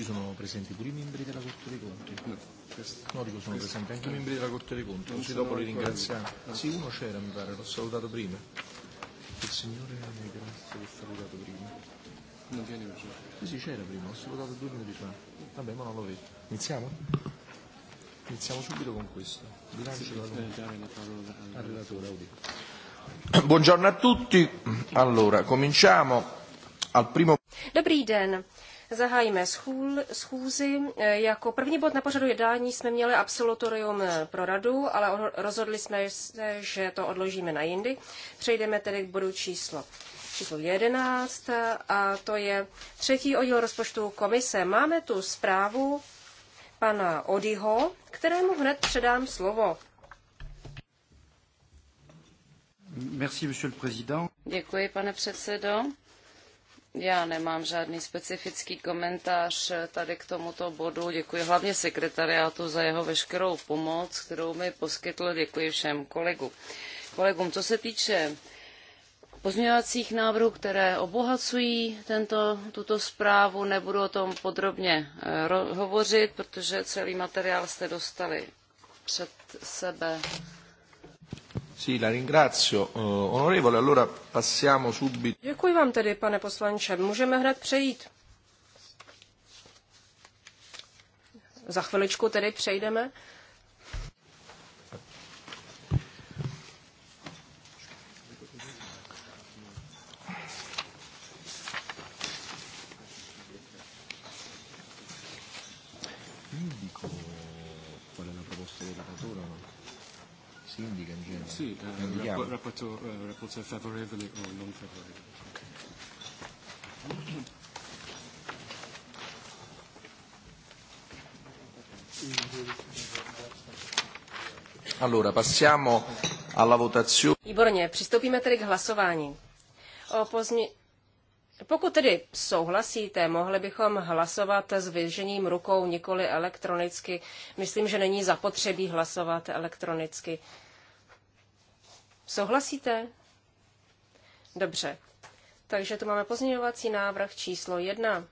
ci sono presenti pure i membri della Corte dei Conti? No, questo, no dico sono questo, presenti anche i membri della Corte dei Conti, così dopo li ringraziamo. Sì, uno c'era mi pare, l'ho salutato prima. Il signore grazie l'ho salutato prima. Non viene più. Sì, sì, c'era prima, l'ho salutato due minuti fa. Vabbè, ma non lo vedo. Iniziamo? Iniziamo subito con questo. Bilancio della al relatore Audi. Buongiorno a tutti. Allora, cominciamo al primo... Dobrý den zahájíme schůl, schůzi. Jako první bod na pořadu jednání jsme měli absolutorium pro radu, ale rozhodli jsme se, že to odložíme na jindy. Přejdeme tedy k bodu číslo číslo 11 a to je třetí oddíl rozpočtu komise. Máme tu zprávu pana Odiho, kterému hned předám slovo. Merci, Děkuji, pane předsedo. Já nemám žádný specifický komentář tady k tomuto bodu. Děkuji hlavně sekretariátu za jeho veškerou pomoc, kterou mi poskytl. Děkuji všem kolegu. kolegům. Co se týče pozměňovacích návrhů, které obohacují tento, tuto zprávu, nebudu o tom podrobně eh, hovořit, protože celý materiál jste dostali před sebe Sì, la ringrazio, eh, onorevole. Allora passiamo subito. Děkuji vám tedy, pane poslanče. Můžeme hned přejít. Za chviličku tedy přejdeme si indica in genere? Sì, eh, rapp- rapporto, eh, rapporto favorevole o non favorevole. Allora, passiamo alla votazione. Výborně, přistoupíme tedy k hlasování. O pozmě... Pokud tedy souhlasíte, mohli bychom hlasovat s vyžením rukou, nikoli elektronicky. Myslím, že není zapotřebí hlasovat elektronicky. Souhlasíte? Dobře. Takže tu máme pozměňovací návrh číslo jedna.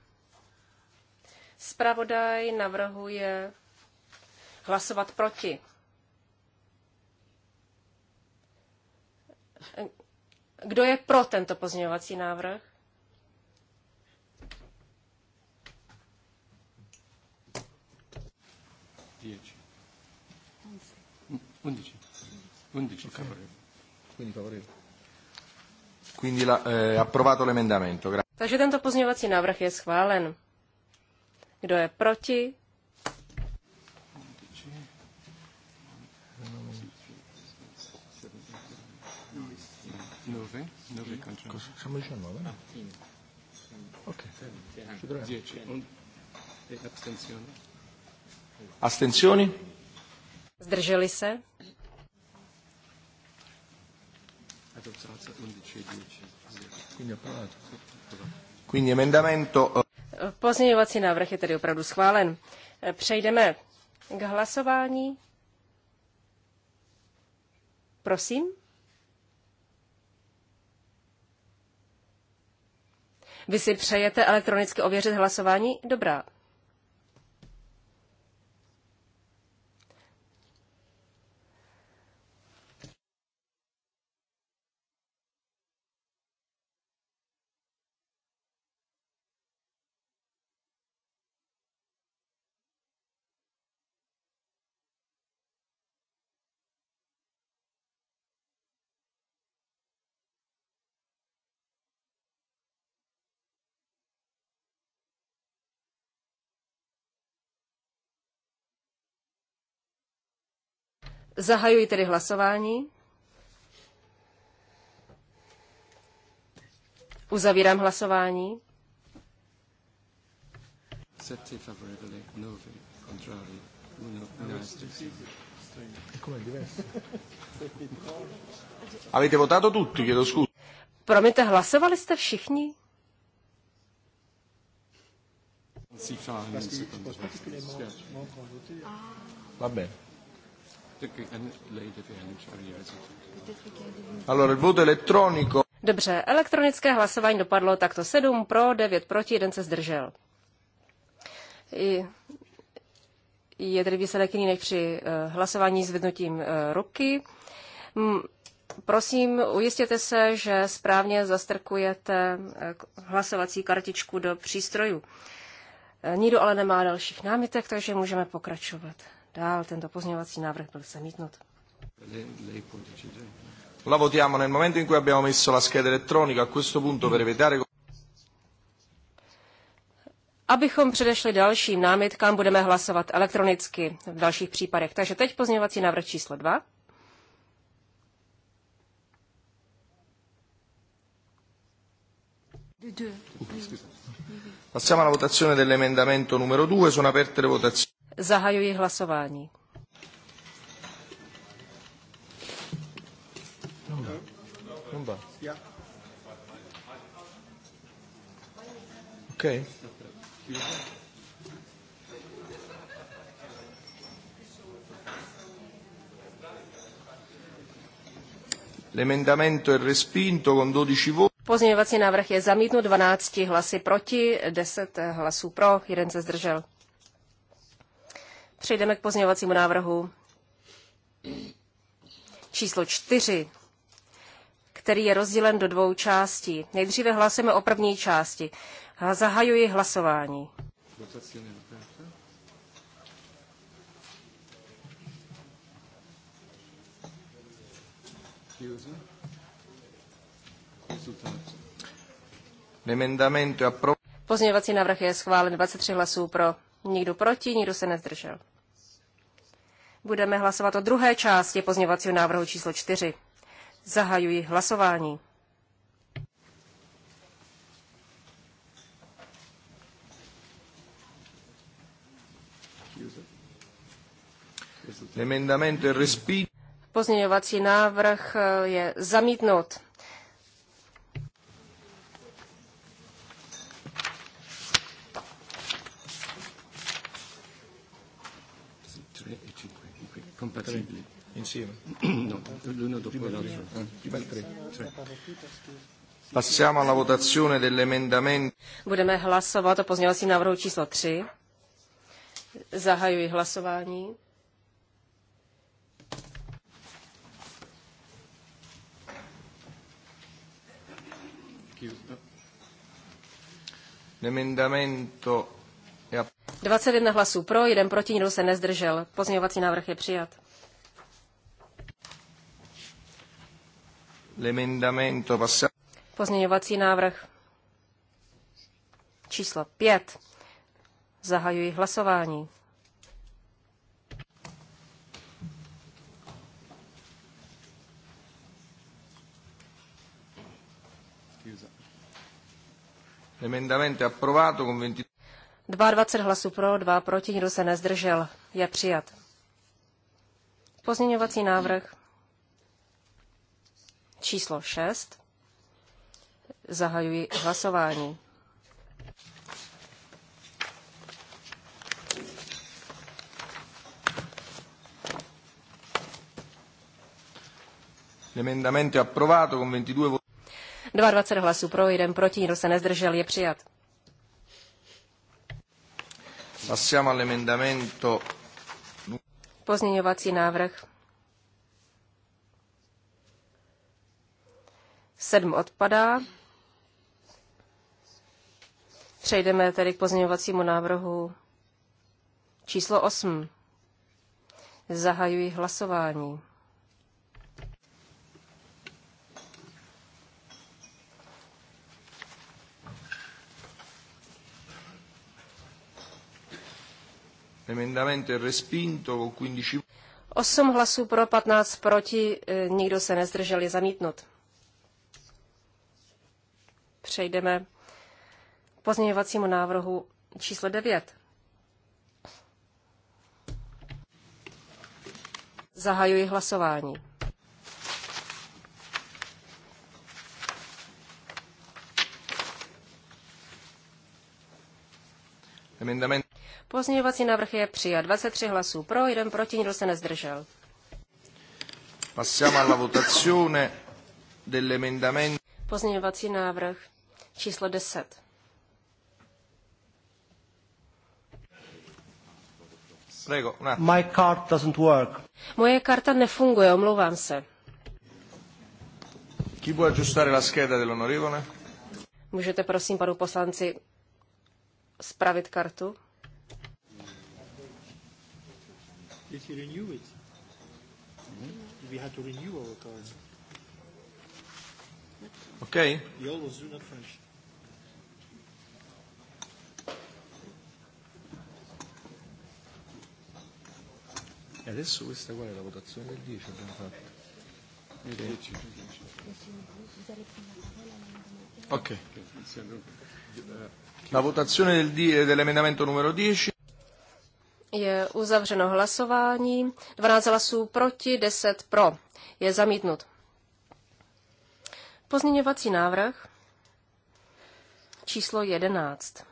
Spravodaj navrhuje hlasovat proti. Kdo je pro tento pozměňovací návrh? Undici. Undici. Undici. Okay. Quindi favorevole. Quindi la, eh, approvato l'emendamento. Takže tento pozměňovací návrh je schválen. Kdo je proti? No? E Astenzioni? Zdrželi se? Eh. Pozměňovací návrh je tedy opravdu schválen. Přejdeme k hlasování. Prosím. Vy si přejete elektronicky ověřit hlasování? Dobrá. Zahajuji tedy hlasování. Uzavírám hlasování. votato tutti, chiedo scusa. Promiňte, hlasovali jste všichni? Va bene. Dobře, elektronické hlasování dopadlo takto 7 pro, 9 proti, jeden se zdržel. Je tedy výsledek jiný než při eh, hlasování s vednutím eh, ruky. Prosím, ujistěte se, že správně zastrkujete eh, hlasovací kartičku do přístrojů. Nikdo ale nemá dalších námitek, takže můžeme pokračovat dál. Tento pozměňovací návrh byl zamítnut. La votiamo nel momento in cui abbiamo messo la scheda elettronica. A questo punto per evitare... Abychom předešli dalším námitkám, budeme hlasovat elektronicky v dalších případech. Takže teď pozměňovací návrh číslo 2. Passiamo alla votazione dell'emendamento numero 2. Sono aperte le votazioni. Zahajuji hlasování. Okay. L'emendamento è respinto con 12 voti. Pozměňovací návrh je zamítnut 12 hlasy proti, 10 hlasů pro, jeden se zdržel. Přejdeme k pozměňovacímu návrhu číslo čtyři, který je rozdělen do dvou částí. Nejdříve hlasujeme o první části. Zahajuji hlasování. Pozměňovací návrh je schválen 23 hlasů pro. Nikdo proti, nikdo se nezdržel. Budeme hlasovat o druhé části pozněvacího návrhu číslo 4. Zahajuji hlasování. Pozměňovací návrh eh, je zamítnut. compatibili. Insieme? No, l'uno dopo l'altro. Prima ah. il tre. tre. Passiamo alla votazione dell'emendamento. Budeme hlasovat o pozměňovacím návrhu číslo 3. Zahajuji hlasování. L'emendamento 21 hlasů pro, jeden proti, nikdo se nezdržel. Pozměňovací návrh je přijat. Pozměňovací návrh číslo 5. Zahajuji hlasování. L'emendamento è approvato con 22. 22 hlasů pro, 2 proti, nikdo se nezdržel. Je přijat. Pozměňovací návrh číslo 6. Zahajuji hlasování. L'emendamento è approvato con 22 22 hlasů pro, jeden proti, nikdo se nezdržel, je přijat. Passiamo all'emendamento. Pozměňovací návrh. Sedm odpadá. Přejdeme tedy k pozměňovacímu návrhu číslo 8. Zahajuji hlasování. L'emendamento è respinto con 15... 8 hlasů pro, 15 proti, e, nikdo se nezdržel, je zamítnut. Přejdeme k pozměňovacímu návrhu číslo 9. Zahajuji hlasování. Emendament. Pozměňovací návrh je přijat. 23 hlasů pro, jeden proti, nikdo se nezdržel. Passiamo alla votazione dell'emendamento. Pozměňovací návrh číslo 10. Prego, My card doesn't work. Moje karta nefunguje, omlouvám se. Chi può aggiustare la scheda dell'onorevole? Můžete prosím panu poslanci spravit kartu? Did you renew it? Mm-hmm. We had to renew our card. Okay. We always do not French. E adesso questa qua è la votazione del 10 abbiamo fatto. Ok. La votazione del, dell'emendamento numero 10 je uzavřeno hlasování. 12 hlasů proti, 10 pro. Je zamítnut. Pozměňovací návrh číslo 11.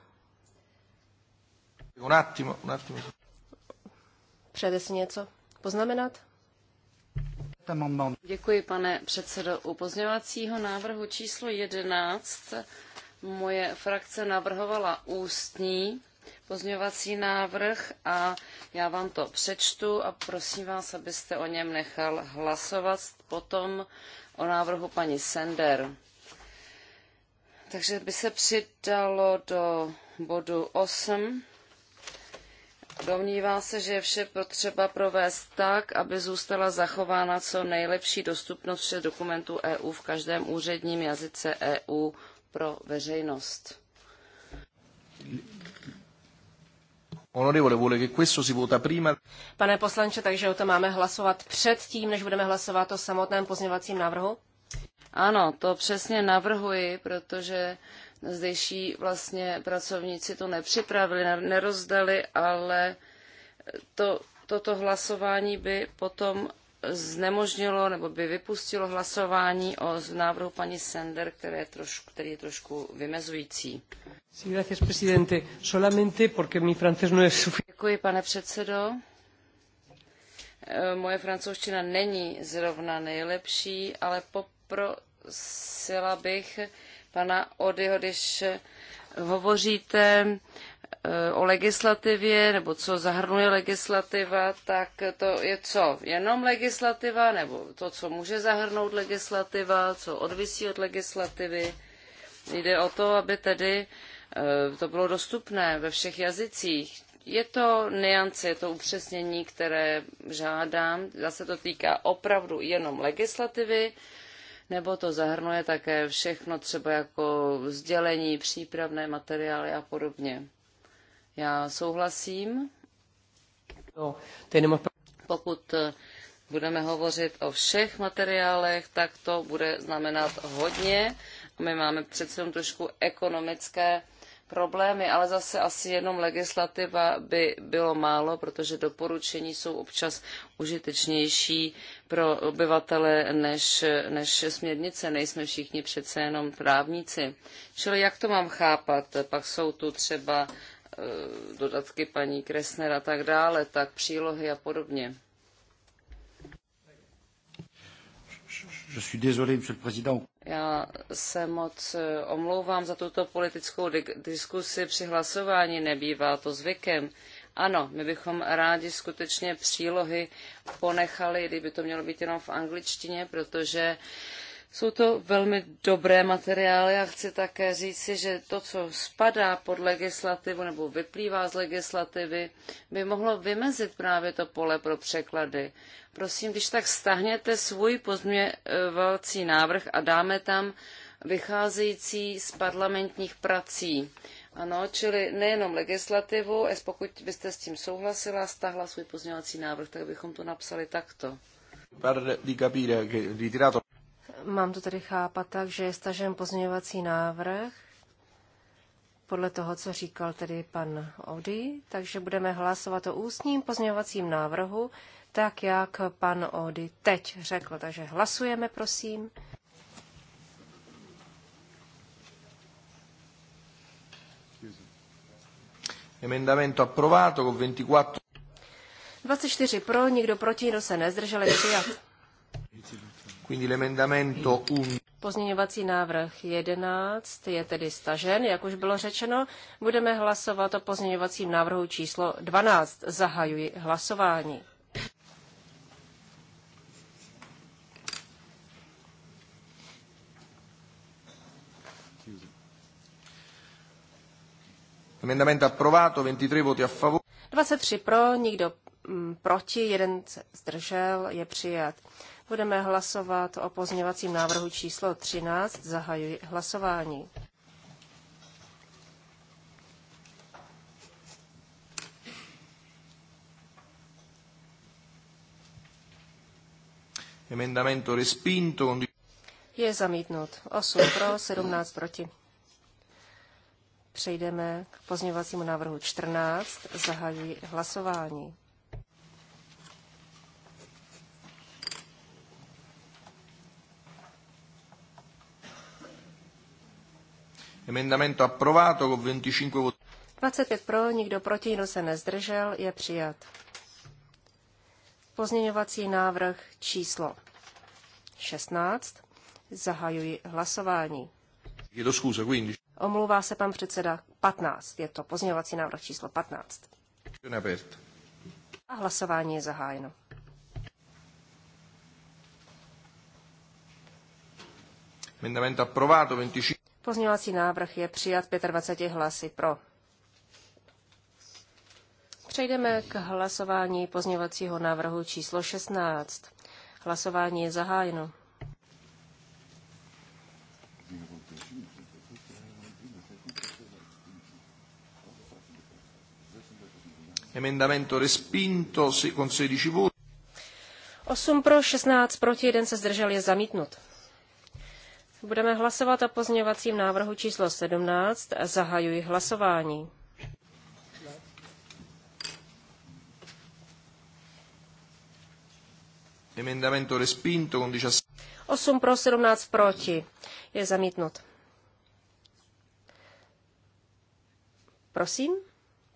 Un attimo, un attimo. Přejete si něco poznamenat? Děkuji, pane předsedo. U pozměňovacího návrhu číslo 11 moje frakce navrhovala ústní pozměňovací návrh a já vám to přečtu a prosím vás, abyste o něm nechal hlasovat potom o návrhu paní Sender. Takže by se přidalo do bodu 8. Domnívá se, že je vše potřeba provést tak, aby zůstala zachována co nejlepší dostupnost všech dokumentů EU v každém úředním jazyce EU pro veřejnost. Onorevole, vuole che questo si vota prima. Pane poslanče, takže o to máme hlasovat před tím, než budeme hlasovat o samotném pozměňovacím návrhu? Ano, to přesně navrhuji, protože zdejší vlastně pracovníci to nepřipravili, nerozdali, ale to, toto hlasování by potom znemožnilo nebo by vypustilo hlasování o návrhu paní Sender, které je trošku, který je trošku vymezující. No Děkuji, pane předsedající. Eh, moje francouzština není zrovna nejlepší, ale poprosila bych pana Odyho, když hovoříte eh, o legislativě, nebo co zahrnuje legislativa, tak to je co? Jenom legislativa, nebo to, co může zahrnout legislativa, co odvisí od legislativy? Jde o to, aby tedy Eh, to bylo dostupné ve všech jazycích. Je to niance, je to upřesnění, které žádám. Zase to týká opravdu jenom legislativy, nebo to zahrnuje také všechno, třeba jako sdělení, přípravné materiály a podobně. Já souhlasím. Pokud eh, budeme hovořit o všech materiálech, tak to bude znamenat hodně. My máme přece jenom trošku ekonomické problémy, ale zase asi jenom legislativa by bylo málo, protože doporučení jsou občas užitečnější pro obyvatele než, než směrnice. Nejsme všichni přece jenom právníci. Čili jak to mám chápat? Pak jsou tu třeba eh, dodatky paní Kresner a tak dále, tak přílohy a podobně. Je suis désolé, monsieur le président. Já se moc eh, omlouvám za tuto politickou diskusi při hlasování, nebývá to zvykem. Ano, my bychom rádi skutečně přílohy ponechali, kdyby to mělo být jenom v angličtině, protože uh, jsou to velmi dobré materiály a chci také říci, že to, co spadá pod legislativu nebo vyplývá z legislativy, by mohlo vymezit právě to pole pro překlady. Prosím, když tak stahněte svůj pozměňovací návrh a dáme tam vycházející z parlamentních prací. Ano, čili nejenom legislativu, es pokud byste s tím souhlasila, stahla svůj pozměňovací návrh, tak bychom to napsali takto. Per di capire che ritirato Mám to tedy chápat tak, že je stažen pozměňovací návrh podle toho, co říkal tedy pan Ody, takže budeme hlasovat o ústním pozměňovacím návrhu, tak jak pan Ody teď řekl. Takže hlasujeme, prosím. Emendamento approvato con 24. 24 pro, nikdo proti, kdo se nezdržel, je přijat. Pozměňovací návrh 11 je tedy stažen, jak už bylo řečeno. Budeme hlasovat o pozměňovacím návrhu číslo 12. Zahajuji hlasování. Emendamento approvato, 23 voti a favore. 23 pro, nikdo Mm, proti, jeden se zdržel, je přijat. Budeme hlasovat o pozměňovacím návrhu číslo 13. Zahajuji hlasování. Emendamento respinto. Je zamítnut. 8 pro, 17 proti. Přejdeme k pozměňovacímu návrhu 14. Zahajuji hlasování. Emendamento approvato con 25 voti. 25 pro, nikdo proti, nikdo se nezdržel, je přijat. Pozměňovací návrh číslo 16. Zahajuji hlasování. Je to schůze, Omlouvá se pan předseda 15. Je to pozměňovací návrh číslo 15. A hlasování je zahájeno. Emendamento approvato 25. Pozměňovací návrh je přijat 25 hlasy pro. Přejdeme k hlasování pozměňovacího návrhu číslo 16. Hlasování je zahájeno. Emendamento respinto con 16 voti. 8 pro, 16 proti, jeden se zdržel, je zamítnut. Budeme hlasovat o pozměňovacím návrhu číslo 17. Zahajuji hlasování. Emendamento respinto con 17. 8 pro 17 proti. Je zamítnut. Prosím,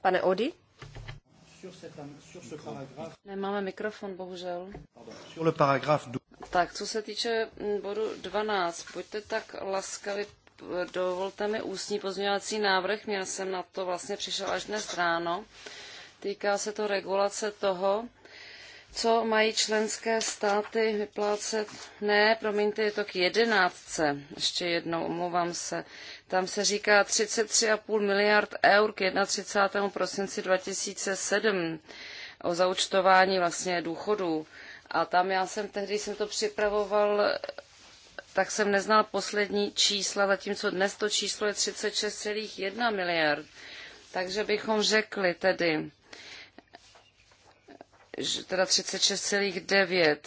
pane Odi. Nemáme mikrofon, bohužel. Sur le paragraphe tak, co se týče mm, bodu 12, pojďte tak laskavě dovolte mi ústní pozměňovací návrh, já jsem na to vlastně přišel až dnes ráno. Týká se to regulace toho, co mají členské státy vyplácet. Ne, promiňte, je to k jedenáctce. Ještě jednou, omlouvám se. Tam se říká 33,5 miliard eur k 31. prosinci 2007 o zaučtování vlastně důchodů. A tam já jsem tehdy, jsem to připravoval, tak jsem neznal poslední čísla, zatímco dnes to číslo je 36,1 miliard. Takže bychom řekli tedy, že teda 36,9.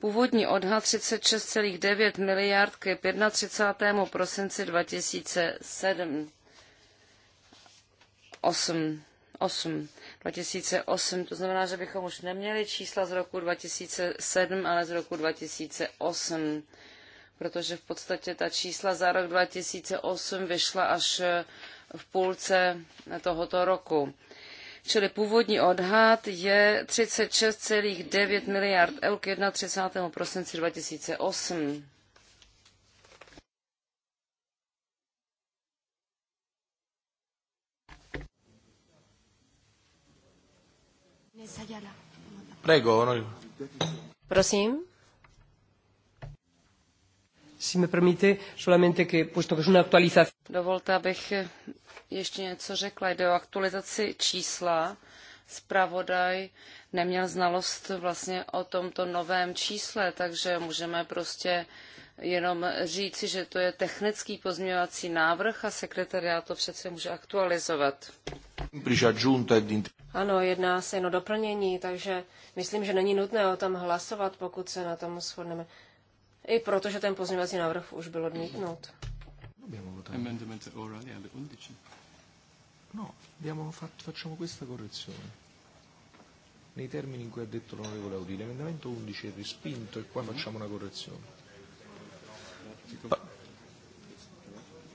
Původní odhad 36,9 miliard k 31. prosinci 2007. 8. 8. 2008. To znamená, že bychom už neměli čísla z roku 2007, ale z roku 2008, protože v podstatě ta čísla za rok 2008 vyšla až eh, v půlce tohoto roku. Čili původní odhad je 36,9 miliard eur k 31. prosinci 2008. Prego, no. Prosím. Si me permite, solamente que, puesto que es una actualización. Dovolte, abych ještě něco řekla. Jde o aktualizaci čísla. Spravodaj neměl znalost vlastně o tomto novém čísle, takže můžeme prostě jenom říci, že to je technický pozměňovací návrh a sekretariát to přece může aktualizovat. Ano, jedná se jen o doplnění, takže myslím, že není nutné o tom hlasovat, pokud se na tom shodneme. I protože ten pozměňovací návrh už byl odmítnut. 11. No, abbiamo fatto, facciamo questa correzione. Nei termini in cui ha detto l'onorevole Audile, l'emendamento 11 è respinto e qua facciamo una correzione. Pa-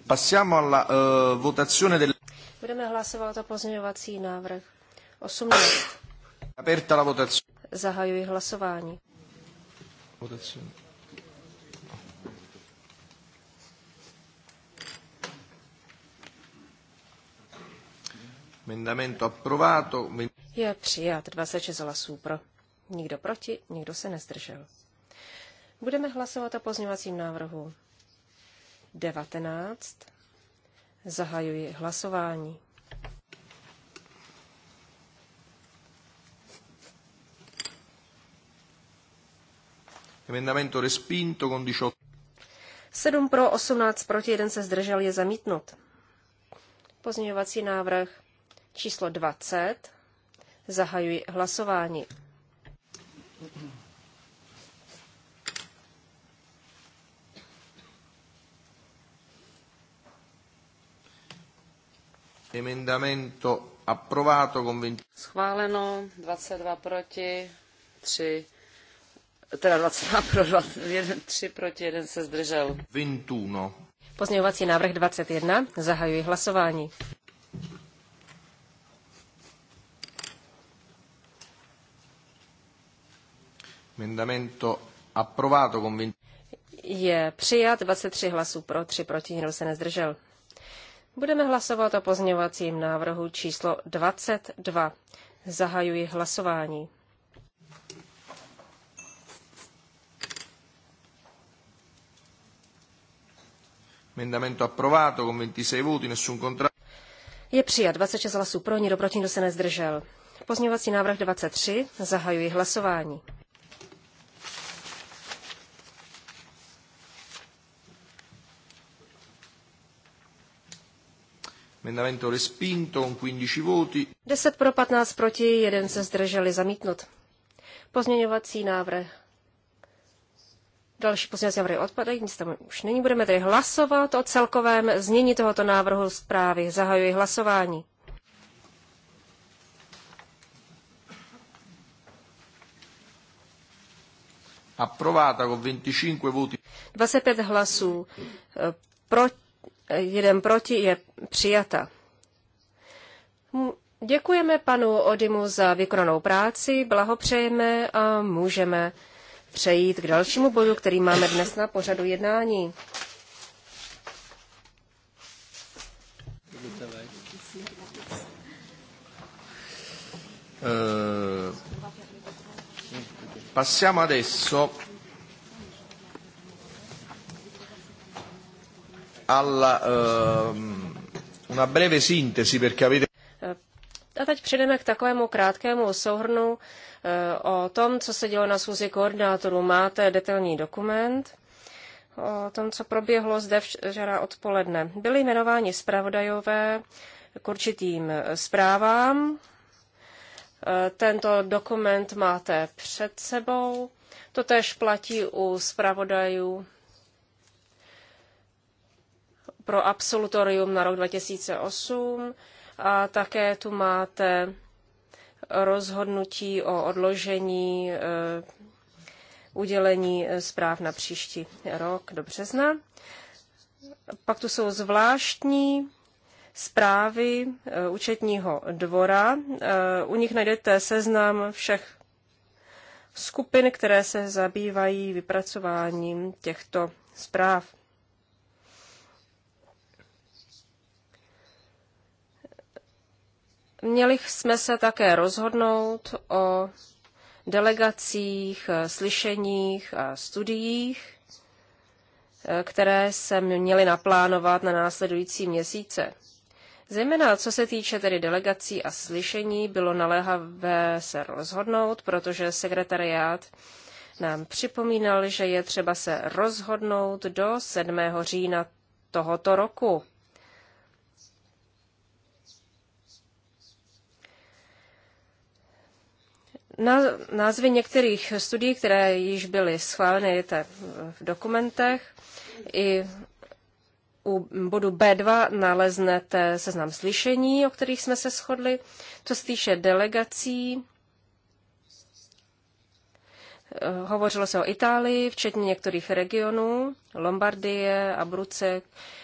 passiamo alla uh, votazione del... Budeme hlasovat o pozměňovací návrh 18. Zahajuji hlasování. Je přijat 26 hlasů pro. Nikdo proti, nikdo se nezdržel. Budeme hlasovat o pozměňovacím návrhu 19. Zahajuji hlasování. Emendamento respinto con 18. 7 pro, 18 proti, 1 se zdržel, je zamítnut. Pozměňovací návrh číslo 20. Zahajuji hlasování. Emendamento approvato con 20. Schváleno 22 proti, 3 teda 22 pro 21, 3 proti 1 se zdržel. Vintuno. Pozměňovací návrh 21. Zahajuji hlasování. Emendamento approvato con Je přijat 23 hlasů pro, 3 proti, nikdo se nezdržel. Budeme hlasovat o pozměňovacím návrhu číslo 22. Zahajuji hlasování. Emendamento approvato con 26 voti, nessun contrario. Je přijat 26 hlasů pro, nikdo proti, nikdo se nezdržel. Pozměňovací návrh 23. Zahajuji hlasování. Emendamento respinto con 15 voti. 10 pro 15 proti, jeden se zdrželi zamítnut. Pozměňovací návrh Další pozměňovací návrhy odpadají, nic tam už není. Budeme tedy hlasovat o celkovém znění tohoto návrhu zprávy. Zahajuji hlasování. Aprovata con 25 voti. 25 hlasů. Eh, pro, eh, jeden proti je přijata. Děkujeme panu Odimu za vykonanou práci, blahopřejeme a můžeme přejít k dalšímu bodu, který máme dnes na pořadu jednání. Eh, passiamo adesso alla, ehm, una breve sintesi perché avete... Eh, a teď přejdeme k takovému krátkému souhrnu o tom, co se dělo na schůzi koordinátorů. Máte detailní dokument o tom, co proběhlo zde včera odpoledne. byly jmenováni zpravodajové k určitým zprávám. E, tento dokument máte před sebou. To tež platí u zpravodajů pro absolutorium na rok 2008 a také tu máte rozhodnutí o odložení eh, udělení eh, zpráv na příští rok do března. Pak tu jsou zvláštní zprávy eh, účetního dvora. U nich najdete seznam všech skupin, které se zabývají vypracováním těchto zpráv. Měli jsme se také rozhodnout o delegacích, eh, slyšeních a studiích, eh, které se měly naplánovat na následující měsíce. Zejména co se týče tedy delegací a slyšení, bylo naléhavé se rozhodnout, protože sekretariát nám připomínal, že je třeba se rozhodnout do 7. října tohoto roku. Názvy některých studií, které již byly schváleny, v dokumentech. I u bodu B2 naleznete seznam slyšení, o kterých jsme se shodli. Co se týče delegací, eh, hovořilo se o Itálii, včetně některých regionů, Lombardie, Abruce,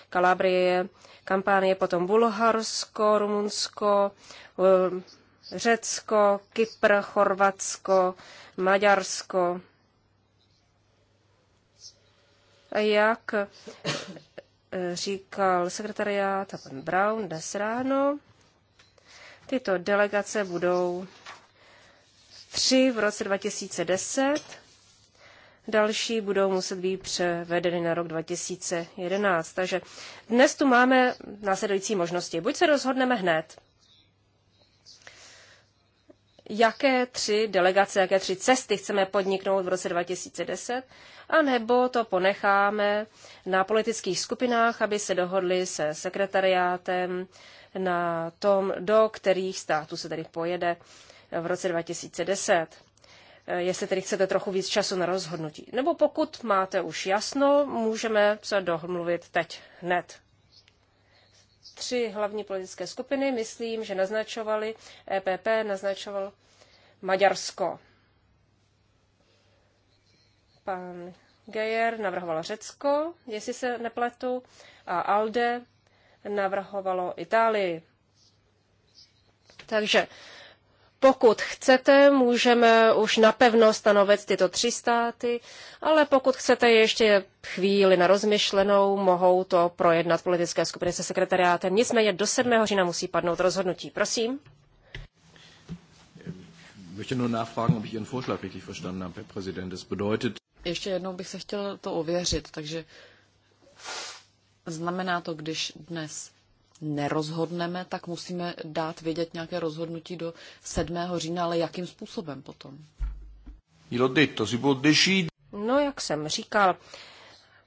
Kalabrie, Kampánie, potom Bulharsko, Rumunsko, eh, Řecko, Kypr, Chorvatsko, Maďarsko. A jak eh, říkal sekretariát a pan Brown dnes ráno, tyto delegace budou tři v roce 2010, další budou muset být převedeny na rok 2011. Takže dnes tu máme následující možnosti. Buď se rozhodneme hned, jaké tři delegace, jaké tři cesty chceme podniknout v roce 2010, anebo to ponecháme na politických skupinách, aby se dohodli se sekretariátem na tom, do kterých států se tedy pojede v roce 2010 eh, jestli tedy chcete trochu víc času na rozhodnutí. Nebo pokud máte už jasno, můžeme se domluvit teď hned tři hlavní politické skupiny, myslím, že naznačovali, EPP naznačoval Maďarsko. Pan Geyer navrhoval Řecko, jestli se nepletu, a Alde navrhovalo Itálii. Takže pokud chcete, můžeme už napevno stanovit tyto tři státy, ale pokud chcete ještě chvíli na rozmyšlenou, mohou to projednat politické skupiny se sekretariátem. Nicméně do 7. října musí padnout rozhodnutí. Prosím. Ještě jednou bych se chtěl to ověřit, takže znamená to, když dnes nerozhodneme, tak musíme dát vědět nějaké rozhodnutí do 7. října, ale jakým způsobem potom? No, jak jsem říkal,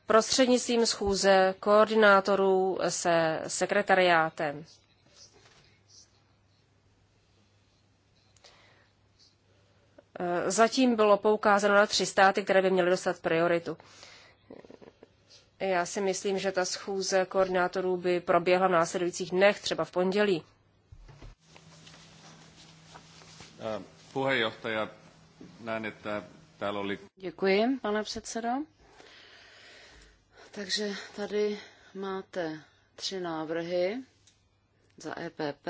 prostřednictvím schůze koordinátorů se sekretariátem. Zatím bylo poukázáno na tři státy, které by měly dostat prioritu. Já si myslím, že ta schůze koordinátorů by proběhla v následujících dnech, třeba v pondělí. Děkuji, pane předsedo. Takže tady máte tři návrhy za EPP,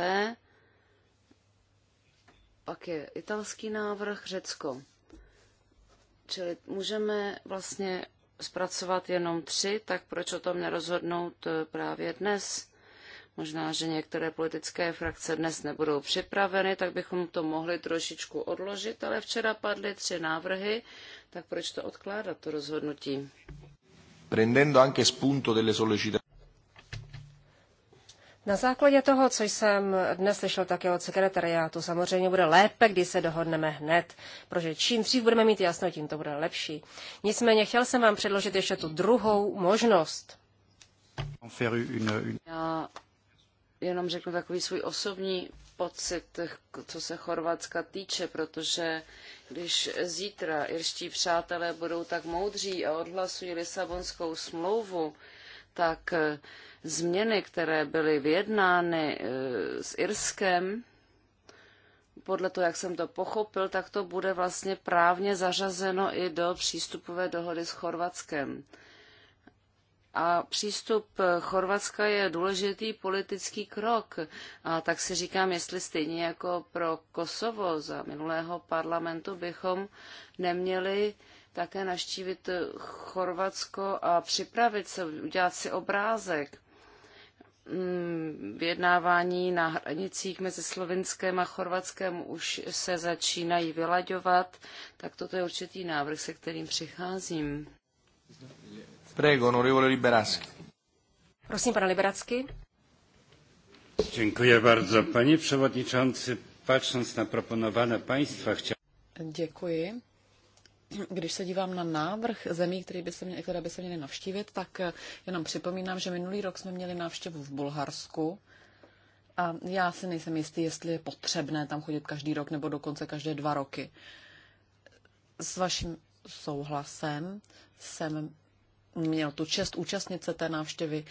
pak je italský návrh Řecko. Čili můžeme vlastně zpracovat jenom tři, tak proč o tom nerozhodnout eh, právě dnes? Možná, že některé politické frakce dnes nebudou připraveny, tak bychom to mohli trošičku odložit, ale včera padly tři návrhy, tak proč to odkládat, to rozhodnutí? Prendendo anche spunto delle sollecitazioni. Na základě toho, co jsem dnes slyšel také od sekretariátu, samozřejmě bude lépe, když se dohodneme hned, protože čím dřív budeme mít jasno, tím to bude lepší. Nicméně chtěl jsem vám předložit ještě tu druhou možnost. Já jenom řeknu takový svůj osobní pocit, co se Chorvatska týče, protože když zítra irští přátelé budou tak moudří a odhlasují Lisabonskou smlouvu, tak změny, které byly vyjednány eh, s Irskem, podle toho, jak jsem to pochopil, tak to bude vlastně právně zařazeno i do přístupové dohody s Chorvatskem. A přístup Chorvatska je důležitý politický krok. A tak si říkám, jestli stejně jako pro Kosovo za minulého parlamentu bychom neměli také naštívit Chorvatsko a připravit se, udělat si obrázek Mm, vyjednávání na hranicích mezi Slovinskem a Chorvatskem už se začínají vylaďovat, tak toto je určitý návrh, se kterým přicházím. Prego, onorevole Liberasky. Prosím, pane Liberacky. Děkuji bardzo. Panie przewodniczący, patrząc na proponowane państwa, chciałbym... Děkuji. Když se dívám na návrh zemí, které by se, mě, které by se měly navštívit, tak eh, jenom připomínám, že minulý rok jsme měli návštěvu v Bulharsku a já si nejsem jistý, jestli je potřebné tam chodit každý rok nebo dokonce každé dva roky. S vaším souhlasem jsem měl tu čest účastnit se té návštěvy,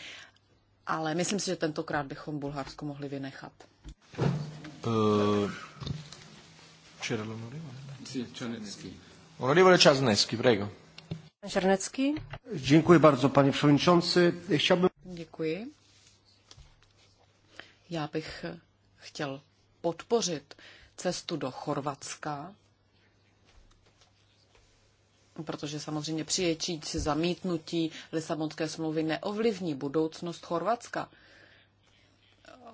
ale myslím si, že tentokrát bychom Bulharsko mohli vynechat. Uh, Onorevole Czarnecki, prego. Czarnecki. Dziękuję bardzo, panie przewodniczący. Chciałbym... Děkuji. Já bych chtěl podpořit cestu do Chorvatska, protože samozřejmě přijetí či zamítnutí Lisabonské smlouvy neovlivní budoucnost Chorvatska.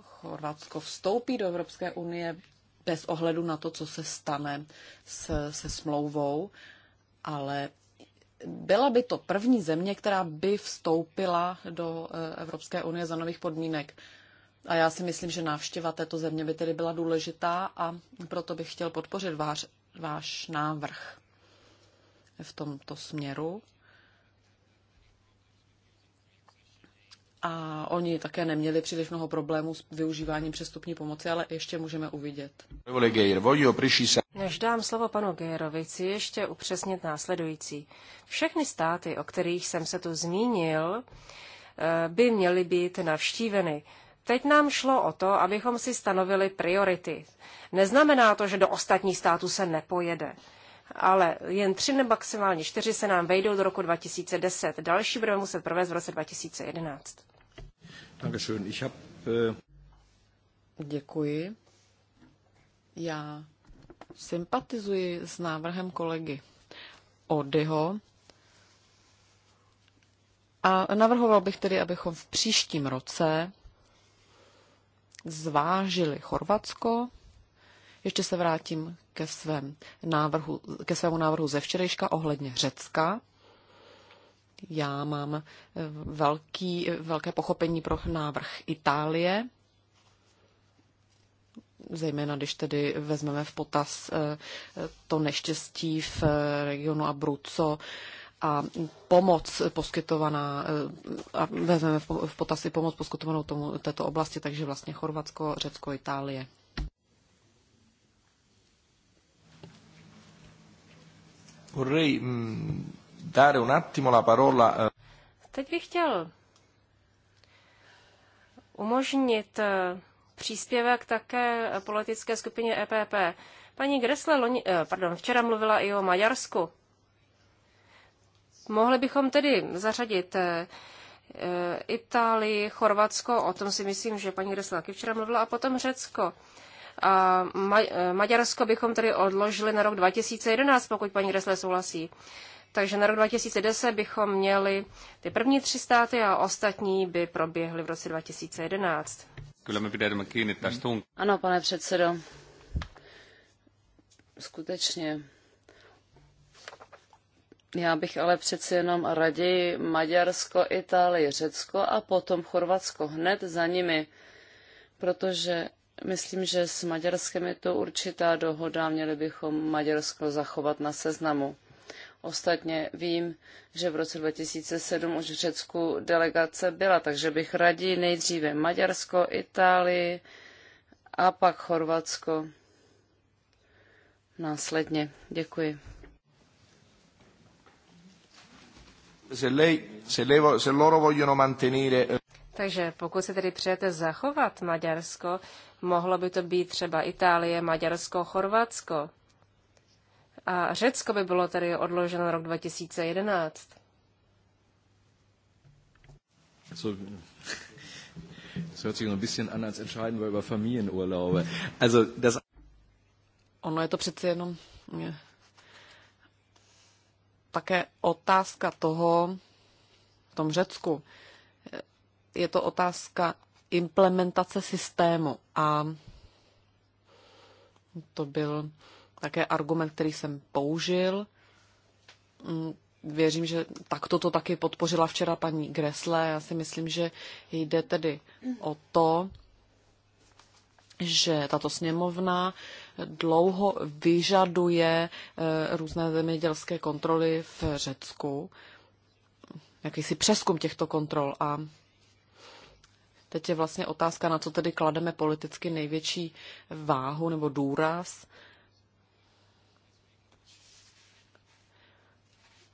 Chorvatsko vstoupí do Evropské unie bez ohledu na to, co se stane s, se smlouvou, ale byla by to první země, která by vstoupila do eh, Evropské unie za nových podmínek. A já si myslím, že návštěva této země by tedy byla důležitá a proto bych chtěl podpořit váš, váš návrh v tomto směru. a oni také neměli příliš mnoho problémů s využíváním přestupní pomoci, ale ještě můžeme uvidět. Než dám slovo panu Gejerovi, chci ještě upřesnit následující. Všechny státy, o kterých jsem se tu zmínil, eh, by měly být navštíveny. Teď nám šlo o to, abychom si stanovili priority. Neznamená to, že do ostatních států se nepojede ale jen tři nebo maximálně čtyři se nám vejdou do roku 2010. Další budeme muset provést v roce 2011. Äh, Děkuji. Já sympatizuji s návrhem kolegy Odyho a navrhoval bych tedy, abychom v příštím roce zvážili Chorvatsko. Ještě se vrátím ke, svém návrhu, ke svému návrhu ze včerejška ohledně Řecka. Já mám eh, velký, eh, velké pochopení pro návrh Itálie, zejména když tedy vezmeme v potaz eh, to neštěstí v regionu Abruzzo a pomoc poskytovaná, a vezmeme v potaz i pomoc poskytovanou tomu, této oblasti, takže vlastně Chorvatsko, Řecko, Itálie. Vorrei mh, mm, dare un attimo la parola. Eh, Teď bych chtěl umožnit eh, příspěvek také politické skupině EPP. Paní Gressle loni, eh, pardon, včera mluvila i o Maďarsku. Mohli bychom tedy zařadit Itálii, Chorvatsko, o tom si myslím, že paní Gressle taky včera mluvila, a potom Řecko. A Maďarsko bychom tedy odložili na rok 2011, pokud paní Gressle souhlasí. Takže na rok 2010 bychom měli ty první tři státy a ostatní by proběhly v roce 2011. Ano, pane předsedo. Skutečně. Já bych ale přeci jenom raději Maďarsko, Itálii, Řecko a potom Chorvatsko hned za nimi, protože myslím, že s Maďarskem je to určitá dohoda, měli bychom Maďarsko zachovat na seznamu. Ostatně vím, že v roce 2007 už v Řecku delegace byla, takže bych raději nejdříve Maďarsko, Itálii a pak Chorvatsko následně. Děkuji. Eh, takže pokud se tedy přejete zachovat Maďarsko, mohlo by to být třeba Itálie, Maďarsko, Chorvatsko. A Řecko by bylo tedy odloženo na rok 2011. So, das hört sich noch ein bisschen an, als entscheiden wir über Familienurlaube. Also das ono je to přece jenom je, eh, také otázka toho, v tom Řecku, je to otázka implementace systému a to byl také argument, který jsem použil. Mm, věřím, že takto to taky podpořila včera paní Gresle. Já si myslím, že jde tedy o to, že tato sněmovna dlouho vyžaduje eh, různé zemědělské kontroly v Řecku, jakýsi přeskum těchto kontrol a Teď je vlastně otázka, na co tedy klademe politicky největší váhu nebo důraz.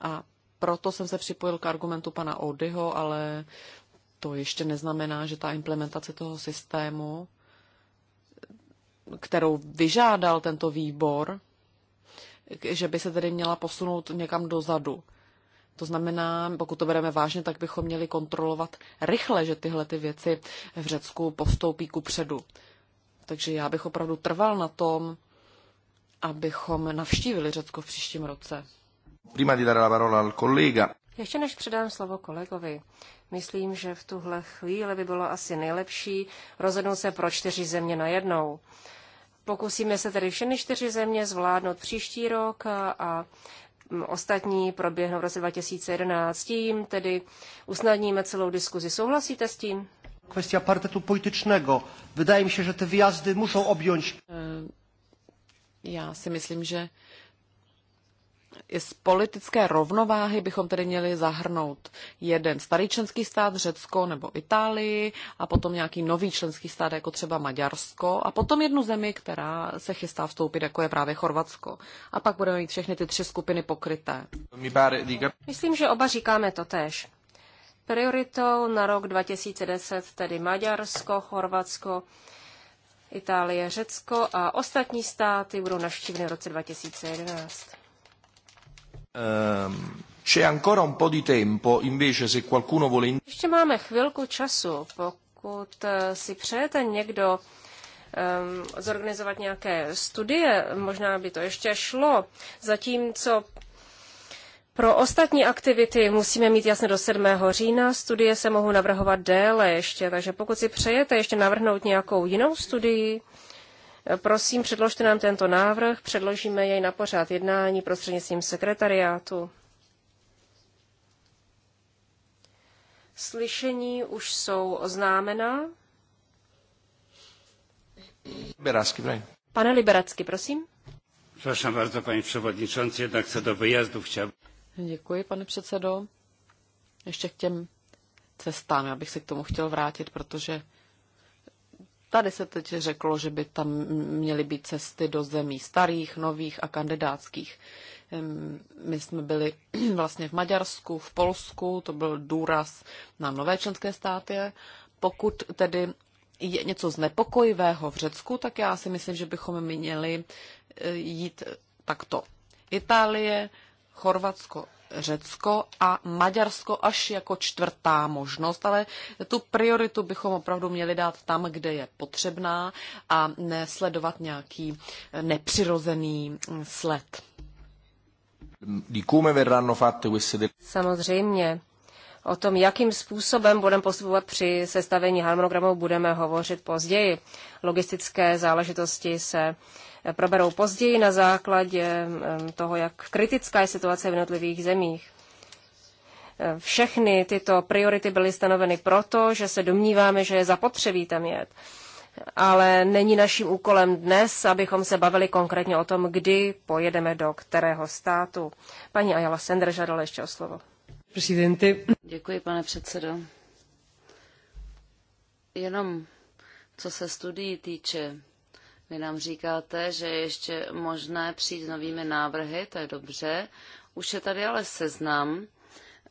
A proto jsem se připojil k argumentu pana Odyho, ale to ještě neznamená, že ta implementace toho systému, kterou vyžádal tento výbor, že by se tedy měla posunout někam dozadu. To znamená, pokud to bereme vážně, tak bychom měli kontrolovat rychle, že tyhle ty věci v Řecku postoupí ku předu. Takže já bych opravdu trval na tom, abychom navštívili Řecko v příštím roce. Prima di dare la parola al collega. Ještě než předám slovo kolegovi, myslím, že v tuhle chvíli by bylo asi nejlepší rozhodnout se pro čtyři země najednou. Pokusíme se tedy všechny čtyři země zvládnout příští rok a, ostatní proběhnou v roce 2011. Tím tedy usnadníme celou diskuzi. Souhlasíte s tím? Kvestia partetu političného. Wydaje mi se, že ty výjazdy musou objąć. E, Já si myslím, že i z politické rovnováhy bychom tedy měli zahrnout jeden starý členský stát, Řecko nebo Itálii, a potom nějaký nový členský stát, jako třeba Maďarsko, a potom jednu zemi, která se chystá vstoupit, jako je právě Chorvatsko. A pak budeme mít všechny ty tři skupiny pokryté. Myslím, že oba říkáme to tež. Prioritou na rok 2010 tedy Maďarsko, Chorvatsko, Itálie, Řecko a ostatní státy budou navštíveny v roce 2011. Ehm, c'è ancora un po' di tempo, invece se qualcuno vuole... Ještě máme chvilku času, pokud eh, si přejete někdo um, zorganizovat nějaké studie, možná by to ještě šlo, zatímco pro ostatní aktivity musíme mít jasně do 7. října, studie se mohou navrhovat déle ještě, takže pokud si přejete ještě navrhnout nějakou jinou studii, Prosím, předložte nám tento návrh, předložíme jej na pořád jednání prostřednictvím sekretariátu. Slyšení už jsou oznámena. Liberacki, Pane Liberacky, prosím. Prosím bardzo, paní przewodniczący, jednak se do vyjazdu chtěl. Děkuji, pane předsedo. Ještě k těm cestám, já bych se k tomu chtěl vrátit, protože Tady se teď řeklo, že by tam měly být cesty do zemí starých, nových a kandidátských. My jsme byli vlastně v Maďarsku, v Polsku, to byl důraz na nové členské státy. Pokud tedy je něco znepokojivého v Řecku, tak já si myslím, že bychom měli e, jít takto. Itálie, Chorvatsko, Řecko a Maďarsko až jako čtvrtá možnost, ale tu prioritu bychom opravdu měli dát tam, kde je potřebná a nesledovat nějaký nepřirozený sled. Samozřejmě. O tom, jakým způsobem budeme postupovat při sestavení harmonogramu, budeme hovořit později. Logistické záležitosti se proberou později na základě toho, jak kritická je situace v jednotlivých zemích. Všechny tyto priority byly stanoveny proto, že se domníváme, že je zapotřebí tam jet. Ale není naším úkolem dnes, abychom se bavili konkrétně o tom, kdy pojedeme do kterého státu. Paní Ayala Sender žádala ještě o slovo. Prezidenty. Děkuji, pane předsedo. Jenom co se studií týče, vy nám říkáte, že je ještě možné přijít s novými návrhy, to je dobře. Už je tady ale seznam,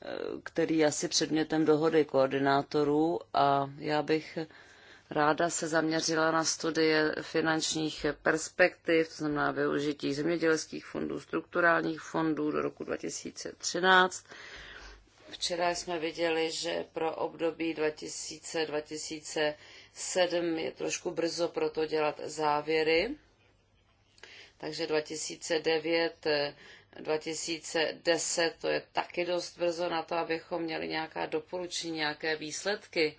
eh, který je asi předmětem dohody koordinátorů a já bych ráda se zaměřila na studie finančních perspektiv, to znamená využití zemědělských fondů, strukturálních fondů do roku 2013. Včera jsme viděli, že pro období 2000-2000 7 je trošku brzo pro to dělat závěry. Takže 2009, 2010 to je taky dost brzo na to, abychom měli nějaká doporučení, nějaké výsledky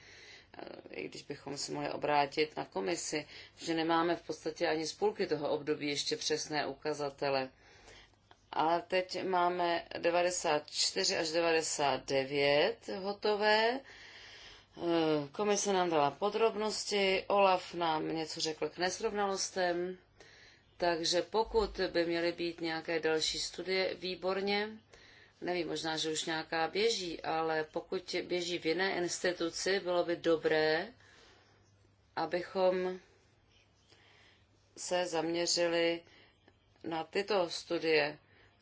eh, i když bychom se mohli obrátit na komisi, že nemáme v podstatě ani z půlky toho období ještě přesné ukazatele. Ale teď máme 94 až 99 hotové Eh, komise nám dala podrobnosti, Olaf nám něco řekl k nesrovnalostem, takže pokud by měly být nějaké další studie, výborně. Nevím, možná, že už nějaká běží, ale pokud běží v jiné instituci, bylo by dobré, abychom se zaměřili na tyto studie,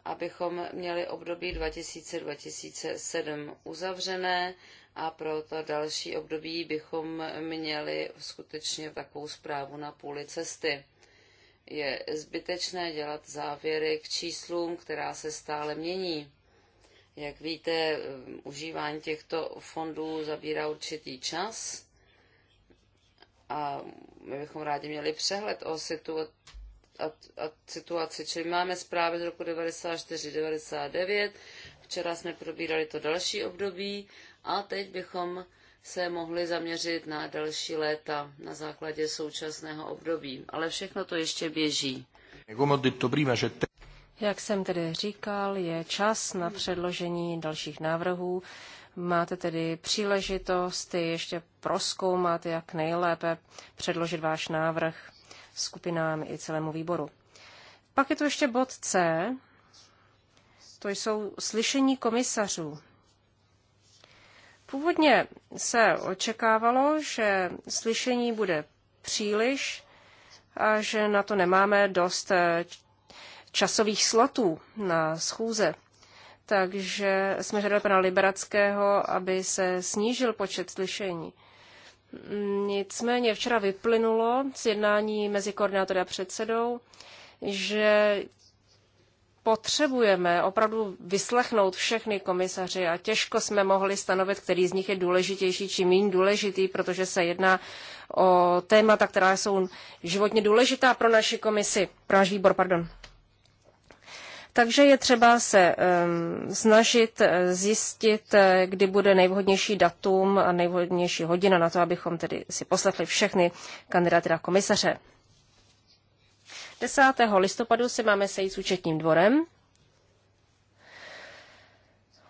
abychom měli období 2000-2007 uzavřené a pro proto další období bychom měli skutečně takovou zprávu na půli cesty. Je zbytečné dělat závěry k číslům, která se stále mění. Jak víte, užívání těchto fondů zabírá určitý čas a my bychom rádi měli přehled o situaci, situaci. Čili máme zprávy z roku 94-99, včera jsme probírali to další období a teď bychom se mohli zaměřit na další léta na základě současného období. Ale všechno to ještě běží. Jak jsem tedy říkal, je čas na předložení dalších návrhů. Máte tedy příležitost ještě proskoumat, jak nejlépe předložit váš návrh skupinám i celému výboru. Pak je tu ještě bod C, to jsou slyšení komisařů. Původně se očekávalo, že slyšení bude příliš a že na to nemáme dost eh, časových slotů na schůze. Takže jsme žádali pana Liberackého, aby se snížil počet slyšení. Nicméně včera vyplynulo z jednání mezi koordinátory a předsedou, že potřebujeme opravdu vyslechnout všechny komisaři a těžko jsme mohli stanovit, který z nich je důležitější či méně důležitý, protože se jedná o témata, která jsou životně důležitá pro naši komisi, pro náš výbor, pardon. Takže je třeba se um, snažit eh, zjistit, eh, kdy bude nejvhodnější datum a nejvhodnější hodina na to, abychom tedy si poslechli všechny kandidáty na komisaře. 10. listopadu se máme sejít s účetním dvorem.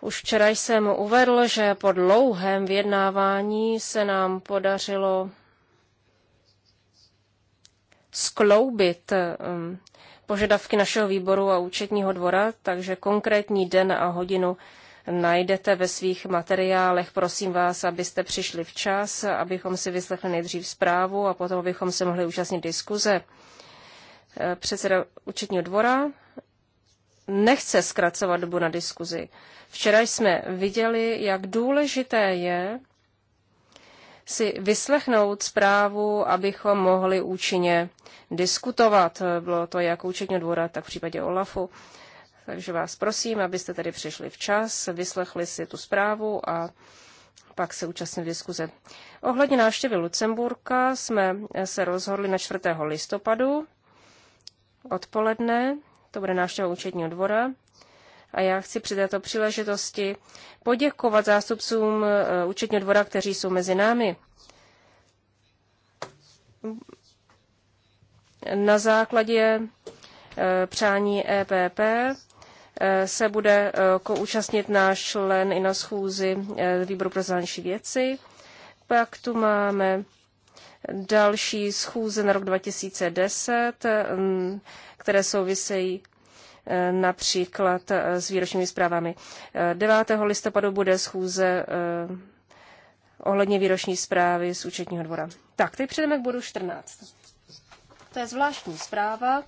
Už včera jsem uvedl, že po dlouhém vyjednávání se nám podařilo skloubit um, požadavky našeho výboru a účetního dvora, takže konkrétní den a hodinu najdete ve svých materiálech. Prosím vás, abyste přišli včas, abychom si vyslechli nejdřív zprávu a potom abychom se mohli účastnit diskuze předseda účetního dvora nechce zkracovat dobu na diskuzi. Včera jsme viděli, jak důležité je si vyslechnout zprávu, abychom mohli účinně diskutovat. Bylo to jak účetního dvora, tak v případě OLAFu. Takže vás prosím, abyste tedy přišli včas, vyslechli si tu zprávu a pak se v diskuze. Ohledně návštěvy Lucemburka jsme se rozhodli na 4. listopadu odpoledne, to bude návštěva účetního dvora. A já chci při této příležitosti poděkovat zástupcům eh, účetního dvora, kteří jsou mezi námi. Na základě eh, přání EPP eh, se bude účastnit náš člen i na schůzi výboru pro zahraniční věci. Pak tu máme další schůze na rok 2010, mm, které souvisejí eh, například eh, s výročními zprávami. 9. Eh, listopadu bude schůze ohledně výroční zprávy z účetního dvora. Tak, teď přejdeme k bodu 14. To je zvláštní zpráva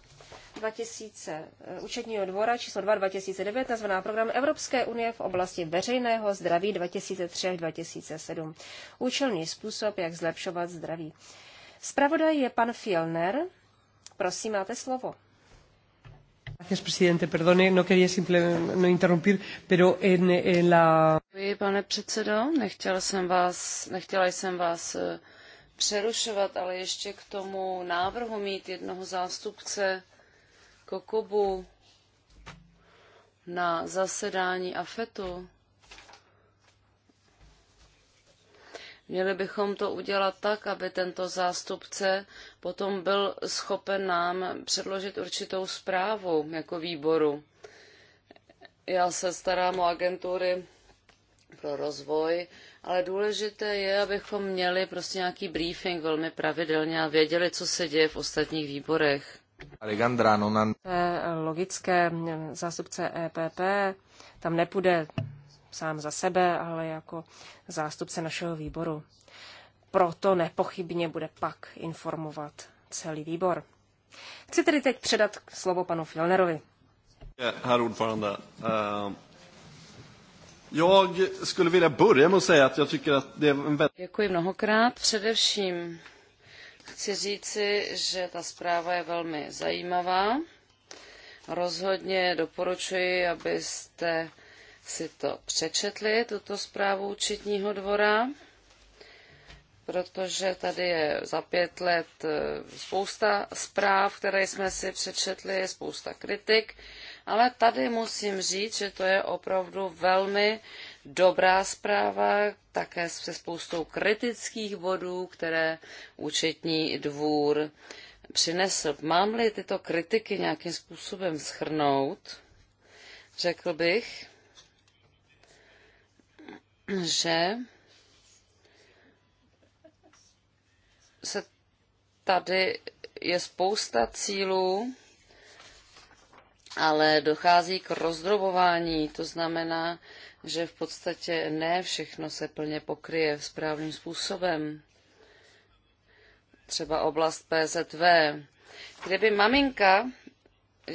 2000, eh, účetního dvora číslo 2 2009, nazvaná Program Evropské unie v oblasti veřejného zdraví 2003-2007. Účelný způsob, jak zlepšovat zdraví. Spravodaj je pan Fielner. Prosím, máte slovo. Gracias, presidente. Perdone, no quería simplemente no interrumpir, pero en, en la... pane předsedo. Nechtěla jsem vás, nechtěla jsem vás eh, přerušovat, ale ještě k tomu návrhu mít jednoho zástupce Kokobu na zasedání AFETu, Měli bychom to udělat tak, aby tento zástupce potom byl schopen nám předložit určitou zprávu jako výboru. Já se starám o agentury pro rozvoj, ale důležité je, abychom měli prostě nějaký briefing velmi pravidelně a věděli, co se děje v ostatních výborech. No logické zástupce EPP tam nepůjde sám za sebe, ale jako zástupce našeho výboru. Proto nepochybně bude pak informovat celý výbor. Chci tedy teď předat slovo panu Fjellnerovi. Eh, Děkuji mnohokrát. Především Chci říci, že ta zpráva je velmi zajímavá. Rozhodně doporučuji, abyste si to přečetli, tuto zprávu účetního dvora, protože tady je za pět let e, spousta zpráv, které jsme si přečetli, spousta kritik, ale tady musím říct, že to je opravdu velmi dobrá zpráva, také se spoustou kritických bodů, které účetní dvůr přinesl. Mám-li tyto kritiky nějakým způsobem schrnout, řekl bych, že se tady je spousta cílů, ale dochází k rozdrobování, to znamená, že v podstatě ne všechno se plně pokryje správným způsobem. Třeba oblast PZV. Kdyby maminka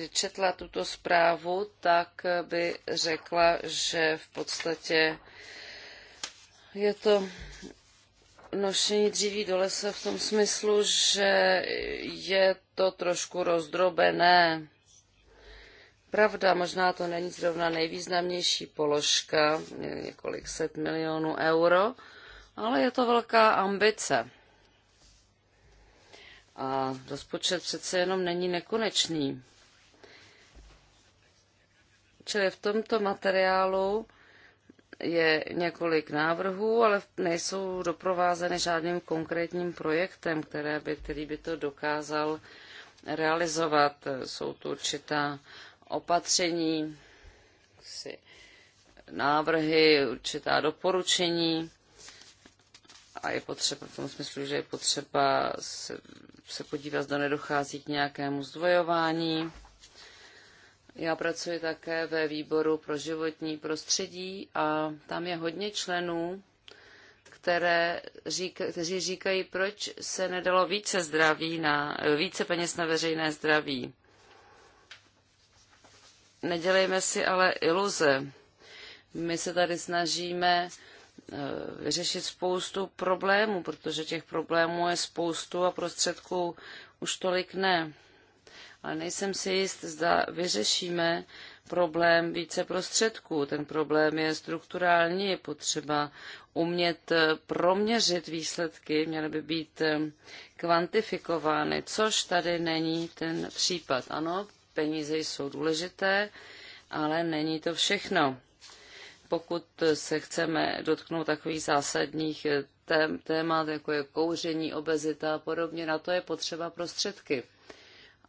četla tuto zprávu, tak by řekla, že v podstatě je to nošení dříví do lesa v tom smyslu, že je to trošku rozdrobené. Pravda, možná to není zrovna nejvýznamnější položka, několik set milionů euro, ale je to velká ambice. A rozpočet přece jenom není nekonečný. Čili v tomto materiálu je několik návrhů, ale nejsou doprovázeny žádným konkrétním projektem, které by, který by to dokázal realizovat. Jsou tu určitá opatření, návrhy, určitá doporučení a je potřeba, v tom smyslu, že je potřeba se, se podívat, zda nedochází k nějakému zdvojování. Já pracuji také ve výboru pro životní prostředí a tam je hodně členů, které říka, kteří říkají, proč se nedalo více zdraví na, více peněz na veřejné zdraví nedělejme si ale iluze. My se tady snažíme eh, vyřešit spoustu problémů, protože těch problémů je spoustu a prostředků už tolik ne. Ale nejsem si jist, zda vyřešíme problém více prostředků. Ten problém je strukturální, je potřeba umět eh, proměřit výsledky, měly by být eh, kvantifikovány, což tady není ten případ. Ano, peníze jsou důležité, ale není to všechno. Pokud se chceme dotknout takových zásadních eh, témat, jako je kouření, obezita a podobně, na to je potřeba prostředky.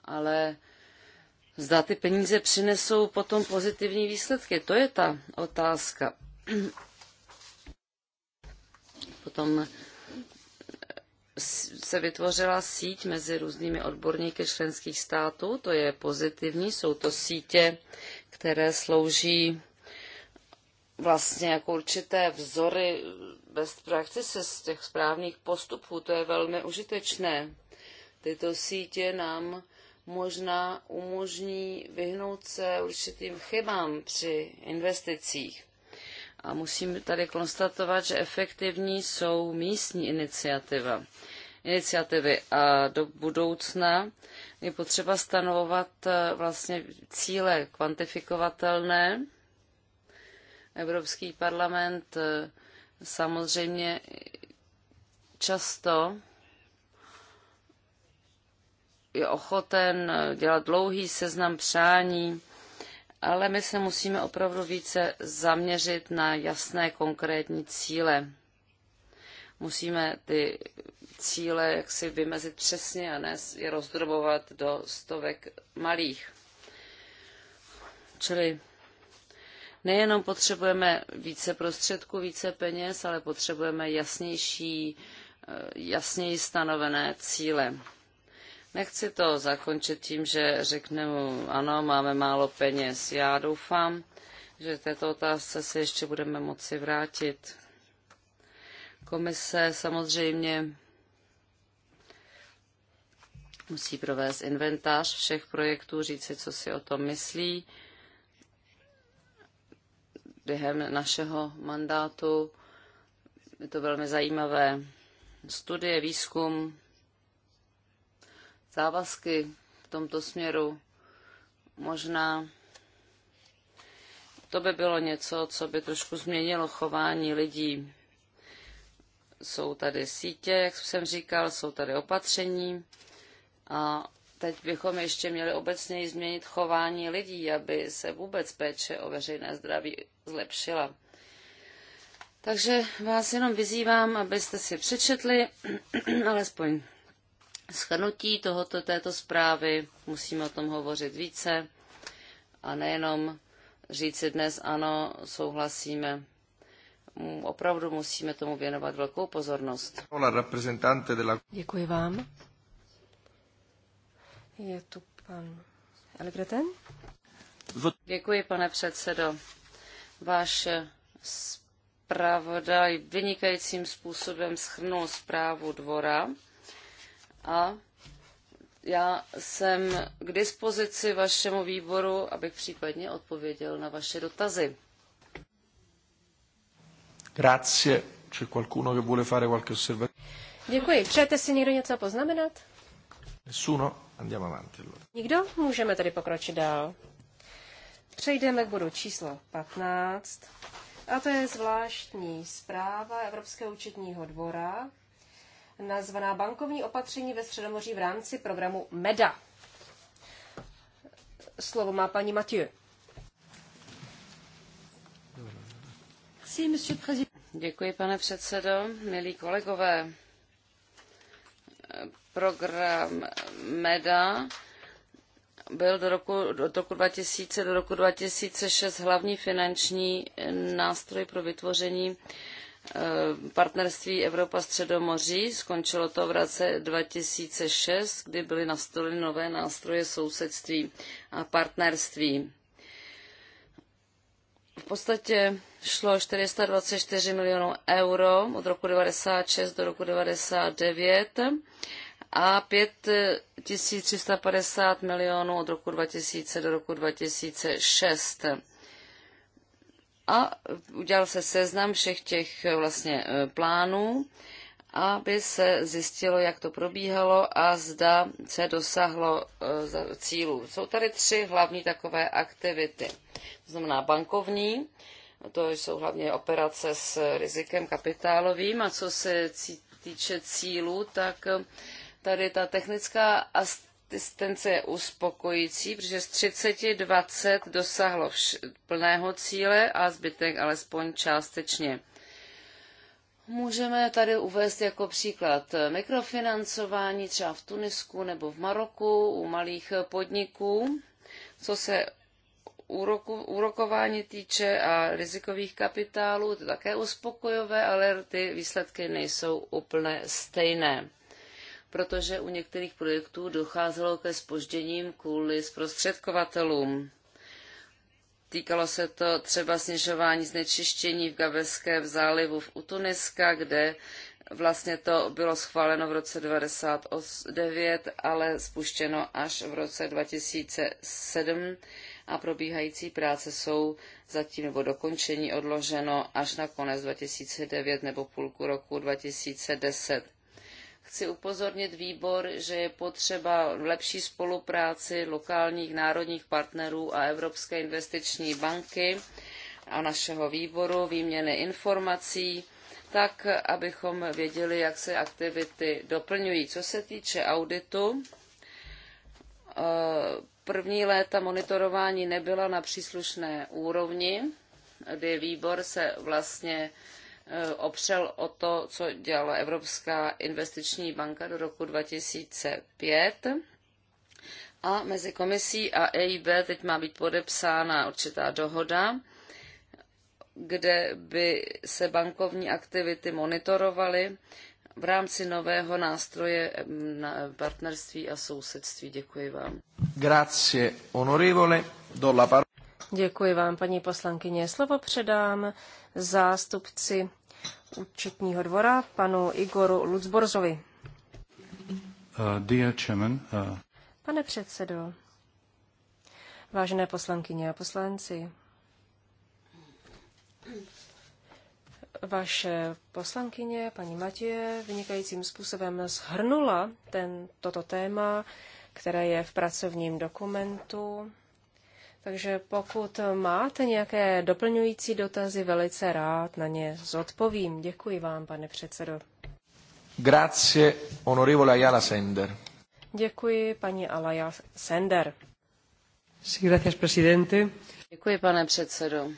Ale zda ty peníze přinesou potom pozitivní výsledky, to je ta otázka. Potom se vytvořila síť mezi různými odborníky členských států, to je pozitivní, jsou to sítě, které slouží vlastně jako určité vzory best practices z těch správných postupů, to je velmi užitečné. Tyto sítě nám možná umožní vyhnout se určitým chybám při investicích. A musím tady konstatovat, že efektivní jsou místní iniciativa. iniciativy a do budoucna je potřeba stanovovat eh, vlastně cíle kvantifikovatelné. Evropský parlament eh, samozřejmě často je ochoten eh, dělat dlouhý seznam přání, ale my se musíme opravdu více zaměřit na jasné konkrétní cíle. Musíme ty cíle jak si vymezit přesně a ne je rozdrobovat do stovek malých. Čili nejenom potřebujeme více prostředků, více peněz, ale potřebujeme jasnější, eh, jasněji stanovené cíle. Nechci to zakončit tím, že řeknu, ano, máme málo peněz. Já doufám, že této otázce se ještě budeme moci vrátit. Komise samozřejmě musí provést inventář všech projektů, říci, co si o tom myslí. Během našeho mandátu je to velmi zajímavé studie, výzkum, závazky v tomto směru. Možná to by bylo něco, co by trošku změnilo chování lidí. Jsou tady sítě, jak jsem říkal, jsou tady opatření a teď bychom ještě měli obecně změnit chování lidí, aby se vůbec péče o veřejné zdraví zlepšila. Takže vás jenom vyzývám, abyste si přečetli alespoň schrnutí tohoto, této zprávy. Musíme o tom hovořit více a nejenom říci dnes ano, souhlasíme. Opravdu musíme tomu věnovat velkou pozornost. Děkuji vám. Je tu pan Elgreten. Děkuji, pane předsedo. Váš zpravodaj vynikajícím způsobem schrnul zprávu dvora a já jsem k dispozici vašemu výboru, abych případně odpověděl na vaše dotazy. Grazie. C'è qualcuno che vuole fare qualche osservazione? Děkuji. Přejete si někdo něco poznamenat? Nessuno. Andiamo avanti. Nikdo? Můžeme tady pokročit dál. Přejdeme k bodu číslo 15. A to je zvláštní zpráva Evropského účetního dvora nazvaná Bankovní opatření ve Středomoří v rámci programu MEDA. Slovo má paní Mathieu. Děkuji, pane předsedo, milí kolegové. Program MEDA byl do roku, do roku 2000 do roku 2006 hlavní finanční nástroj pro vytvoření Eh, partnerství Evropa Středomoří. Skončilo to v roce 2006, kdy byly nastoleny nové nástroje sousedství a partnerství. V podstatě šlo 424 milionů euro od roku 96 do roku 99 a 5350 milionů od roku 2000 do roku 2006 a udělal se seznam všech těch eh, vlastně eh, plánů, aby se zjistilo, jak to probíhalo a zda se dosáhlo eh, cílů. Jsou tady tři hlavní takové aktivity. To znamená bankovní, to jsou hlavně operace s rizikem kapitálovým a co se týče cílů, tak tady ta technická asistence je uspokojící, protože z 30 20 dosáhlo plného cíle a zbytek alespoň částečně. Můžeme tady uvést jako příklad mikrofinancování třeba v Tunisku nebo v Maroku u malých podniků, co se úroku, úrokování týče a rizikových kapitálů, to také uspokojové, ale ty výsledky nejsou úplně stejné protože u některých projektů docházelo ke spožděním kvůli zprostředkovatelům. Týkalo se to třeba snižování znečištění v Gabeské zálivu v Utuniska, kde vlastně to bylo schváleno v roce 1999, ale spuštěno až v roce 2007 a probíhající práce jsou zatím nebo dokončení odloženo až na konec 2009 nebo půlku roku 2010. Chci upozornit výbor, že je potřeba lepší spolupráci lokálních národních partnerů a Evropské investiční banky a našeho výboru, výměny informací, tak, abychom věděli, jak se aktivity doplňují. Co se týče auditu, eh, první léta monitorování nebyla na příslušné úrovni, kdy výbor se vlastně Eh, opřel o to, co dělala Evropská investiční banka do roku 2005. A mezi komisí a EIB teď má být podepsána určitá dohoda, kde by se bankovní aktivity monitorovaly v rámci nového nástroje mm, na partnerství a sousedství. Děkuji vám. Grazie, onorevole. Do la Děkuji vám, paní poslankyně. Slovo předám zástupci účetního dvora, panu Igoru Lucborzovi. Uh, uh, Pane předsedo, vážené poslankyně a poslanci, vaše poslankyně, paní Matě, vynikajícím způsobem shrnula ten, toto téma, které je v pracovním dokumentu takže pokud máte nějaké doplňující dotazy, velice rád na ně zodpovím. Děkuji vám, pane předsedo. Grazie, onorevole Ayala Sender. Děkuji, paní Alaya Sender. Sí, gracias, presidente. Děkuji, pane předsedo.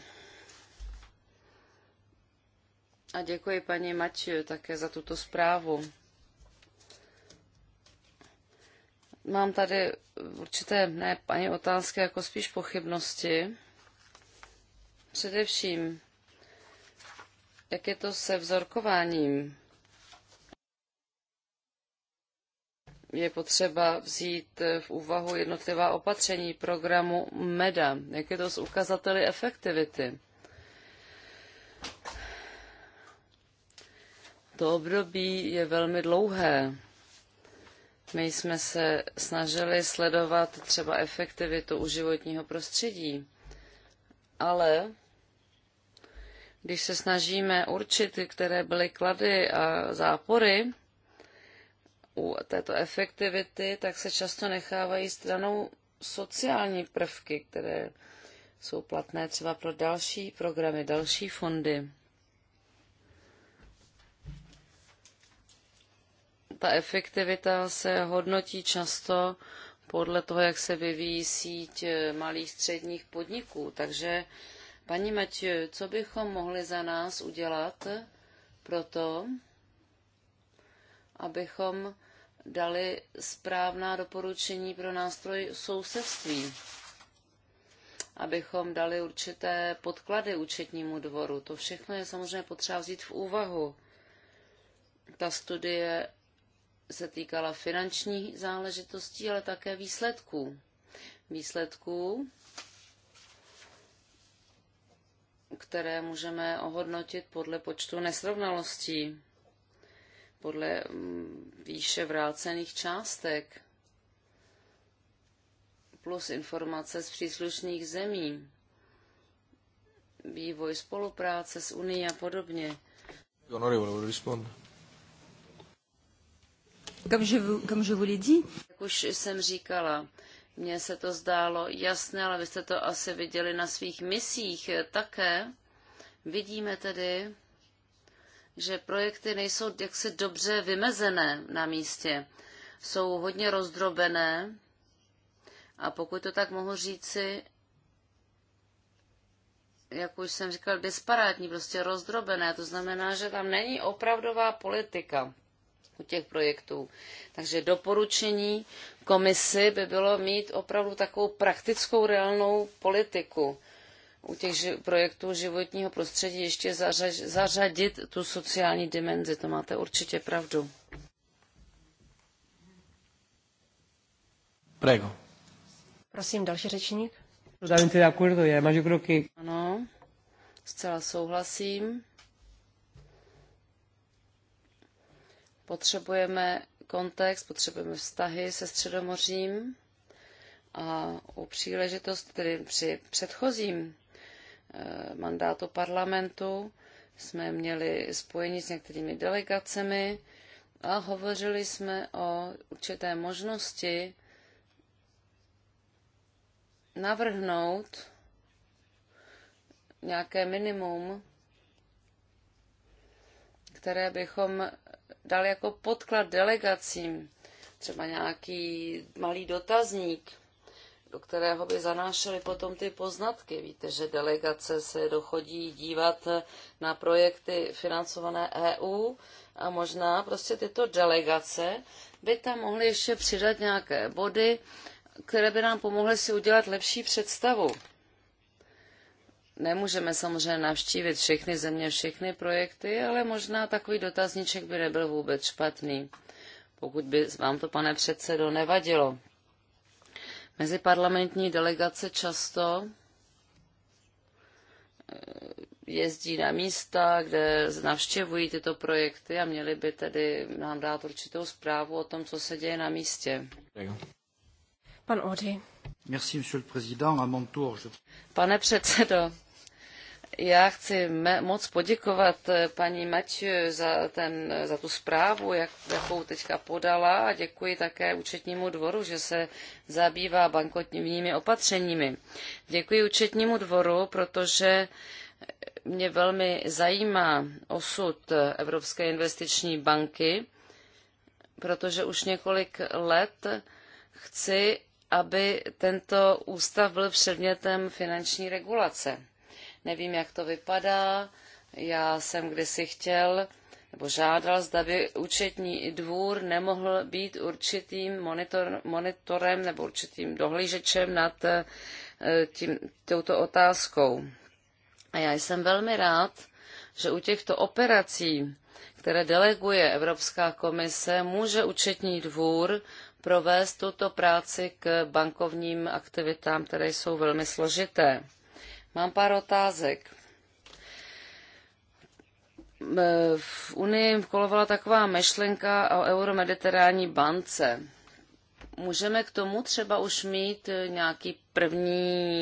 A děkuji paní Mačiu také za tuto zprávu. Mám tady určité, ne ani otázky, jako spíš pochybnosti. Především, jak je to se vzorkováním? Je potřeba vzít v úvahu jednotlivá opatření programu MEDA. Jak je to s ukazateli efektivity? To období je velmi dlouhé. My jsme se snažili sledovat třeba efektivitu u životního prostředí, ale když se snažíme určit, které byly klady a zápory u této efektivity, tak se často nechávají stranou sociální prvky, které jsou platné třeba pro další programy, další fondy. ta efektivita se hodnotí často podle toho, jak se vyvíjí síť eh, malých středních podniků. Takže, paní Matěj, co bychom mohli za nás udělat pro to, abychom dali správná doporučení pro nástroj sousedství, abychom dali určité podklady účetnímu dvoru. To všechno je samozřejmě potřeba vzít v úvahu. Ta studie se týkala finanční záležitostí, ale také výsledků. Výsledků, které můžeme ohodnotit podle počtu nesrovnalostí, podle mm, výše vrácených částek, plus informace z příslušných zemí, vývoj spolupráce s Unii a podobně. Honorable, respond. Jak už jsem říkala, mně se to zdálo jasné, ale vy jste to asi viděli na svých misích také. Vidíme tedy, že projekty nejsou jaksi dobře vymezené na místě. Jsou hodně rozdrobené a pokud to tak mohu říci, jak už jsem říkal, disparátní, prostě rozdrobené. To znamená, že tam není opravdová politika u těch projektů. Takže doporučení komisi by bylo mít opravdu takovou praktickou reálnou politiku u těch projektů životního prostředí ještě zařadit tu sociální dimenzi. To máte určitě pravdu. Prego. Prosím, další řečník. Totalmente de acuerdo y además yo creo que... Ano, zcela souhlasím. Potřebujeme kontext, potřebujeme vztahy se Středomořím a u příležitost, tedy při předchozím eh, mandátu parlamentu, jsme měli spojení s některými delegacemi a hovořili jsme o určité možnosti navrhnout nějaké minimum, které bychom dal jako podklad delegacím, třeba nějaký malý dotazník, do kterého by zanášely potom ty poznatky. Víte, že delegace se dochodí dívat na projekty financované EU a možná prostě tyto delegace by tam mohly ještě přidat nějaké body, které by nám pomohly si udělat lepší představu Nemůžeme samozřejmě navštívit všechny země, všechny projekty, ale možná takový dotazníček by nebyl vůbec špatný, pokud by vám to, pane předsedo, nevadilo. Meziparlamentní delegace často eh, jezdí na místa, kde navštěvují tyto projekty a měli by tedy nám dát určitou zprávu o tom, co se děje na místě. Pan Ori. Pane předsedo, já chci moc poděkovat eh, paní Maťu za, ten, eh, za tu zprávu, jak, jakou teďka podala a děkuji také účetnímu dvoru, že se zabývá bankovními opatřeními. Děkuji účetnímu dvoru, protože mě velmi zajímá osud Evropské investiční banky, protože už několik let chci, aby tento ústav byl předmětem finanční regulace Nevím, jak to vypadá. Já jsem kdysi chtěl nebo žádal, zda by účetní dvůr nemohl být určitým monitor, monitorem nebo určitým dohlížečem nad eh, tím, touto otázkou. A já jsem velmi rád, že u těchto operací, které deleguje Evropská komise, může účetní dvůr provést tuto práci k bankovním aktivitám, které jsou velmi složité. Mám pár otázek. E, v Unii kolovala taková myšlenka o euromediterální bance. Můžeme k tomu třeba už mít nějaký první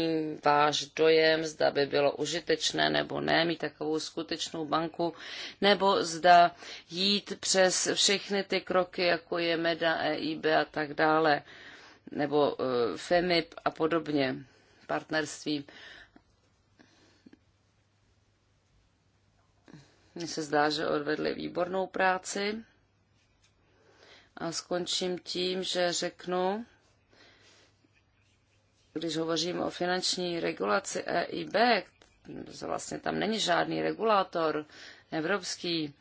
váš dojem, zda by bylo užitečné nebo ne mít takovou skutečnou banku, nebo zda jít přes všechny ty kroky, jako je MEDA, EIB a tak dále, nebo e, FEMIP a podobně, partnerství. Uh, Mně se zdá, že odvedli výbornou práci. A skončím tím, že řeknu, když hovořím o finanční regulaci EIB, vlastně tam není žádný regulátor evropský,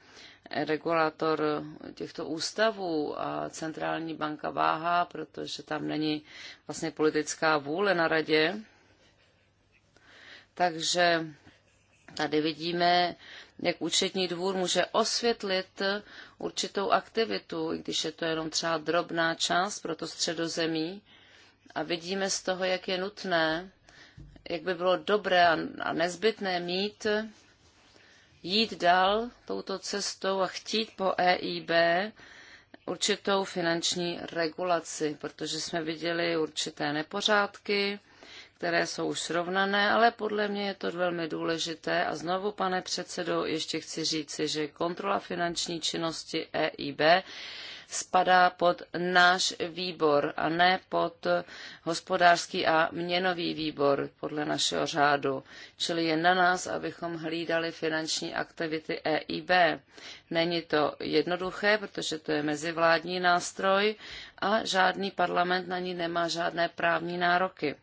regulátor těchto ústavů a centrální banka váha, protože tam není vlastně politická vůle na radě. Takže tady vidíme jak účetní dvůr může osvětlit určitou aktivitu, i když je to jenom třeba drobná část pro to středozemí. A vidíme z toho, jak je nutné, jak by bylo dobré a nezbytné mít, jít dál touto cestou a chtít po EIB určitou finanční regulaci, protože jsme viděli určité nepořádky, které jsou srovnané, ale podle mě je to velmi důležité. A znovu, pane předsedo, ještě chci říci, že kontrola finanční činnosti EIB spadá pod náš výbor a ne pod hospodářský a měnový výbor podle našeho řádu. Čili je na nás, abychom hlídali finanční aktivity EIB. Není to jednoduché, protože to je mezivládní nástroj a žádný parlament na ní nemá žádné právní nároky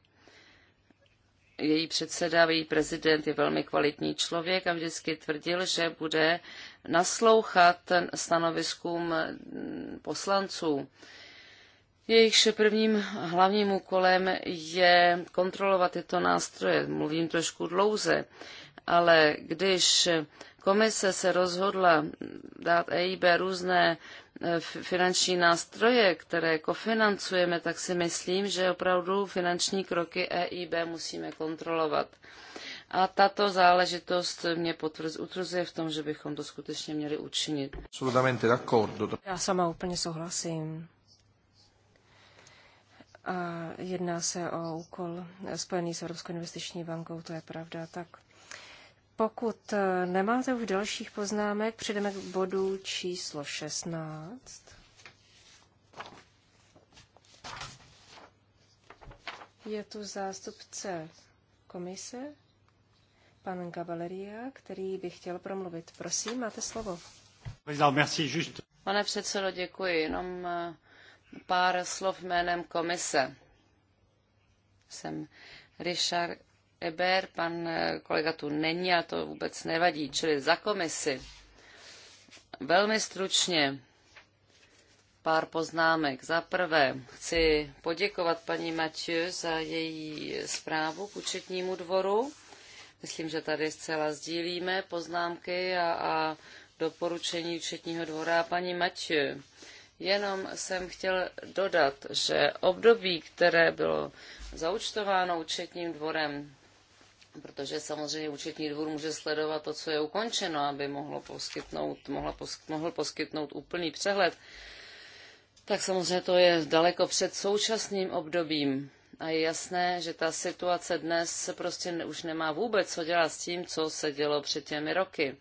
její předseda, její prezident je velmi kvalitní člověk a vždycky tvrdil, že bude naslouchat stanoviskům mm, poslanců. Jejichž prvním hlavním úkolem je kontrolovat tyto nástroje. Mluvím trošku dlouze, ale když komise se rozhodla dát EIB různé Eh, finanční nástroje, které kofinancujeme, tak si myslím, že opravdu finanční kroky EIB musíme kontrolovat. A tato záležitost mě utvrzuje v tom, že bychom to skutečně měli učinit. Já sama úplně souhlasím. A jedná se o úkol spojený s Evropskou investiční bankou, to je pravda. Tak pokud eh, nemáte už dalších poznámek, přijdeme k bodu číslo 16. Je tu zástupce komise, pan Gabaleria, který by chtěl promluvit. Prosím, máte slovo. Pane předsedo, děkuji. Jenom eh, pár slov jménem komise. Jsem Richard Eber, pan eh, kolega tu není a to vůbec nevadí, čili za komisi. Velmi stručně pár poznámek. Za prvé chci poděkovat paní Mathieu za její zprávu k účetnímu dvoru. Myslím, že tady zcela sdílíme poznámky a, a doporučení účetního dvora a paní Mathieu. Jenom jsem chtěl dodat, že období, které bylo zaučtováno účetním dvorem protože samozřejmě účetní dvůr může sledovat to, co je ukončeno, aby mohlo poskytnout, mohla poskyt, mohl poskytnout úplný přehled. Tak samozřejmě to je daleko před současným obdobím. A je jasné, že ta situace dnes se prostě už nemá vůbec co dělat s tím, co se dělo před těmi roky.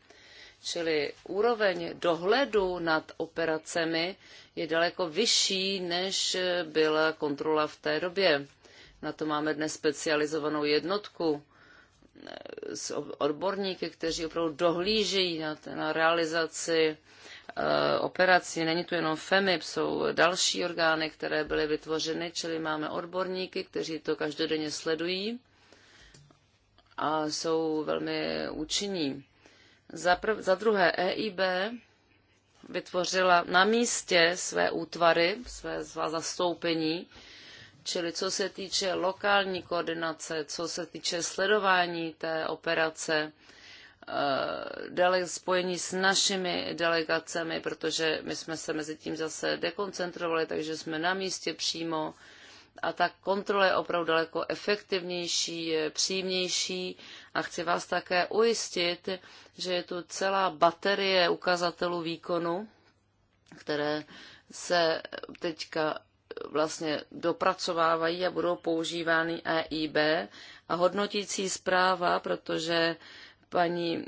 Čili úroveň dohledu nad operacemi je daleko vyšší, než byla kontrola v té době. Na to máme dnes specializovanou jednotku, s odborníky, kteří opravdu dohlížejí na, na realizaci eh, operací. Není tu jenom FEMIP, jsou další orgány, které byly vytvořeny, čili máme odborníky, kteří to každodenně sledují a jsou velmi účinní. Za, prv, za druhé, EIB vytvořila na místě své útvary, své, svá zastoupení, Čili co se týče lokální koordinace, co se týče sledování té operace, eh, dele, spojení s našimi delegacemi, protože my jsme se mezi tím zase dekoncentrovali, takže jsme na místě přímo a ta kontrola je opravdu daleko efektivnější, přímější a chci vás také ujistit, že je tu celá baterie ukazatelů výkonu, které se teďka vlastně dopracovávají a budou používány EIB a hodnotící zpráva, protože paní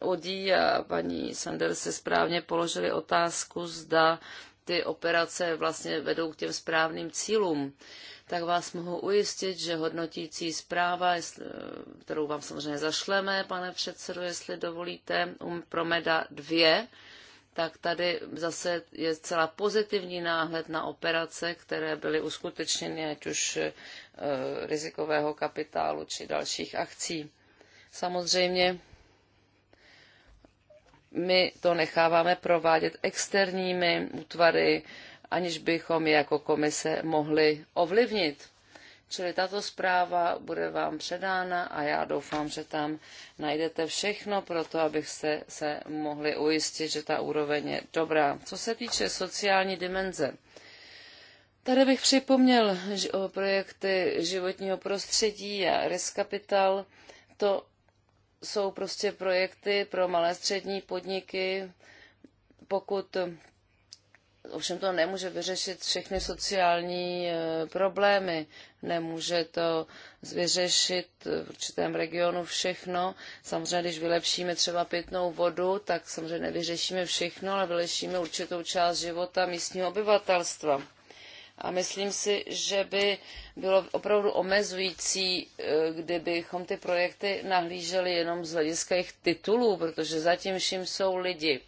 Odí a paní Sanders se správně položili otázku, zda ty operace vlastně vedou k těm správným cílům, tak vás mohu ujistit, že hodnotící zpráva, kterou vám samozřejmě zašleme, pane předsedo, jestli dovolíte, um, pro MEDA 2, tak tady zase je celá pozitivní náhled na operace, které byly uskutečněny ať už e, rizikového kapitálu či dalších akcí. Samozřejmě my to necháváme provádět externími útvary, aniž bychom je jako komise mohli ovlivnit. Čili tato zpráva bude vám předána a já doufám, že tam najdete všechno pro to, abyste se mohli ujistit, že ta úroveň je dobrá. Co se týče sociální dimenze, tady bych připomněl že o projekty životního prostředí a Reskapital. To jsou prostě projekty pro malé střední podniky, pokud Ovšem to nemůže vyřešit všechny sociální e, problémy, nemůže to vyřešit v určitém regionu všechno. Samozřejmě, když vylepšíme třeba pitnou vodu, tak samozřejmě nevyřešíme všechno, ale vylepšíme určitou část života místního obyvatelstva. A myslím si, že by bylo opravdu omezující, e, kdybychom ty projekty nahlíželi jenom z hlediska jejich titulů, protože zatím vším jsou lidi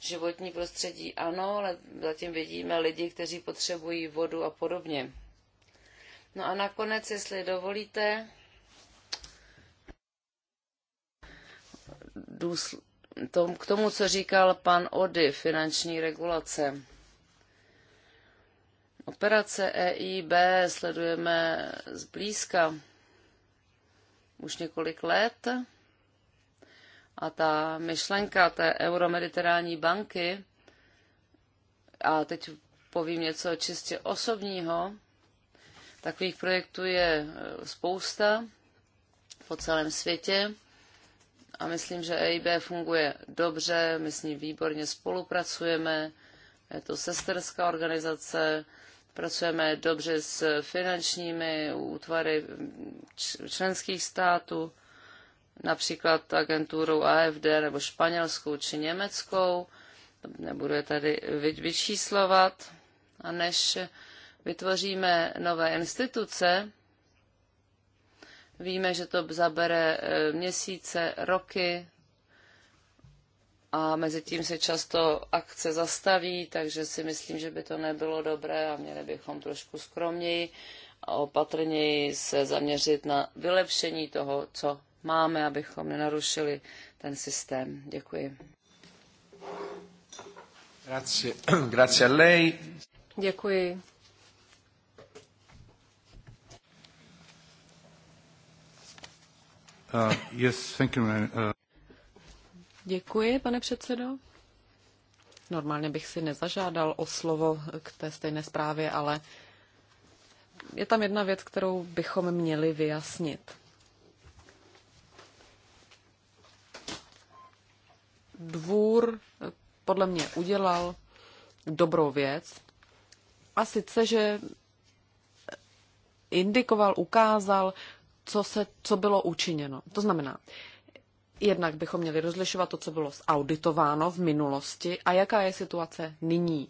životní prostředí ano, ale zatím vidíme lidi, kteří potřebují vodu a podobně. No a nakonec, jestli dovolíte, k tomu, co říkal pan Ody, finanční regulace. Operace EIB sledujeme zblízka už několik let. A ta myšlenka té euromediterální banky, a teď povím něco čistě osobního, takových projektů je e, spousta po celém světě a myslím, že EIB funguje dobře, my s ní výborně spolupracujeme, je to sesterská organizace, pracujeme dobře s finančními útvary členských států, například agenturou AFD nebo španělskou či německou, nebudu je tady vyčíslovat, a než vytvoříme nové instituce, víme, že to zabere e, měsíce, roky a mezi tím se často akce zastaví, takže si myslím, že by to nebylo dobré a měli bychom trošku skromněji a opatrněji se zaměřit na vylepšení toho, co máme, abychom nenarušili ten systém. Děkuji. Grazie. Grazie a lei. Děkuji. Uh, yes, thank you, Uh... Děkuji, pane předsedo. Normálně bych si nezažádal o slovo k té stejné zprávě, ale je tam jedna věc, kterou bychom měli vyjasnit. dvůr eh, podle mě udělal dobrou věc. A sice, že indikoval, ukázal, co, se, co bylo učiněno. To znamená, jednak bychom měli rozlišovat to, co bylo zauditováno v minulosti a jaká je situace nyní.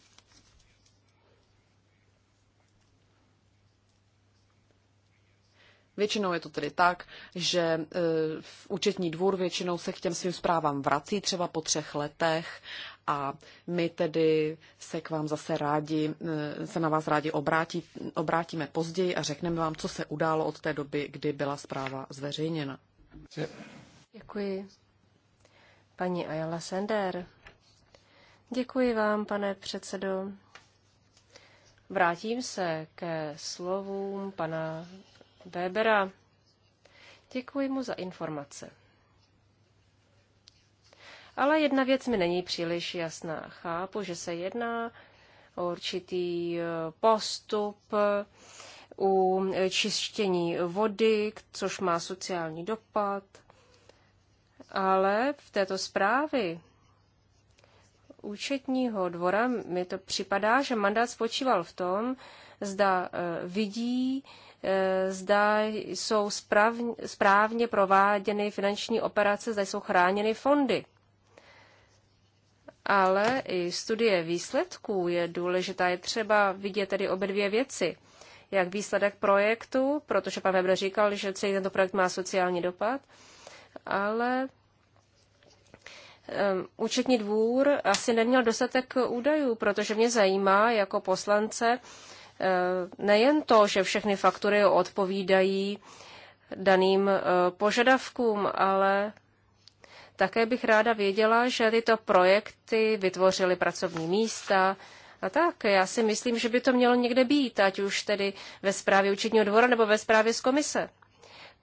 Většinou je to tedy tak, že e, v účetní dvůr většinou se k těm svým zprávám vrací třeba po třech letech a my tedy se k vám zase rádi, e, se na vás rádi obrátí, obrátíme později a řekneme vám, co se událo od té doby, kdy byla zpráva zveřejněna. Děkuji. Paní Ayala Sender. Děkuji vám, pane předsedo. Vrátím se ke slovům pana Bébera. Děkuji mu za informace. Ale jedna věc mi není příliš jasná. Chápu, že se jedná o určitý eh, postup eh, u čištění vody, což má sociální dopad. Ale v této zprávě účetního dvora mi to připadá, že mandát spočíval v tom, zda eh, vidí Eh, zda jsou správně, správně prováděny finanční operace, zda jsou chráněny fondy. Ale i studie výsledků je důležitá. Je třeba vidět tedy obě dvě věci. Jak výsledek projektu, protože pan Weber říkal, že celý tento projekt má sociální dopad, ale účetní dvůr asi neměl dostatek údajů, protože mě zajímá jako poslance, Eh, nejen to, že všechny faktury odpovídají daným eh, požadavkům, ale také bych ráda věděla, že tyto projekty vytvořily pracovní místa, a tak, já si myslím, že by to mělo někde být, ať už tedy ve zprávě účetního dvora nebo ve zprávě z komise.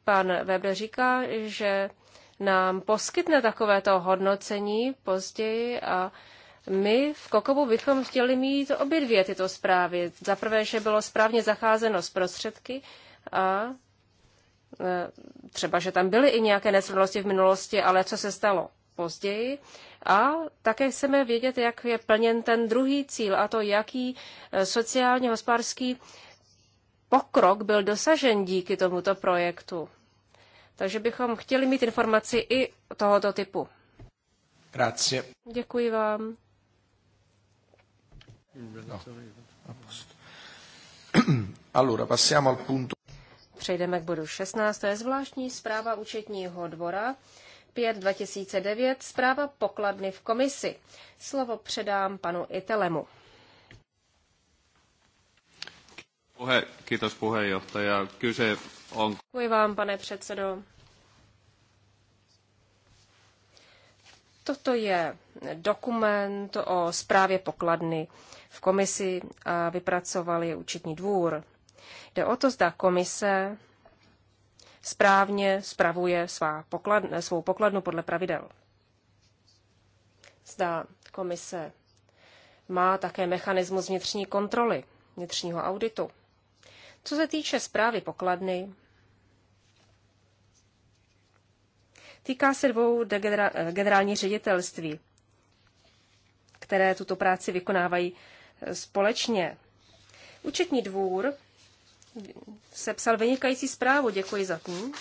Pan Weber říká, že nám poskytne takovéto hodnocení později a my v Kokobu bychom chtěli mít obě dvě tyto zprávy. Za prvé, že bylo správně zacházeno s prostředky a e, třeba, že tam byly i nějaké nesrovnalosti v minulosti, ale co se stalo později. A také chceme vědět, jak je plněn ten druhý cíl, a to jaký e, sociálně hospodářský pokrok byl dosažen díky tomuto projektu. Takže bychom chtěli mít informaci i tohoto typu. Grazie. Děkuji vám. No, allora, passiamo al punto. Přejdeme k bodu 16. To je zvláštní zpráva účetního dvora 5 2009, zpráva pokladny v komisi. Slovo předám panu Itelemu. kiitos puheenjohtaja. Kyse on... Děkuji vám, pane předsedo. Toto je dokument o zprávě pokladny v komisi a vypracovali účetní dvůr. Jde o to, zda komise správně spravuje svá pokladn, svou pokladnu podle pravidel. Zda komise má také mechanismus vnitřní kontroly, vnitřního auditu. Co se týče zprávy pokladny, Týká se dvou eh, generální ředitelství, které tuto práci vykonávají eh, společně. Účetní dvůr sepsal vynikající zprávu, děkuji za tím,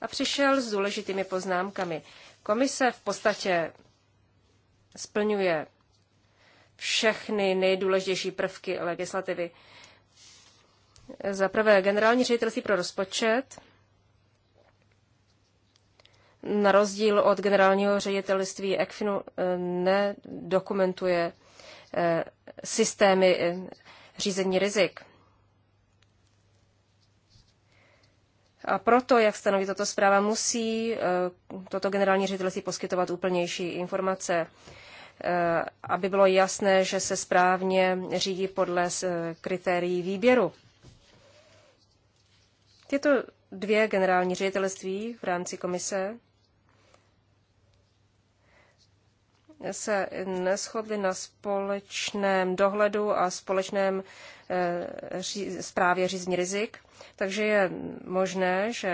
a přišel s důležitými poznámkami. Komise v podstatě splňuje všechny nejdůležitější prvky legislativy. Za prvé generální ředitelství pro rozpočet na rozdíl od generálního ředitelství ECFINu eh, nedokumentuje eh, systémy eh, řízení rizik. A proto, jak stanoví toto zpráva, musí toto generální ředitelství poskytovat úplnější informace, aby bylo jasné, že se správně řídí podle kritérií výběru. Tyto dvě generální ředitelství v rámci komise se neschodli na společném dohledu a společném zprávě eh, řízení rizik, takže je možné, že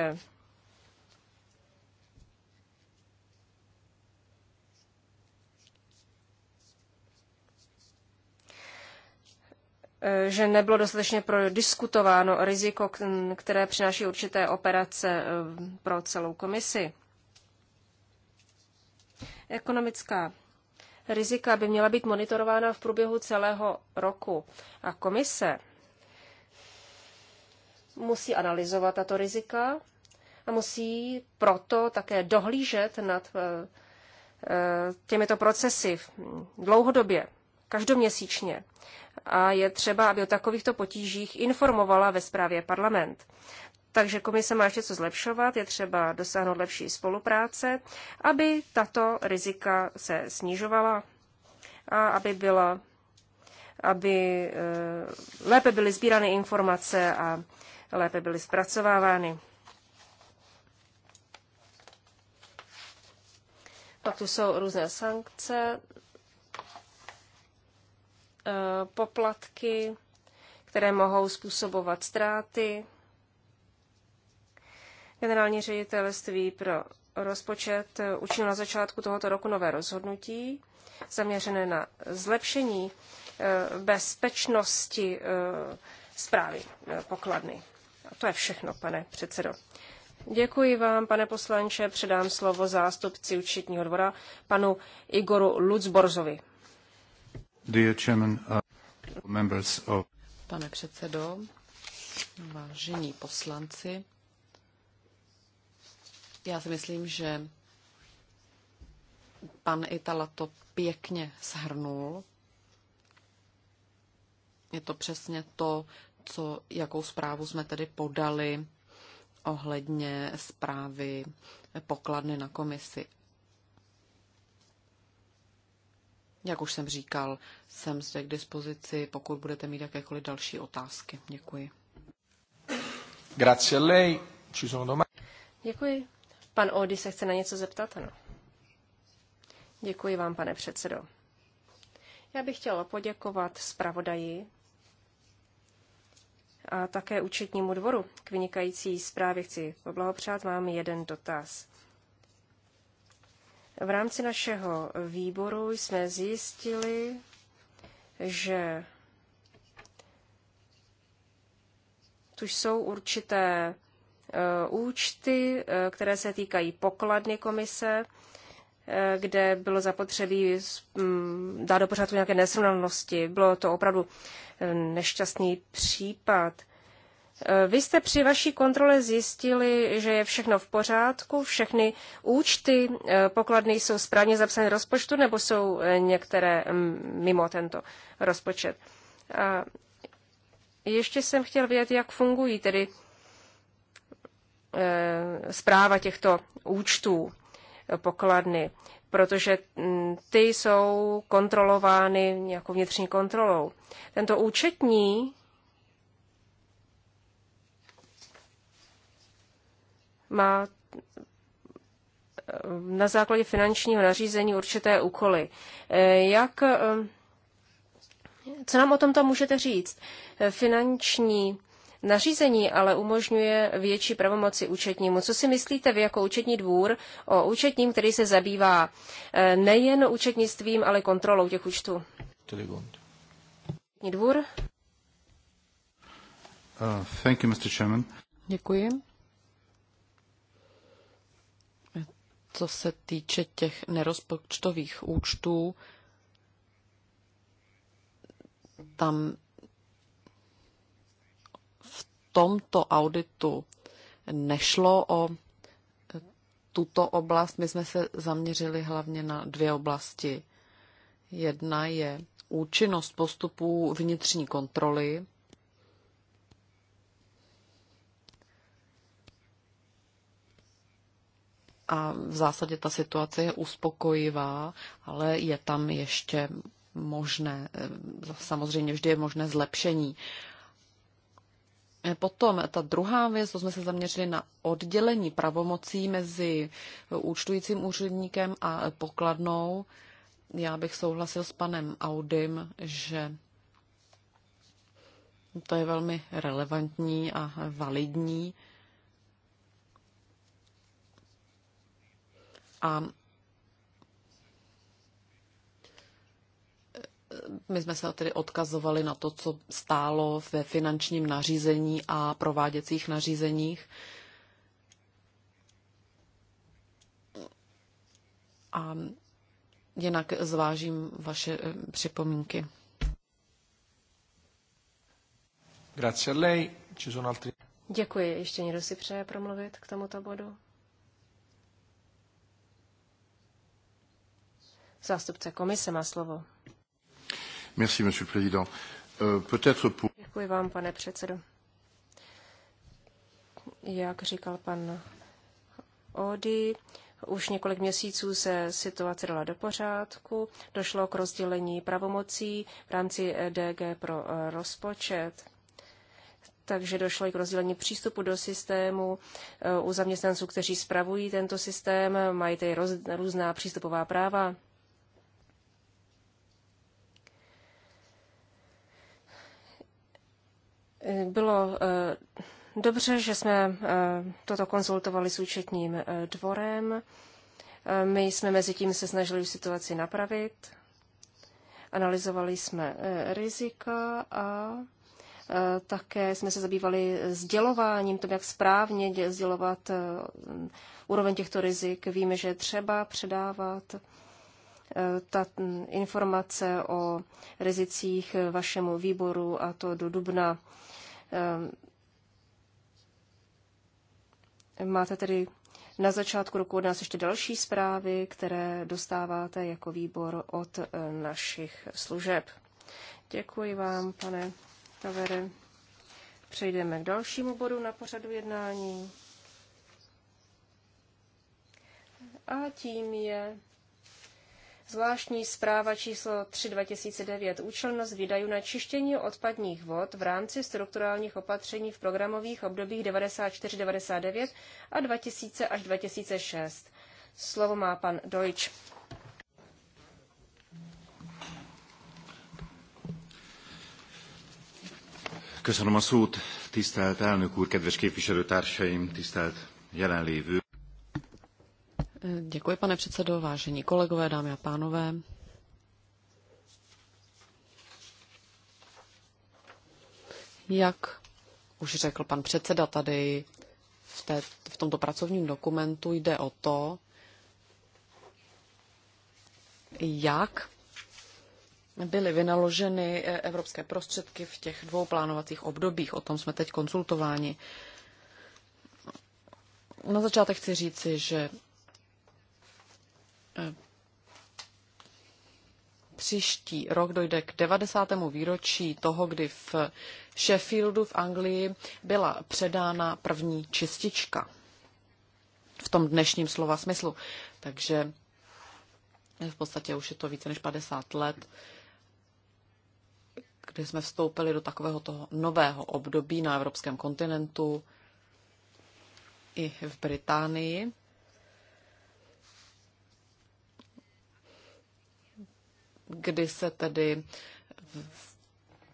eh, že nebylo dostatečně prodiskutováno riziko, které přináší určité operace eh, pro celou komisi. Ekonomická rizika by měla být monitorována v průběhu celého roku. A komise musí analyzovat tato rizika a musí proto také dohlížet nad eh, eh, těmito procesy dlouhodobě, každoměsíčně. A je třeba, aby o takovýchto potížích informovala ve zprávě parlament. Takže komise má ještě co zlepšovat, je třeba dosáhnout lepší spolupráce, aby tato rizika se snižovala a aby byla aby eh, lépe byly sbírány informace a lépe byly zpracovávány. Pak tu jsou různé sankce, eh, poplatky, které mohou způsobovat ztráty Generální ředitelství pro rozpočet učinilo na začátku tohoto roku nové rozhodnutí zaměřené na zlepšení eh, bezpečnosti zprávy eh, eh, pokladny. A to je všechno, pane předsedo. Děkuji vám, pane poslanče. Předám slovo zástupci účetního dvora, panu Igoru Lucborzovi. Uh, pane předsedo, vážení poslanci, já si myslím, že pan Itala to pěkně shrnul. Je to přesně to, co, jakou zprávu jsme tedy podali ohledně zprávy pokladny na komisi. Jak už jsem říkal, jsem zde k dispozici, pokud budete mít jakékoliv další otázky. Děkuji. Grazie a lei. Ci sono domande. Děkuji. Pan Ody se chce na něco zeptat? Ano. Děkuji vám, pane předsedo. Já bych chtěla poděkovat zpravodaji a také účetnímu dvoru k vynikající zprávě. Chci poblahopřát vám jeden dotaz. V rámci našeho výboru jsme zjistili, že tu jsou určité Eh, účty, eh, které se týkají pokladny komise, eh, kde bylo zapotřebí mm, dát do pořádku nějaké nesrovnalnosti. Bylo to opravdu nešťastný případ. Vy jste při vaší kontrole zjistili, že je všechno v pořádku, všechny účty pokladny jsou správně zapsány rozpočtu nebo jsou některé mm, mimo tento rozpočet. A ještě jsem chtěl vědět, jak fungují tedy zpráva eh, těchto účtů eh, pokladny, protože mm, ty jsou kontrolovány nějakou vnitřní kontrolou. Tento účetní má eh, na základě finančního nařízení určité úkoly. Jak, co nám o tomto můžete říct? Finanční Nařízení ale umožňuje větší pravomoci účetnímu. Co si myslíte vy jako účetní dvůr o účetním, který se zabývá eh, nejen účetnictvím, ale kontrolou těch účtů? Účetní dvůr. Uh, thank you, Mr. Chairman. Děkuji. Co se týče těch nerozpočtových účtů, tam tomto auditu nešlo o tuto oblast. My jsme se zaměřili hlavně na dvě oblasti. Jedna je účinnost postupů vnitřní kontroly. A v zásadě ta situace je uspokojivá, ale je tam ještě možné, samozřejmě vždy je možné zlepšení. Potom ta druhá věc, to jsme se zaměřili na oddělení pravomocí mezi účtujícím úředníkem a pokladnou. Já bych souhlasil s panem Audim, že to je velmi relevantní a validní. A my jsme se tedy odkazovali na to, co stálo ve finančním nařízení a prováděcích nařízeních. A jinak zvážím vaše eh, připomínky. Grazie a lei. Ci sono altri... Děkuji. Ještě někdo si přeje promluvit k tomuto bodu? Zástupce komise má slovo. Merci, monsieur le président. Euh, peut-être pour... Děkuji vám, pane předsedo. Jak říkal pan Odi, už několik měsíců se situace dala do pořádku, došlo k rozdělení pravomocí v rámci eh, DG pro eh, rozpočet. Takže došlo i k rozdělení přístupu do systému eh, u zaměstnanců, kteří spravují tento systém, mají tedy roz, různá přístupová práva. Bylo eh, dobře, že jsme eh, toto konzultovali s účetním eh, dvorem. My jsme mezi tím se snažili situaci napravit. Analyzovali jsme rizika a také jsme se zabývali sdělováním, tom, jak správně sdělovat úroveň těchto rizik. Víme, že je třeba předávat Eh, ta informace o rizicích vašemu výboru a to do dubna. Eh, máte tedy na začátku roku od nás ještě další zprávy, které dostáváte jako výbor od eh, našich služeb. Děkuji vám, pane Tavere. Přejdeme k dalšímu bodu na pořadu jednání. A tím je Zvláštní zpráva číslo 3 2009 účelnost výdajů na čištění odpadních vod v rámci strukturálních opatření v programových obdobích 94-99 a 2000 až 2006. Slovo má pan Deutsch. Köszönöm a szót, tisztelt elnök úr, kedves képviselőtársaim, tisztelt jelenlévő. Děkuji, pane předsedo, vážení kolegové, dámy a pánové. Jak už řekl pan předseda tady, v, té, v tomto pracovním dokumentu jde o to, jak byly vynaloženy e, evropské prostředky v těch dvou plánovacích obdobích. O tom jsme teď konzultováni. Na začátek chci říci, že Eh, příští rok dojde k 90. výročí toho, kdy v Sheffieldu v Anglii byla předána první čistička. V tom dnešním slova smyslu. Takže v podstatě už je to více než 50 let, kdy jsme vstoupili do takového toho nového období na evropském kontinentu i v Británii. kdy se tedy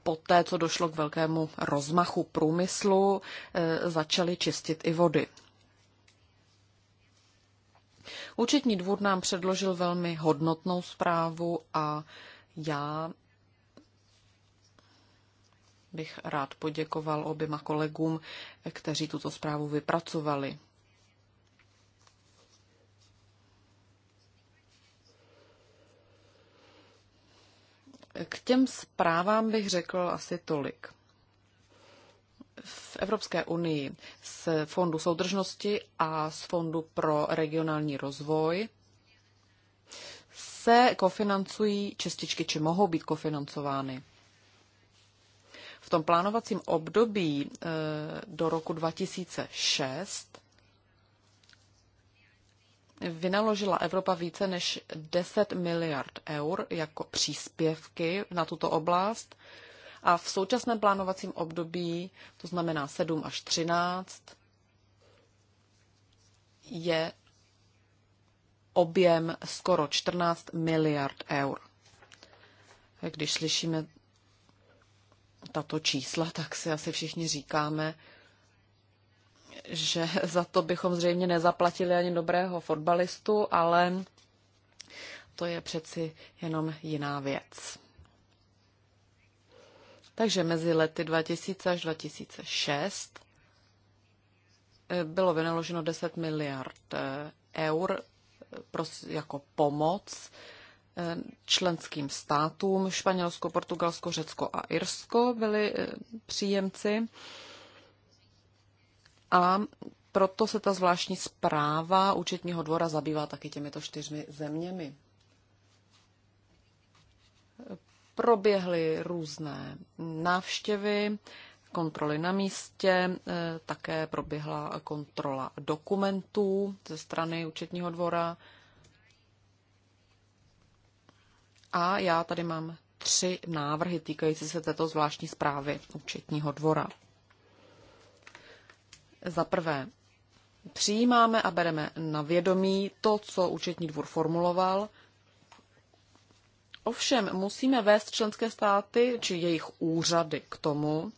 po té, co došlo k velkému rozmachu průmyslu, eh, začaly čistit i vody. Účetní dvůr nám předložil velmi hodnotnou zprávu a já bych rád poděkoval oběma kolegům, kteří tuto zprávu vypracovali. K těm zprávám bych řekl asi tolik. V Evropské unii z Fondu soudržnosti a z Fondu pro regionální rozvoj se kofinancují čestičky, či mohou být kofinancovány. V tom plánovacím období eh, do roku 2006 vynaložila Evropa více než 10 miliard eur jako příspěvky na tuto oblast a v současném plánovacím období, to znamená 7 až 13, je objem skoro 14 miliard eur. Když slyšíme tato čísla, tak si asi všichni říkáme, že za to bychom zřejmě nezaplatili ani dobrého fotbalistu, ale to je přeci jenom jiná věc. Takže mezi lety 2000 až 2006 eh, bylo vynaloženo 10 miliard eh, eur eh, jako pomoc členským státům. Španělsko, Portugalsko, Řecko a Irsko byli příjemci. A proto se ta zvláštní zpráva účetního dvora zabývá taky těmito čtyřmi zeměmi. Proběhly různé návštěvy, kontroly na místě, eh, také proběhla kontrola dokumentů ze strany účetního dvora. A já tady mám tři návrhy týkající se této zvláštní zprávy účetního dvora. Za prvé, přijímáme a bereme na vědomí to, co účetní dvůr formuloval. Ovšem musíme vést členské státy či jejich úřady k tomu,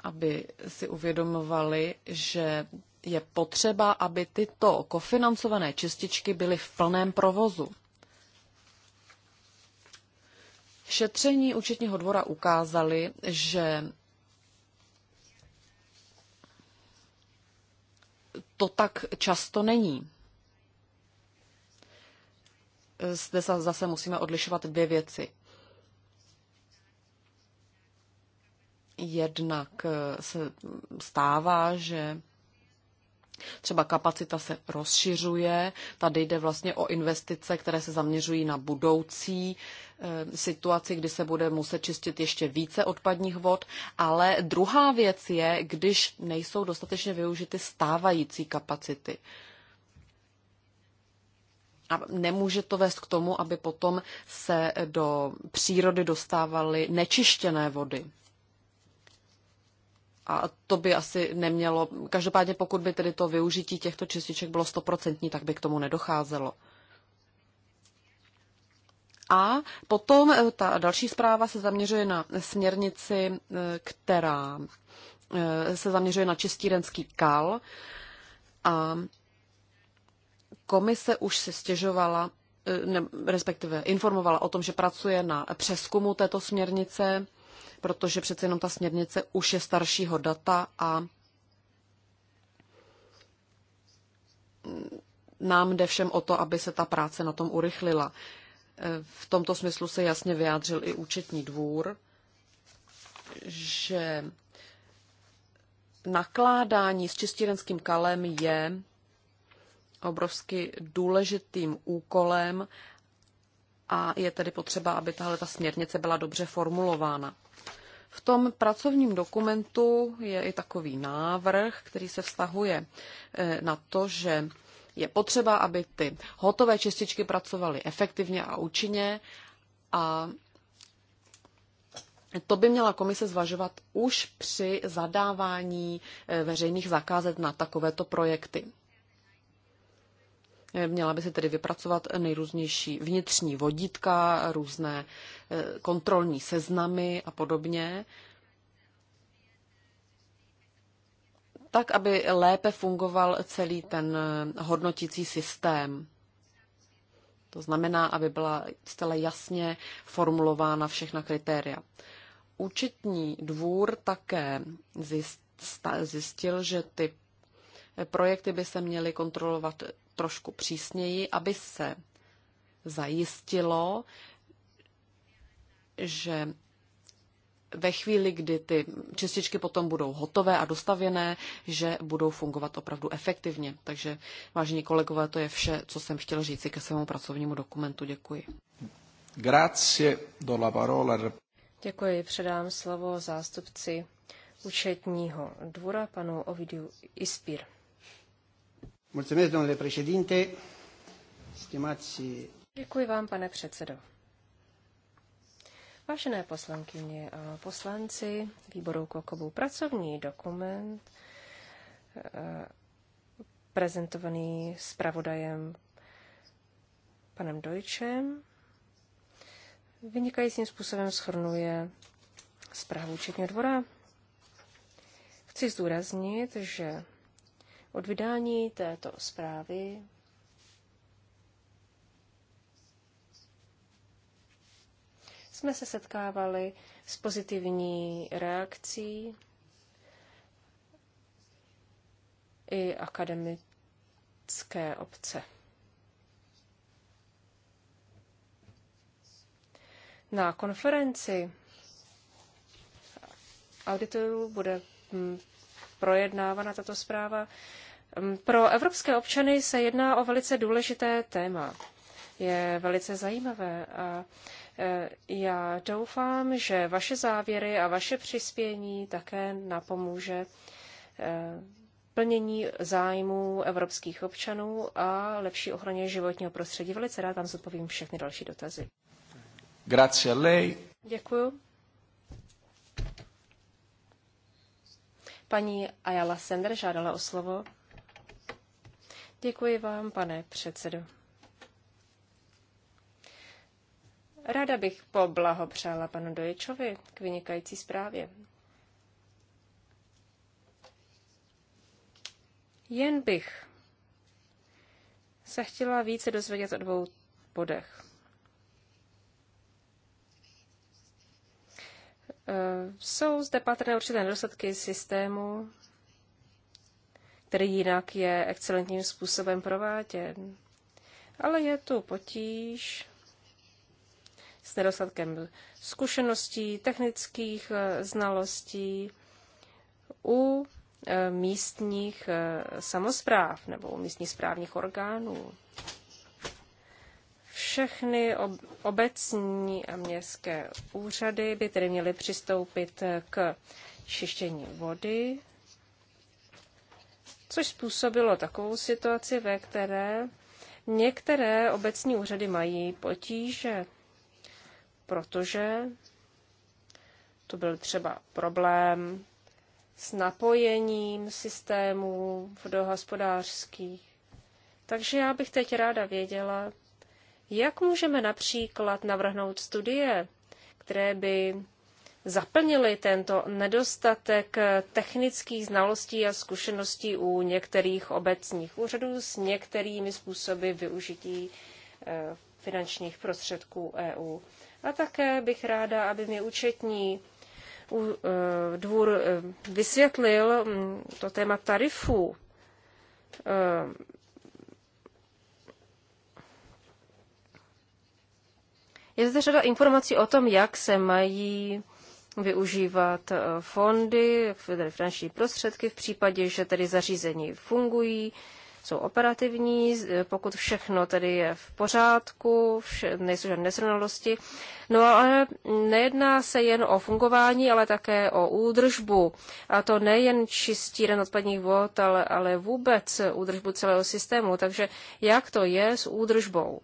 aby si uvědomovali, že je potřeba, aby tyto kofinancované čističky byly v plném provozu. Šetření účetního dvora ukázali, že to tak často není. Zde zase musíme odlišovat dvě věci. Jednak eh, se stává, že Třeba kapacita se rozšiřuje, tady jde vlastně o investice, které se zaměřují na budoucí eh, situaci, kdy se bude muset čistit ještě více odpadních vod, ale druhá věc je, když nejsou dostatečně využity stávající kapacity. A nemůže to vést k tomu, aby potom se do přírody dostávaly nečištěné vody. A to by asi nemělo. Každopádně pokud by tedy to využití těchto čističek bylo stoprocentní, tak by k tomu nedocházelo. A potom eh, ta další zpráva se zaměřuje na směrnici, eh, která eh, se zaměřuje na čistírenský kal. A komise už se stěžovala, ne, respektive informovala o tom, že pracuje na přeskumu této směrnice protože přece jenom ta směrnice už je staršího data a nám jde všem o to, aby se ta práce na tom urychlila. V tomto smyslu se jasně vyjádřil i účetní dvůr, že nakládání s čistírenským kalem je obrovsky důležitým úkolem a je tedy potřeba, aby tahle ta směrnice byla dobře formulována. V tom pracovním dokumentu je i takový návrh, který se vztahuje eh, na to, že je potřeba, aby ty hotové čističky pracovaly efektivně a účinně a to by měla komise zvažovat už při zadávání eh, veřejných zakázek na takovéto projekty. Měla by se tedy vypracovat nejrůznější vnitřní vodítka, různé e, kontrolní seznamy a podobně, tak, aby lépe fungoval celý ten e, hodnotící systém. To znamená, aby byla zcela jasně formulována všechna kritéria. Účetní dvůr také zjistil, že ty e, projekty by se měly kontrolovat trošku přísněji, aby se zajistilo, že ve chvíli, kdy ty čističky potom budou hotové a dostavěné, že budou fungovat opravdu efektivně. Takže, vážení kolegové, to je vše, co jsem chtěl říct. ke svému pracovnímu dokumentu. Děkuji. Grazie do la parola. Děkuji. Předám slovo zástupci účetního dvora panu Ovidiu Ispir. Mulțumesc, domnule președinte, stimați... Děkuji vám, pane předsedo. Vážené poslankyně a poslanci výboru Kokobu, pracovní dokument eh, prezentovaný zpravodajem panem Dojčem vynikajícím způsobem schrnuje zprávu Četního dvora. Chci zdůraznit, že od vydání této zprávy jsme se setkávali s pozitivní reakcí i akademické obce. Na konferenci auditorů bude mm, projednávána tato zpráva pro evropské občany se jedná o velice důležité téma. Je velice zajímavé a e, já doufám, že vaše závěry a vaše přispění také napomůže e, plnění zájmů evropských občanů a lepší ochraně životního prostředí. Velice rád vám zodpovím všechny další dotazy. Děkuji. Paní Ayala Sender žádala o slovo. Děkuji vám, pane předsedo. Ráda bych poblahopřála panu Doječovi k vynikající zprávě. Jen bych se chtěla více dozvědět o dvou bodech. E, jsou zde patrné určité nedostatky systému který jinak je excelentním způsobem prováděn. Ale je tu potíž s nedostatkem zkušeností, technických eh, znalostí u eh, místních eh, samozpráv nebo u místních správních orgánů. Všechny obecní a městské úřady by tedy měly přistoupit k čištění vody což způsobilo takovou situaci, ve které některé obecní úřady mají potíže, protože to byl třeba problém s napojením systémů hospodářských. Takže já bych teď ráda věděla, jak můžeme například navrhnout studie, které by zaplnili tento nedostatek technických znalostí a zkušeností u některých obecních úřadů s některými způsoby využití eh, finančních prostředků EU. A také bych ráda, aby mi účetní eh, dvůr eh, vysvětlil mm, to téma tarifů. Je zde řada informací o tom, jak se mají využívat eh, fondy, tedy finanční prostředky v případě, že tedy zařízení fungují, jsou operativní, eh, pokud všechno tedy je v pořádku, vše, nejsou žádné nesrovnalosti. No ale nejedná se jen o fungování, ale také o údržbu. A to nejen čistíren odpadních vod, ale, ale vůbec údržbu celého systému. Takže jak to je s údržbou?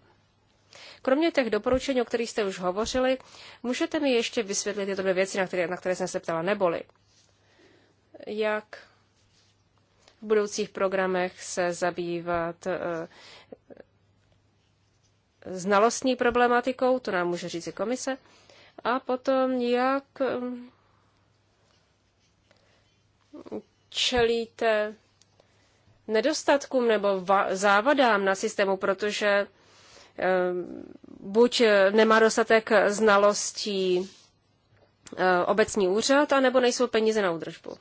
Kromě těch doporučení, o kterých jste už hovořili, můžete mi ještě vysvětlit tyto dvě věci, na které, na které jsem se ptala, neboli jak v budoucích programech se zabývat eh, znalostní problematikou, to nám může říct i komise, a potom jak eh, čelíte nedostatkům nebo závadám na systému, protože Eh, buď eh, nemá dostatek znalostí eh, obecní úřad, anebo nejsou peníze na údržbu.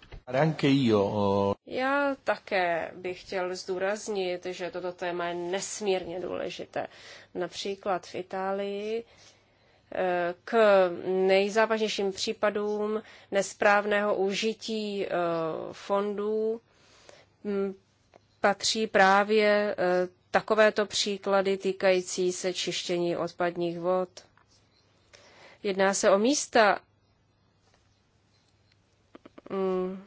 Já také bych chtěl zdůraznit, že toto téma je nesmírně důležité. Například v Itálii k nejzávažnějším případům nesprávného užití fondů hm, patří právě takovéto příklady týkající se čištění odpadních vod. Jedná se o místa, mm,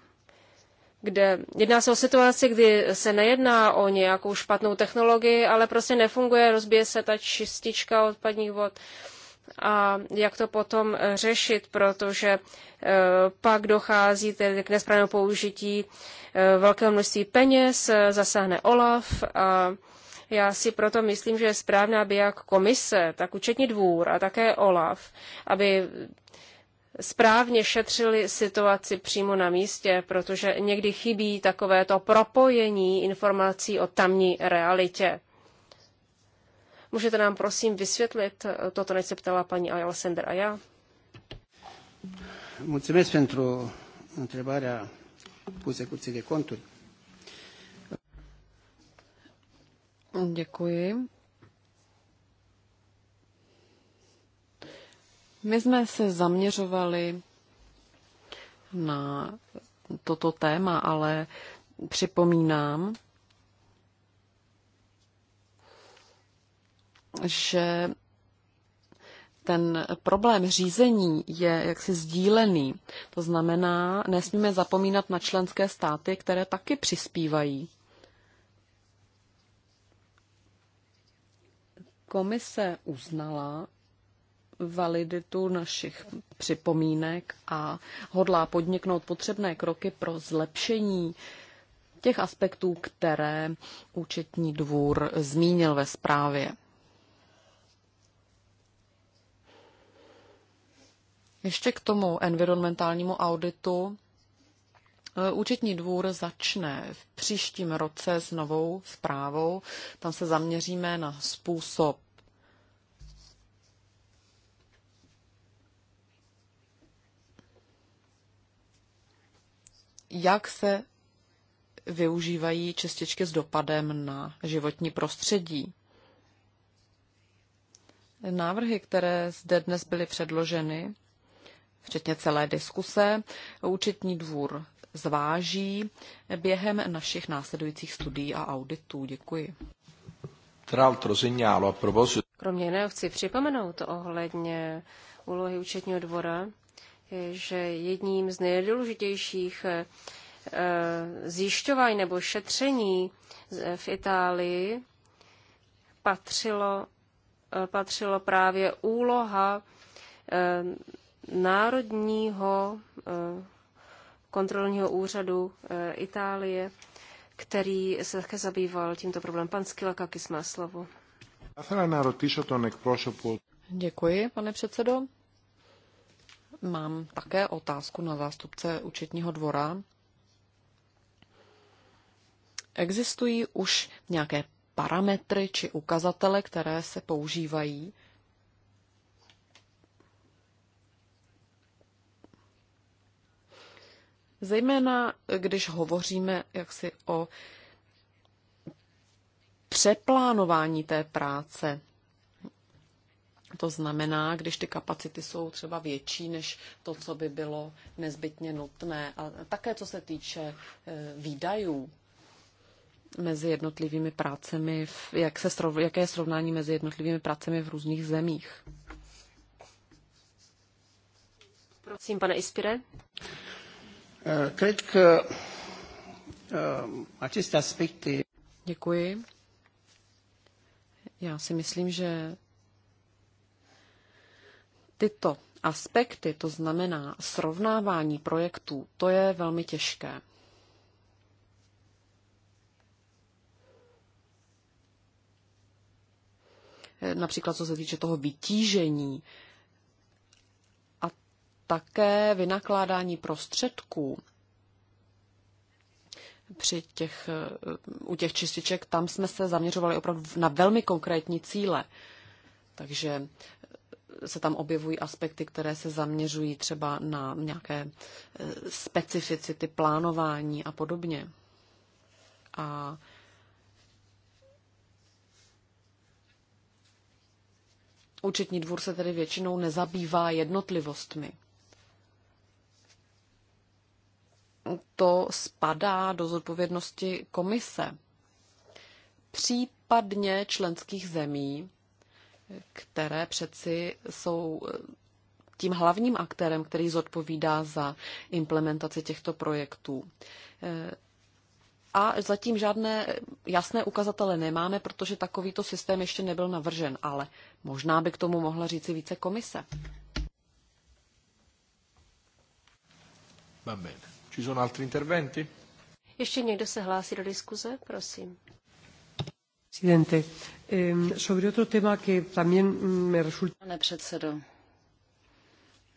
kde jedná se o situaci, kdy se nejedná o nějakou špatnou technologii, ale prostě nefunguje, rozbije se ta čistička odpadních vod a jak to potom řešit, protože e, pak dochází tedy k nesprávnému použití e, velkého množství peněz, e, zasáhne OLAF a já si proto myslím, že je správné, aby jak komise, tak účetní dvůr a také OLAF, aby správně šetřili situaci přímo na místě, protože někdy chybí takovéto propojení informací o tamní realitě. Můžete nám prosím vysvětlit toto, než se ptala paní Ayala a já? Mulțumesc pentru întrebarea pusă Curții de Conturi. Děkuji. My jsme se zaměřovali na toto téma, ale připomínám, že ten problém řízení je jaksi sdílený. To znamená, nesmíme zapomínat na členské státy, které taky přispívají Komise uznala validitu našich připomínek a hodlá podniknout potřebné kroky pro zlepšení těch aspektů, které účetní dvůr zmínil ve zprávě. Ještě k tomu environmentálnímu auditu Eh, účetní dvůr začne v příštím roce s novou zprávou. Tam se zaměříme na způsob jak se využívají čističky s dopadem na životní prostředí. Návrhy, které zde dnes byly předloženy, včetně celé diskuse, účetní dvůr zváží během našich následujících studií a auditů. Děkuji. Kromě jiného chci připomenout ohledně úlohy účetního dvora, že jedním z nejdůležitějších eh, zjišťování nebo šetření v Itálii patřilo, eh, patřilo právě úloha eh, národního kontrolního úřadu eh, Itálie, který se také zabýval tímto problémem. Pan Skilakakis má slovo. Děkuji, pane předsedo. Mám také otázku na zástupce účetního dvora. Existují už nějaké parametry či ukazatele, které se používají Zejména když hovoříme jaksi o přeplánování té práce. To znamená, když ty kapacity jsou třeba větší než to, co by bylo nezbytně nutné. A také co se týče e, výdajů mezi jednotlivými prácemi, jak se srov, jaké je srovnání mezi jednotlivými prácemi v různých zemích. Prosím, pane Ispire. Eh, cred că eh, aceste aspecte. Děkuji. Já si myslím, že tyto aspekty, to znamená srovnávání projektů, to je velmi těžké. Eh, například co se týče toho vytížení také vynakládání prostředků při těch, u těch čističek, tam jsme se zaměřovali opravdu na velmi konkrétní cíle. Takže se tam objevují aspekty, které se zaměřují třeba na nějaké eh, specificity plánování a podobně. A Účetní dvůr se tedy většinou nezabývá jednotlivostmi. to spadá do zodpovědnosti komise, případně členských zemí, které přeci jsou eh, tím hlavním aktérem, který zodpovídá za implementaci těchto projektů. Eh, a zatím žádné jasné ukazatele nemáme, protože takovýto systém ještě nebyl navržen, ale možná by k tomu mohla říci více komise. Amen. Ci sono altri interventi? Ještě někdo se hlásí do diskuze? Prosím. Presidente, sobre otro tema que también mm, me resulta... Pane předsedo,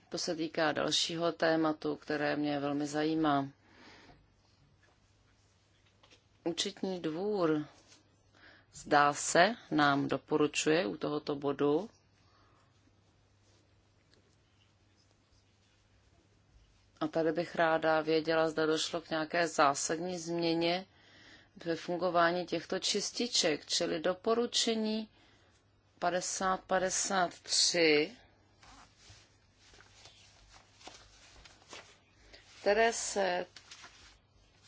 to se týká dalšího tématu, které mě velmi zajímá. Účetní dvůr, zdá se, nám doporučuje u tohoto bodu, A tady bych ráda věděla, zda došlo k nějaké zásadní změně ve fungování těchto čističek, čili doporučení 5053, které se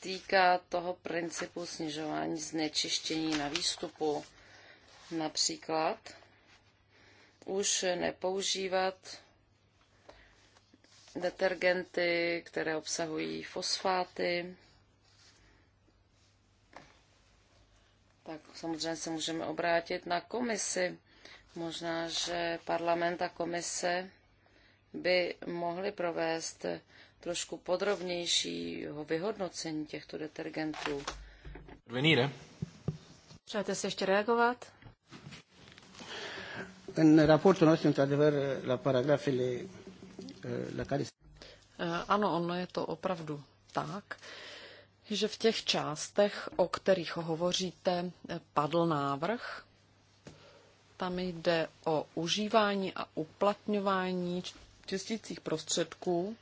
týká toho principu snižování znečištění na výstupu. Například už nepoužívat detergenty, které obsahují fosfáty. Tak samozřejmě se můžeme obrátit na komisi. Možná, že parlament a komise by mohly provést trošku podrobnějšího vyhodnocení těchto detergentů. Veníre. Přejete se ještě reagovat? V raportul nostru, într-adevăr, la paragrafele Eh, eh, ano, ono je to opravdu tak, že v těch částech, o kterých hovoříte, eh, padl návrh. Tam jde o užívání a uplatňování čistících prostředků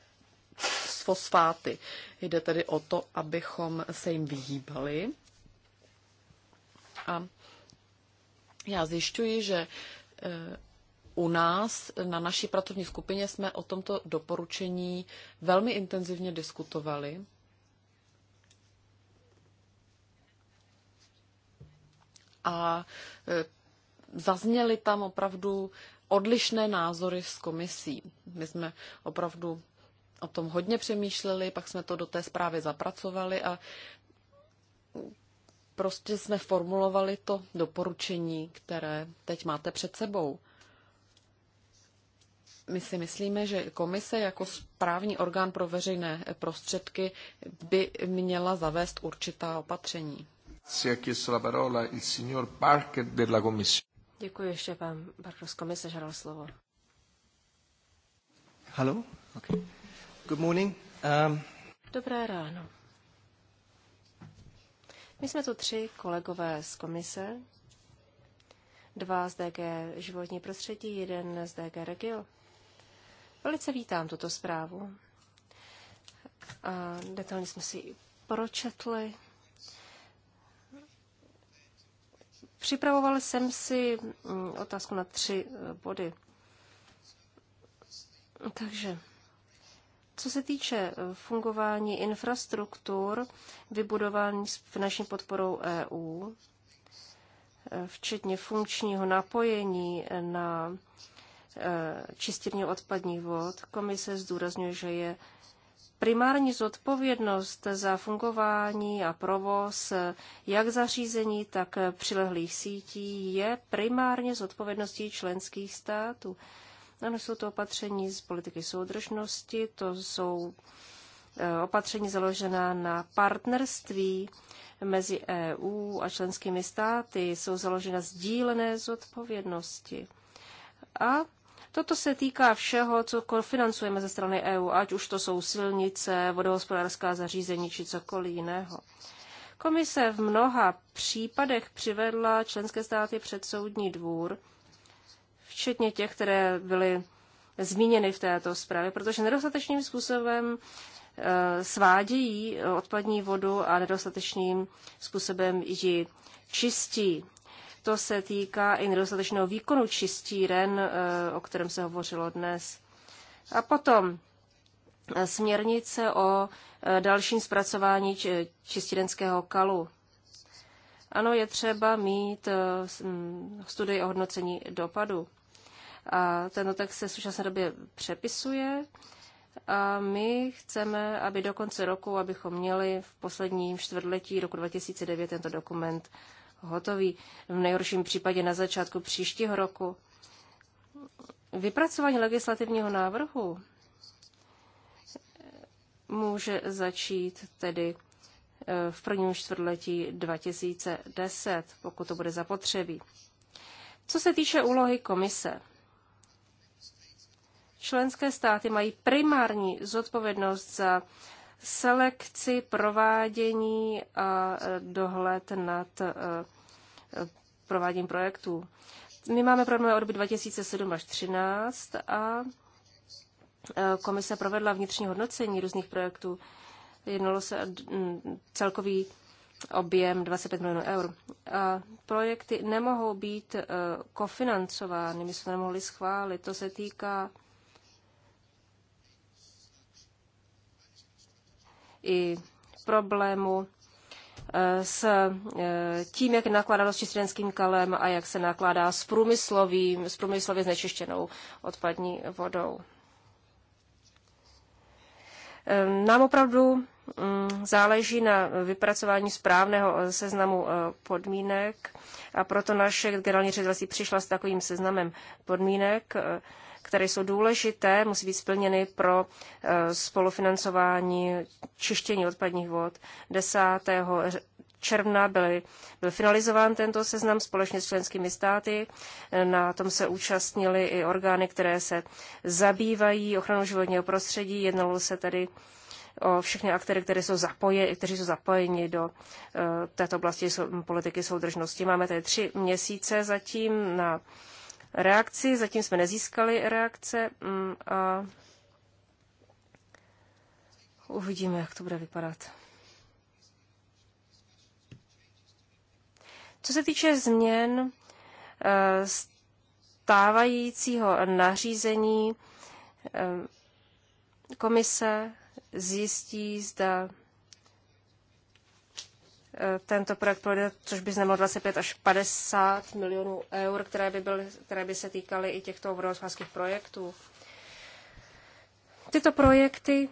s fosfáty. Jde tedy o to, abychom se jim vyhýbali. A já zjišťuji, že u nás na naší pracovní skupině jsme o tomto doporučení velmi intenzivně diskutovali. A e, zazněly tam opravdu odlišné názory s komisí. My jsme opravdu o tom hodně přemýšleli, pak jsme to do té zprávy zapracovali a prostě jsme formulovali to doporučení, které teď máte před sebou my si myslíme, že komise jako správní orgán pro veřejné prostředky by měla zavést určitá opatření. Děkuji ještě, pan Barker z komise žádal slovo. Hello? Okay. Good morning. Um... Dobré ráno. My jsme tu tři kolegové z komise, dva z DG životní prostředí, jeden z DG Regio Velice vítám tuto zprávu. A detailně jsme si ji pročetli. Připravoval jsem si mm, otázku na tři e, body. Takže, co se týče e, fungování infrastruktur vybudovaných s finanční podporou EU, e, včetně funkčního napojení na Eh, čistírně odpadních vod. Komise zdůrazňuje, že je primární zodpovědnost za fungování a provoz jak zařízení, tak přilehlých sítí je primárně zodpovědností členských států. Ano, jsou to opatření z politiky soudržnosti, to jsou eh, opatření založená na partnerství mezi EU a členskými státy, jsou založena sdílené zodpovědnosti. A Toto se týká všeho, co kofinancujeme ze strany EU, ať už to jsou silnice, vodohospodářská zařízení či cokoliv jiného. Komise v mnoha případech přivedla členské státy před soudní dvůr, včetně těch, které byly zmíněny v této zprávě, protože nedostatečným způsobem e, svádějí odpadní vodu a nedostatečným způsobem ji čistí. To se týká i nedostatečného výkonu čistíren, eh, o kterém se hovořilo dnes. A potom eh, směrnice o eh, dalším zpracování čistírenského kalu. Ano, je třeba mít studii o hodnocení dopadu. A tento text se v současné době přepisuje a my chceme, aby do konce roku, abychom měli v posledním čtvrtletí roku 2009 tento dokument hotový v nejhorším případě na začátku příštího roku. Vypracování legislativního návrhu může začít tedy eh, v prvním čtvrtletí 2010, pokud to bude zapotřebí. Co se týče úlohy komise, členské státy mají primární zodpovědnost za selekci, provádění a eh, dohled nad eh, provádění projektů. My máme programové období 2007 až 2013 a e, komise provedla vnitřní hodnocení různých projektů. Jednalo se celkový objem 25 milionů eur. A projekty nemohou být e, kofinancovány, my jsme nemohli schválit. To se týká i problému s eh, tím, jak nakládalo s čistěnským kalem a jak se nakládá s, průmyslovým, s průmyslově znečištěnou odpadní vodou. Eh, nám opravdu mm, záleží na vypracování správného eh, seznamu podmínek a proto naše generální ředitelství přišla s takovým seznamem podmínek, které jsou důležité, musí být splněny pro eh, spolufinancování čištění odpadních vod. 10. června byl, byl finalizován tento seznam společně s členskými státy. Eh, na tom se účastnili i orgány, které se zabývají ochranou životního prostředí. Jednalo se tedy o všechny aktéry, které jsou zapoje, kteří jsou zapojeni do eh, této oblasti politiky soudržnosti. Máme tady tři měsíce zatím na reakci. Zatím jsme nezískali reakce mm, a uvidíme, jak to bude vypadat. Co se týče změn eh, stávajícího nařízení, eh, komise zjistí, zda tento projekt projde, což by znamenalo 25 až 50 milionů eur, které by, byly, které by se týkaly i těchto vodohospodářských projektů. Tyto projekty,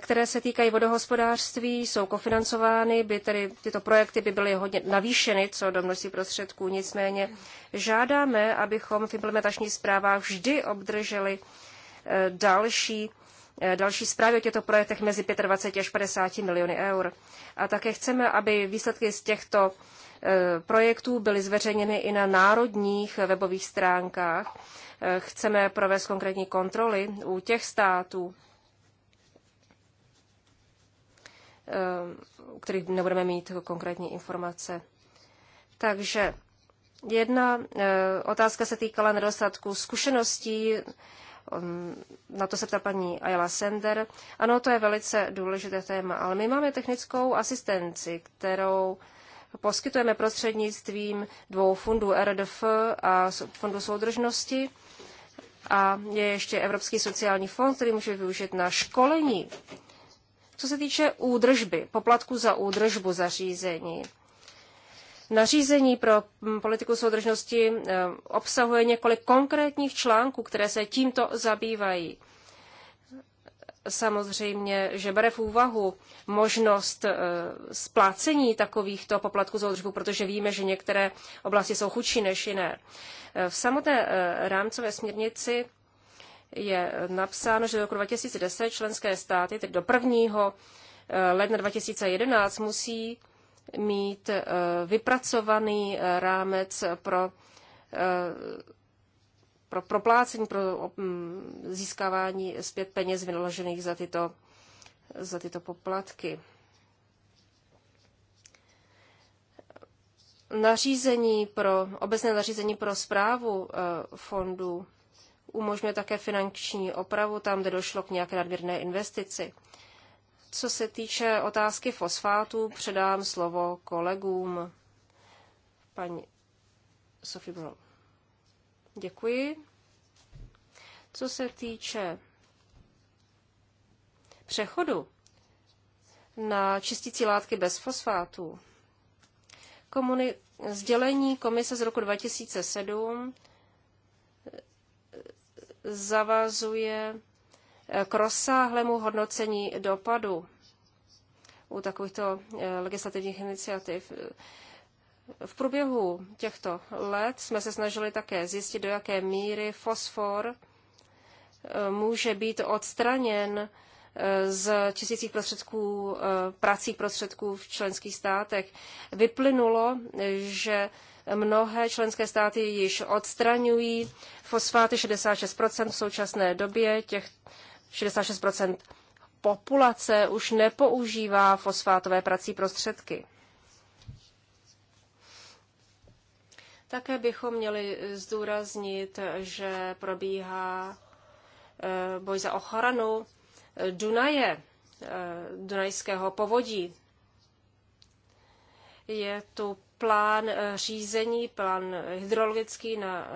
které se týkají vodohospodářství, jsou kofinancovány, by tedy tyto projekty by byly hodně navýšeny co do množství prostředků. Nicméně žádáme, abychom v implementačních zprávách vždy obdrželi eh, další Eh, další zprávy o těchto projektech mezi 25 až 50 miliony eur. A také chceme, aby výsledky z těchto eh, projektů byly zveřejněny i na národních webových stránkách. Eh, chceme provést konkrétní kontroly u těch států, u kterých nebudeme mít konkrétní informace. Takže jedna otázka se týkala nedostatku zkušeností na to se ptá paní Ayala Sender. Ano, to je velice důležité téma, ale my máme technickou asistenci, kterou poskytujeme prostřednictvím dvou fondů RDF a Fondu soudržnosti. A je ještě Evropský sociální fond, který může využít na školení. Co se týče údržby, poplatku za údržbu zařízení, Nařízení pro mm, politiku soudržnosti eh, obsahuje několik konkrétních článků, které se tímto zabývají. Samozřejmě, že bere v úvahu možnost eh, splácení takovýchto poplatků za údržbu, protože víme, že některé oblasti jsou chudší než jiné. Eh, v samotné rámcové směrnici je napsáno, že do roku 2010 členské státy, tedy do 1. ledna 2011, musí mít eh, vypracovaný eh, rámec pro, eh, pro proplácení, pro mm, získávání zpět peněz vynaložených za tyto, za tyto poplatky. Nařízení pro, obecné nařízení pro zprávu fondů umožňuje také finanční opravu tam, kde došlo k nějaké nadměrné investici. Co se týče otázky fosfátu, předám slovo kolegům. Paní Sofie Brol. Děkuji. Co se týče přechodu na čistící látky bez fosfátů, komuni- sdělení komise z roku 2007 zavazuje k rozsáhlému hodnocení dopadu u takovýchto eh, legislativních iniciativ. V průběhu těchto let jsme se snažili také zjistit, do jaké míry fosfor eh, může být odstraněn eh, z čistících prostředků, pracích prostředků v členských státech. Vyplynulo, že mnohé členské státy již odstraňují fosfáty 66% v současné době těch 66 populace už nepoužívá fosfátové prací prostředky. Také bychom měli zdůraznit, že probíhá eh, boj za ochranu eh, Dunaje, eh, Dunajského povodí. Je tu plán řízení, plán hydrologický na,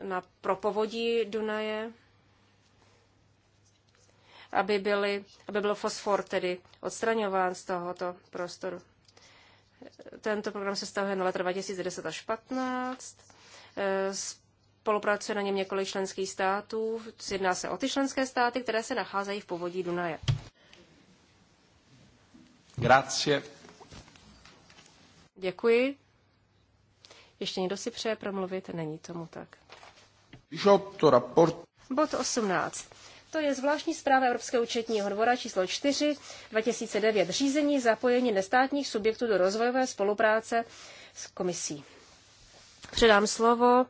na propovodí Dunaje aby, byly, aby byl fosfor tedy odstraňován z tohoto prostoru. Tento program se stahuje na leta 2010 až 15. Eh, spolupracuje na něm několik členských států. Jedná se o ty členské státy, které se nacházejí v povodí Dunaje. Grazie. Děkuji. Ještě někdo si přeje promluvit? Není tomu tak. Bod 18. To je zvláštní zpráva Evropského účetního dvora číslo 4 2009 řízení zapojení nestátních subjektů do rozvojové spolupráce s komisí. Předám slovo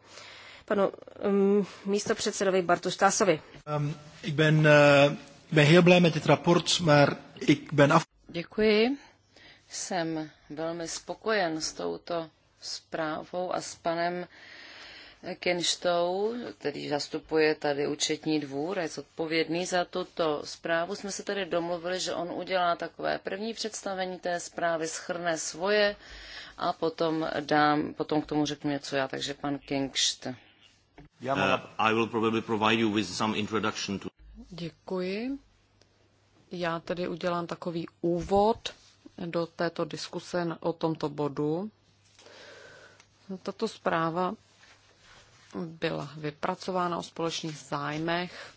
panu mm, um, místopředsedovi Bartu Stásovi. Um, Děkuji. Jsem velmi spokojen s touto zprávou a s panem Kenštou, který zastupuje tady účetní dvůr, je zodpovědný za tuto zprávu. Jsme se tady domluvili, že on udělá takové první představení té zprávy, schrne svoje a potom, dám, potom k tomu řeknu něco já, takže pan Kenšt. Uh, to... Děkuji. Já tedy udělám takový úvod do této diskuse o tomto bodu. Tato zpráva byla vypracována o společných zájmech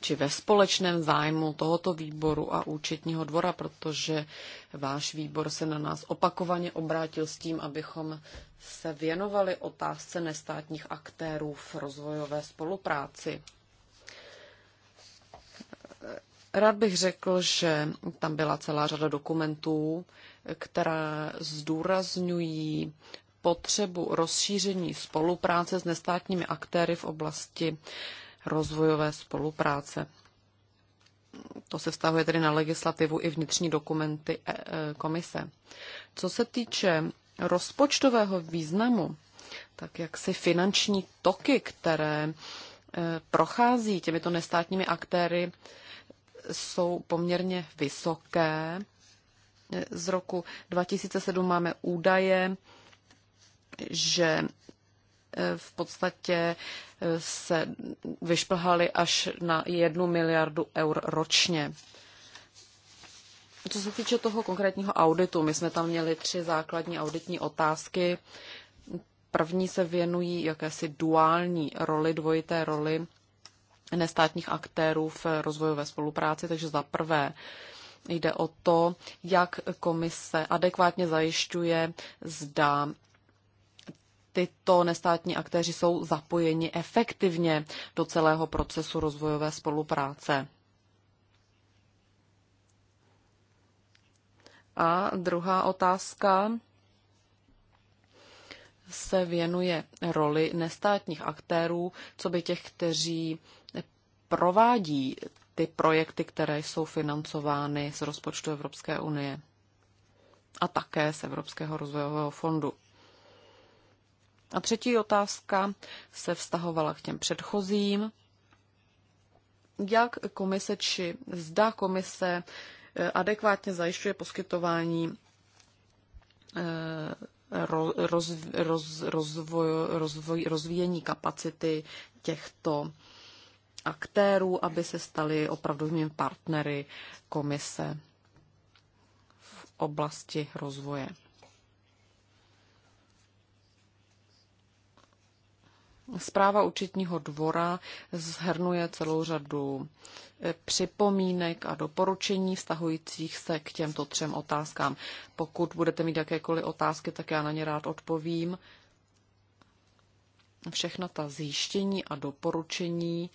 či ve společném zájmu tohoto výboru a účetního dvora, protože váš výbor se na nás opakovaně obrátil s tím, abychom se věnovali otázce nestátních aktérů v rozvojové spolupráci. Rád bych řekl, že tam byla celá řada dokumentů, která zdůrazňují potřebu rozšíření spolupráce s nestátními aktéry v oblasti rozvojové spolupráce. To se vztahuje tedy na legislativu i vnitřní dokumenty e, e, komise. Co se týče rozpočtového významu, tak jak si finanční toky, které e, prochází těmito nestátními aktéry, jsou poměrně vysoké. Z roku 2007 máme údaje že eh, v podstatě eh, se vyšplhali až na jednu miliardu eur ročně. Co se týče toho konkrétního auditu, my jsme tam měli tři základní auditní otázky. První se věnují jakési duální roli, dvojité roli nestátních aktérů v rozvojové spolupráci, takže za prvé jde o to, jak komise adekvátně zajišťuje, zda tyto nestátní aktéři jsou zapojeni efektivně do celého procesu rozvojové spolupráce. A druhá otázka se věnuje roli nestátních aktérů, co by těch, kteří provádí ty projekty, které jsou financovány z rozpočtu Evropské unie a také z Evropského rozvojového fondu. A třetí otázka se vztahovala k těm předchozím. Jak komise či zda komise eh, adekvátně zajišťuje poskytování eh, roz, roz, rozvoj, rozvoj, rozvíjení kapacity těchto aktérů, aby se stali opravdovými partnery komise v oblasti rozvoje. Zpráva účetního dvora zhrnuje celou řadu eh, připomínek a doporučení vztahujících se k těmto třem otázkám. Pokud budete mít jakékoliv otázky, tak já na ně rád odpovím. Všechna ta zjištění a doporučení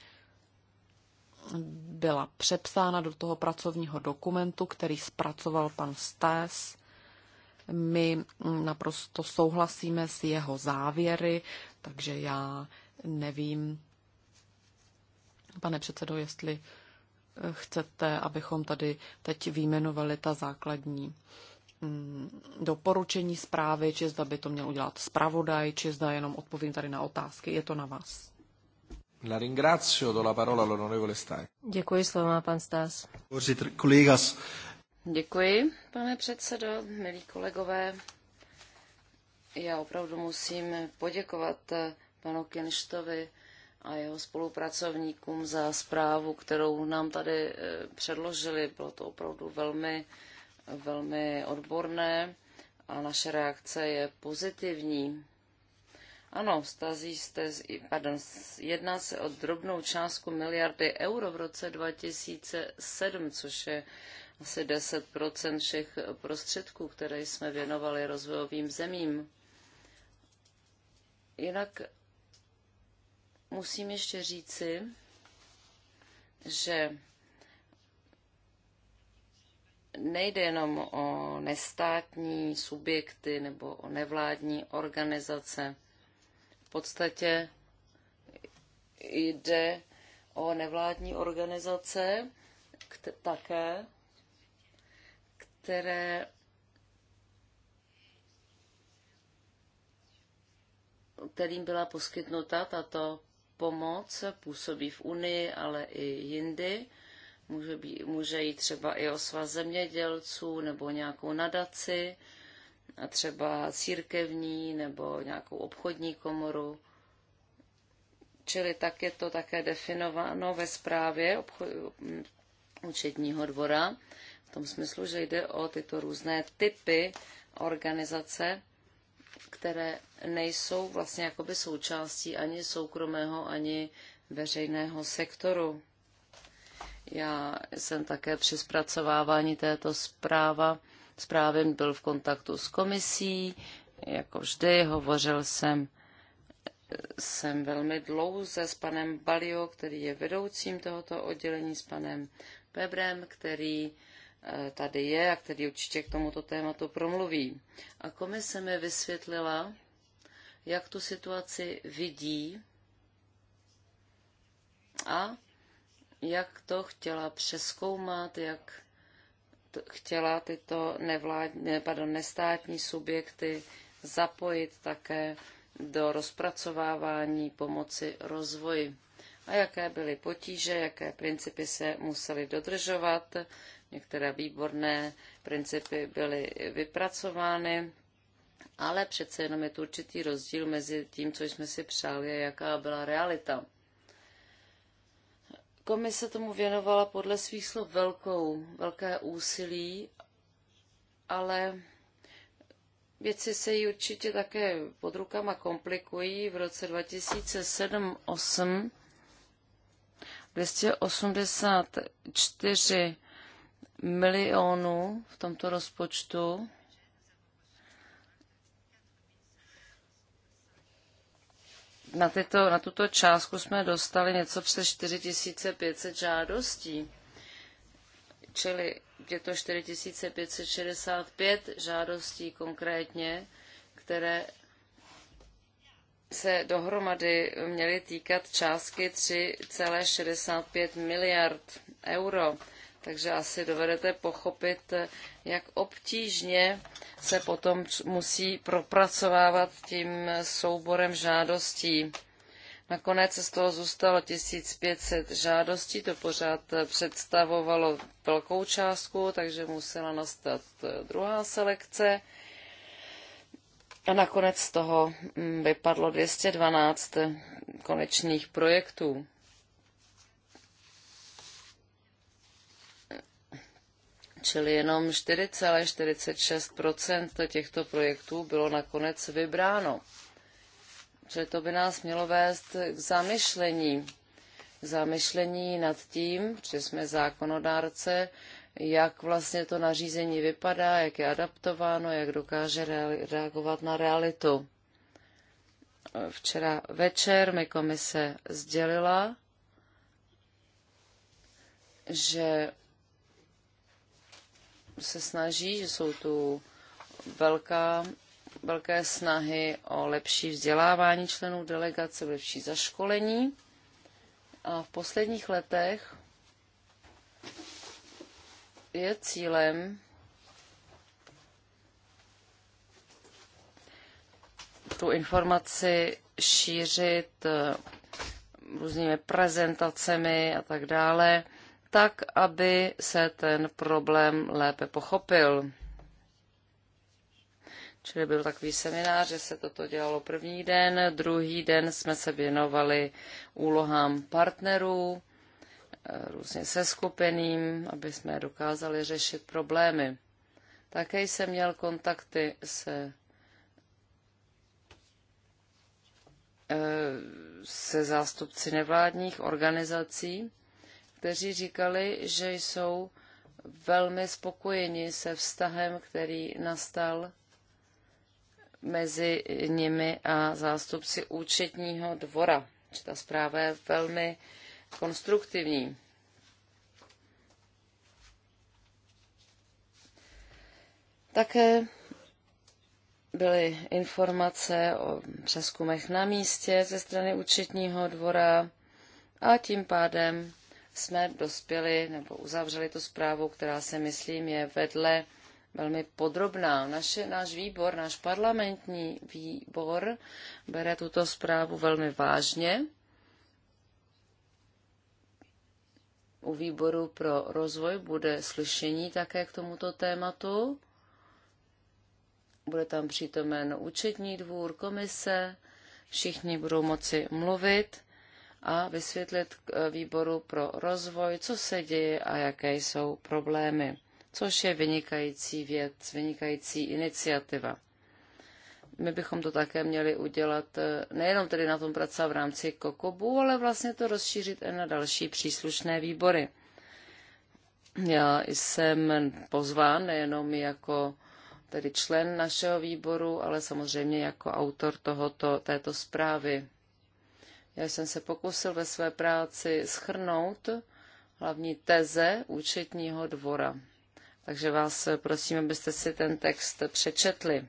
byla přepsána do toho pracovního dokumentu, který zpracoval pan Stés. My naprosto souhlasíme s jeho závěry, takže já nevím, pane předsedo, jestli eh, chcete, abychom tady teď výjmenovali ta základní mm, doporučení zprávy, či zda by to měl udělat zpravodaj, či zda jenom odpovím tady na otázky. Je to na vás. La ringrazio, do la parola all'onorevole Stai. Děkuji, slovo má pan Stas. Děkuji, pane předsedo, milí kolegové. Já opravdu musím poděkovat eh, panu Kinštovi a jeho spolupracovníkům za zprávu, kterou nám tady eh, předložili. Bylo to opravdu velmi, velmi odborné a naše reakce je pozitivní. Ano, stazí jste, pardon, jedná se o drobnou částku miliardy euro v roce 2007, což je asi 10 všech prostředků, které jsme věnovali rozvojovým zemím. Jinak musím ještě říci, že nejde jenom o nestátní subjekty nebo o nevládní organizace. V podstatě jde o nevládní organizace také, které kterým byla poskytnuta tato pomoc, působí v Unii, ale i jindy. Může, být, může jít třeba i o svaz zemědělců nebo nějakou nadaci, a třeba církevní nebo nějakou obchodní komoru. Čili tak je to také definováno ve zprávě účetního dvora, v tom smyslu, že jde o tyto různé typy organizace, které nejsou vlastně jakoby součástí ani soukromého, ani veřejného sektoru. Já jsem také při zpracovávání této zpráva, zprávy byl v kontaktu s komisí, jako vždy hovořil jsem jsem velmi dlouze s panem Balio, který je vedoucím tohoto oddělení, s panem Pebrem, který Eh, tady je a který určitě k tomuto tématu promluví. A komise mi vysvětlila, jak tu situaci vidí a jak to chtěla přeskoumat, jak chtěla tyto nevládní, pardon, nestátní subjekty zapojit také do rozpracovávání pomoci rozvoji a jaké byly potíže, jaké principy se musely dodržovat Některé výborné principy byly vypracovány, ale přece jenom je tu určitý rozdíl mezi tím, co jsme si přáli a jaká byla realita. Komise tomu věnovala podle svých slov velkou, velké úsilí, ale věci se jí určitě také pod rukama komplikují. V roce 2007-2008 284 milionů v tomto rozpočtu. Na, tyto, na tuto částku jsme dostali něco přes 4500 žádostí, čili je to 4565 žádostí konkrétně, které se dohromady měly týkat částky 3,65 miliard euro. Takže asi dovedete pochopit, jak obtížně se potom musí propracovávat tím souborem žádostí. Nakonec z toho zůstalo 1500 žádostí, to pořád představovalo velkou částku, takže musela nastat eh, druhá selekce. A nakonec z toho mm, vypadlo 212 konečných projektů. čili jenom 4,46 těchto projektů bylo nakonec vybráno. Čili to by nás mělo vést k zamyšlení. K zamyšlení nad tím, že jsme zákonodárce, jak vlastně to nařízení vypadá, jak je adaptováno, jak dokáže reagovat na realitu. Včera večer mi komise sdělila, že se snaží, že jsou tu velká, velké snahy o lepší vzdělávání členů delegace, lepší zaškolení. A v posledních letech je cílem tu informaci šířit eh, různými prezentacemi a tak dále tak aby se ten problém lépe pochopil. Čili byl takový seminář, že se toto dělalo první den, druhý den jsme se věnovali úlohám partnerů, eh, různě se skupiným, aby jsme dokázali řešit problémy. Také jsem měl kontakty se eh, se zástupci nevládních organizací, kteří říkali, že jsou velmi spokojeni se vztahem, který nastal mezi nimi a zástupci účetního dvora. Ta zpráva je velmi konstruktivní. Také byly informace o přeskumech na místě ze strany účetního dvora a tím pádem jsme dospěli nebo uzavřeli tu zprávu, která se myslím je vedle velmi podrobná. Naše, náš výbor, náš parlamentní výbor bere tuto zprávu velmi vážně. U výboru pro rozvoj bude slyšení také k tomuto tématu. Bude tam přítomen účetní dvůr, komise, všichni budou moci mluvit a vysvětlit e, výboru pro rozvoj, co se děje a jaké jsou problémy, což je vynikající věc, vynikající iniciativa. My bychom to také měli udělat, e, nejenom tedy na tom pracovat v rámci Kokobu, ale vlastně to rozšířit i na další příslušné výbory. Já jsem pozván nejenom jako tedy člen našeho výboru, ale samozřejmě jako autor tohoto, této zprávy. Já jsem se pokusil ve své práci schrnout hlavní teze účetního dvora. Takže vás prosím, abyste si ten text přečetli.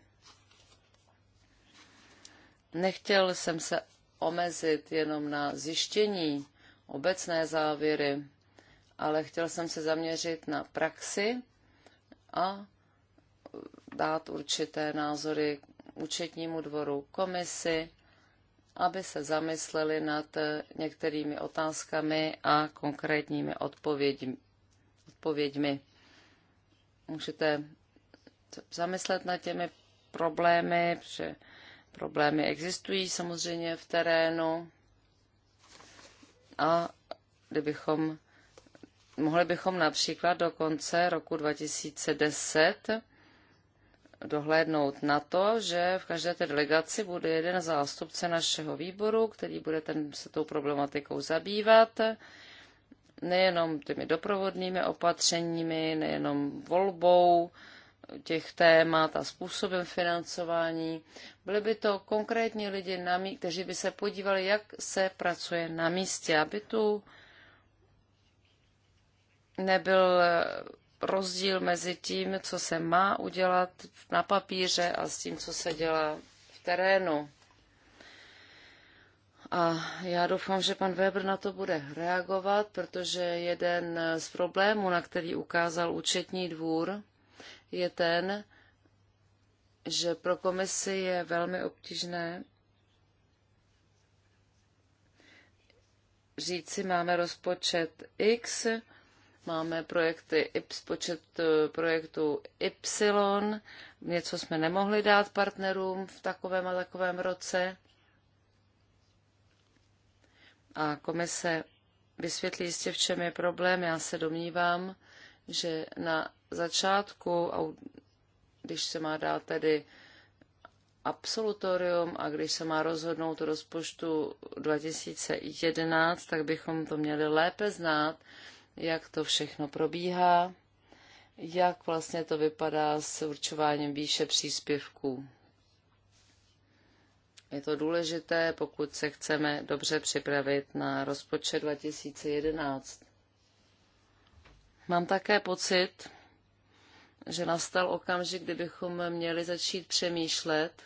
Nechtěl jsem se omezit jenom na zjištění, obecné závěry, ale chtěl jsem se zaměřit na praxi a dát určité názory účetnímu dvoru komisi aby se zamysleli nad eh, některými otázkami a konkrétními odpověďmi. Můžete zamyslet nad těmi problémy, protože problémy existují samozřejmě v terénu a kdybychom, mohli bychom například do konce roku 2010 dohlédnout na to, že v každé té delegaci bude jeden zástupce našeho výboru, který bude ten, se tou problematikou zabývat, nejenom těmi doprovodnými opatřeními, nejenom volbou těch témat a způsobem financování. Byly by to konkrétní lidi, kteří by se podívali, jak se pracuje na místě, aby tu nebyl rozdíl mezi tím, co se má udělat na papíře a s tím, co se dělá v terénu. A já doufám, že pan Weber na to bude reagovat, protože jeden z problémů, na který ukázal účetní dvůr, je ten, že pro komisi je velmi obtížné říci, máme rozpočet X, Máme projekty Y, počet eh, projektů Y, něco jsme nemohli dát partnerům v takovém a takovém roce. A komise vysvětlí jistě, v čem je problém. Já se domnívám, že na začátku, když se má dát tedy absolutorium a když se má rozhodnout o rozpočtu 2011, tak bychom to měli lépe znát, jak to všechno probíhá, jak vlastně to vypadá s určováním výše příspěvků. Je to důležité, pokud se chceme dobře připravit na rozpočet 2011. Mám také pocit, že nastal okamžik, kdybychom měli začít přemýšlet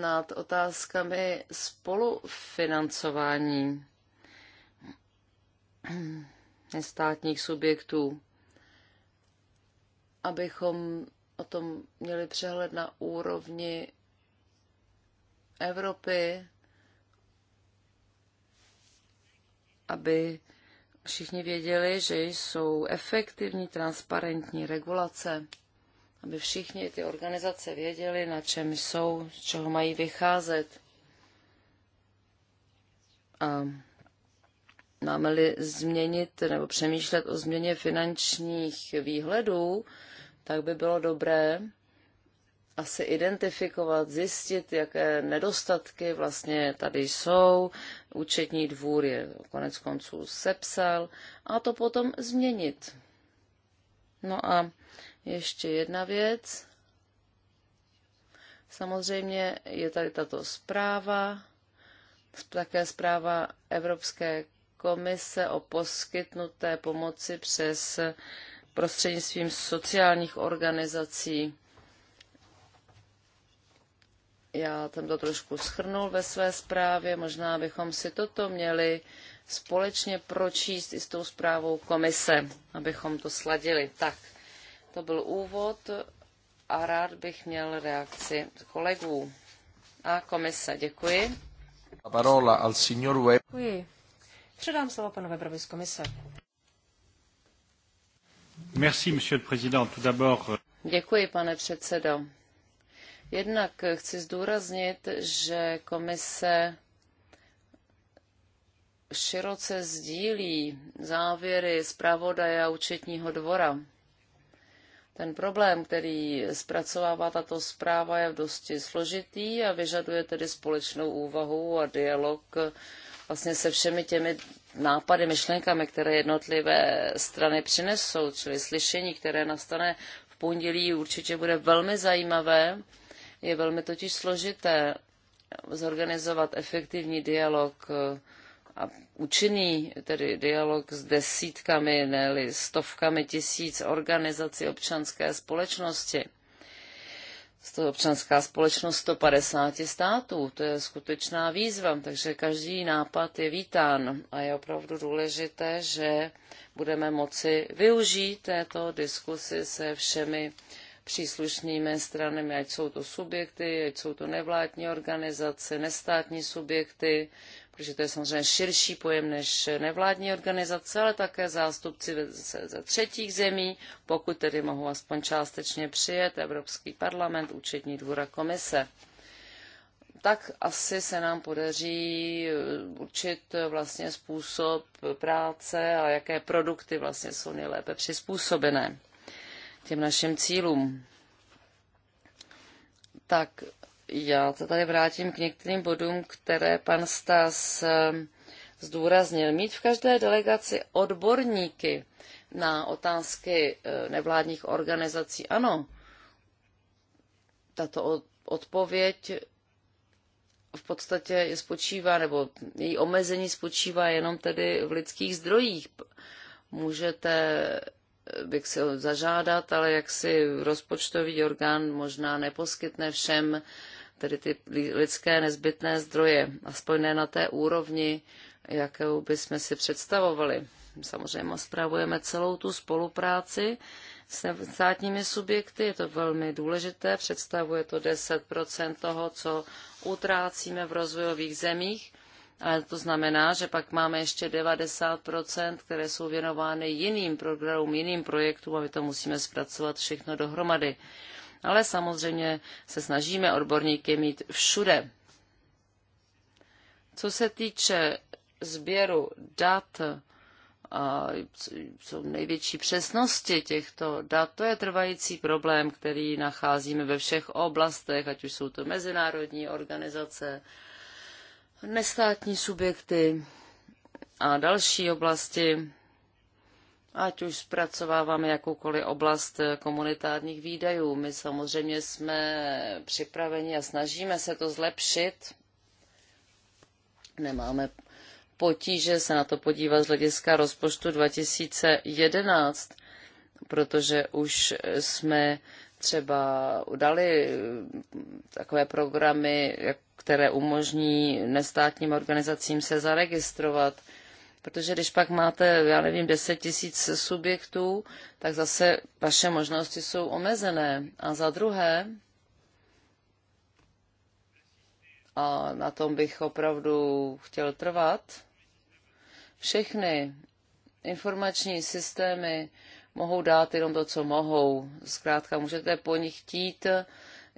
nad otázkami spolufinancování nestátních subjektů, abychom o tom měli přehled na úrovni Evropy, aby všichni věděli, že jsou efektivní, transparentní regulace, aby všichni ty organizace věděli, na čem jsou, z čeho mají vycházet. A máme-li změnit nebo přemýšlet o změně finančních výhledů, tak by bylo dobré asi identifikovat, zjistit, jaké nedostatky vlastně tady jsou. Účetní dvůr je konec konců sepsal a to potom změnit. No a ještě jedna věc. Samozřejmě je tady tato zpráva, také zpráva Evropské komise o poskytnuté pomoci přes prostřednictvím sociálních organizací. Já jsem to trošku schrnul ve své zprávě, možná bychom si toto měli společně pročíst i s tou zprávou komise, abychom to sladili. Tak, to byl úvod a rád bych měl reakci kolegů a komise. Děkuji. Parola al signor Web. Děkuji. Předám slovo panu Weberovi z komise. Merci, monsieur le président. Tout d'abord... Euh, Děkuji, pane předsedo. Jednak chci zdůraznit, že komise široce sdílí závěry zpravodaje a účetního dvora. Ten problém, který zpracovává tato zpráva, je dosti složitý a vyžaduje tedy společnou úvahu a dialog vlastně se všemi těmi nápady, myšlenkami, které jednotlivé strany přinesou, čili slyšení, které nastane v pondělí, určitě bude velmi zajímavé. Je velmi totiž složité zorganizovat efektivní dialog eh, a účinný tedy dialog s desítkami, ne stovkami tisíc organizací občanské společnosti to občanská společnost 150 států. To je skutečná výzva, takže každý nápad je vítán a je opravdu důležité, že budeme moci využít této diskusy se všemi příslušnými stranami, ať jsou to subjekty, ať jsou to nevládní organizace, nestátní subjekty, protože to je samozřejmě širší pojem než nevládní organizace, ale také zástupci ze třetích zemí, pokud tedy mohou aspoň částečně přijet Evropský parlament, účetní dvůra komise. Tak asi se nám podaří eh, určit eh, vlastně způsob práce a jaké produkty vlastně jsou nejlépe přizpůsobené těm našim cílům. Tak já se tady vrátím k některým bodům, které pan Stas ehm, zdůraznil. Mít v každé delegaci odborníky na otázky eh, nevládních organizací, ano, tato odpověď v podstatě je spočívá, nebo její omezení spočívá jenom tedy v lidských zdrojích. Můžete eh, bych si ho zažádat, ale jak si rozpočtový orgán možná neposkytne všem tedy ty lidské nezbytné zdroje, aspoň ne na té úrovni, jakou bychom si představovali. Samozřejmě zpravujeme celou tu spolupráci s státními subjekty, je to velmi důležité, představuje to 10% toho, co utrácíme v rozvojových zemích, ale to znamená, že pak máme ještě 90%, které jsou věnovány jiným programům, jiným projektům a my to musíme zpracovat všechno dohromady ale samozřejmě se snažíme odborníky mít všude. Co se týče sběru dat, a jsou největší přesnosti těchto dat. To je trvající problém, který nacházíme ve všech oblastech, ať už jsou to mezinárodní organizace, nestátní subjekty a další oblasti ať už zpracováváme jakoukoliv oblast komunitárních výdajů. My samozřejmě jsme připraveni a snažíme se to zlepšit. Nemáme potíže se na to podívat z hlediska rozpočtu 2011, protože už jsme třeba udali takové programy, které umožní nestátním organizacím se zaregistrovat – Protože když pak máte, já nevím, 10 tisíc subjektů, tak zase vaše možnosti jsou omezené. A za druhé, a na tom bych opravdu chtěl trvat, všechny informační systémy mohou dát jenom to, co mohou. Zkrátka, můžete po nich chtít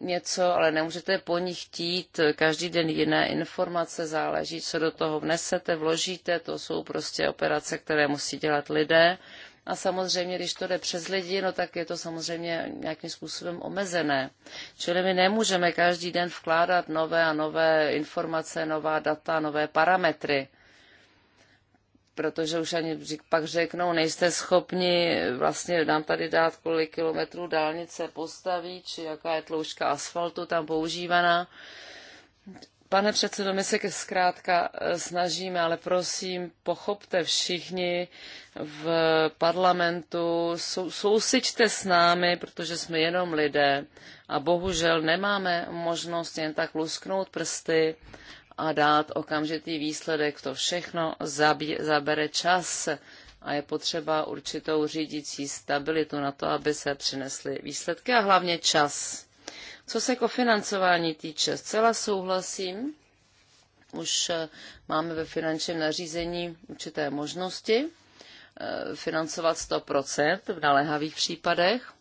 něco, ale nemůžete po nich chtít každý den jiné informace, záleží, co do toho vnesete, vložíte, to jsou prostě operace, které musí dělat lidé. A samozřejmě, když to jde přes lidi, no tak je to samozřejmě nějakým způsobem omezené. Čili my nemůžeme každý den vkládat nové a nové informace, nová data, nové parametry protože už ani pak řeknou, nejste schopni vlastně nám tady dát, kolik kilometrů dálnice postaví, či jaká je tloušťka asfaltu tam používaná. Pane předsedo, my se zkrátka eh, snažíme, ale prosím, pochopte všichni v parlamentu, sou, sousičte s námi, protože jsme jenom lidé a bohužel nemáme možnost jen tak lusknout prsty a dát okamžitý výsledek. To všechno zabí, zabere čas a je potřeba určitou řídící stabilitu na to, aby se přinesly výsledky a hlavně čas. Co se kofinancování týče, zcela souhlasím. Už eh, máme ve finančním nařízení určité možnosti eh, financovat 100% v naléhavých případech,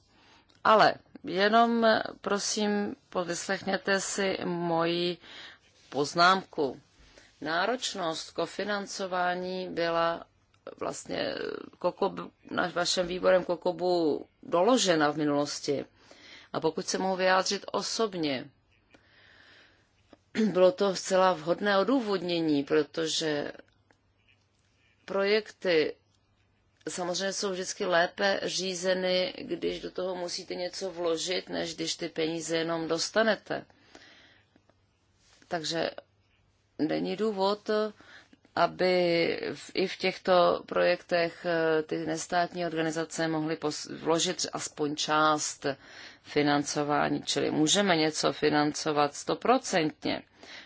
ale jenom eh, prosím, povyslechněte si moji poznámku. Náročnost kofinancování byla vlastně eh, kokob, na vašem výborem Kokobu doložena v minulosti. A pokud se mohu vyjádřit osobně, bylo to zcela vhodné odůvodnění, protože projekty samozřejmě jsou vždycky lépe řízeny, když do toho musíte něco vložit, než když ty peníze jenom dostanete. Takže není důvod, aby v, i v těchto projektech eh, ty nestátní organizace mohly pos, vložit aspoň část financování, čili můžeme něco financovat stoprocentně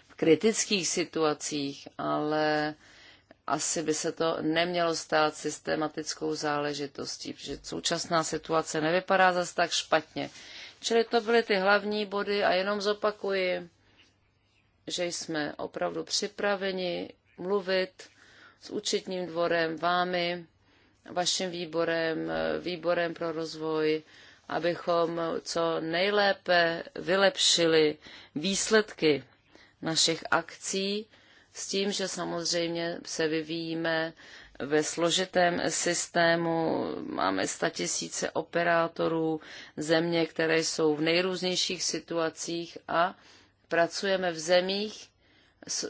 v kritických situacích, ale asi by se to nemělo stát systematickou záležitostí, protože současná situace nevypadá zase tak špatně. Čili to byly ty hlavní body a jenom zopakuji že jsme opravdu připraveni mluvit s účetním dvorem, vámi, vaším výborem, výborem pro rozvoj, abychom co nejlépe vylepšili výsledky našich akcí s tím, že samozřejmě se vyvíjíme ve složitém systému, máme statisíce operátorů, země, které jsou v nejrůznějších situacích a pracujeme v zemích,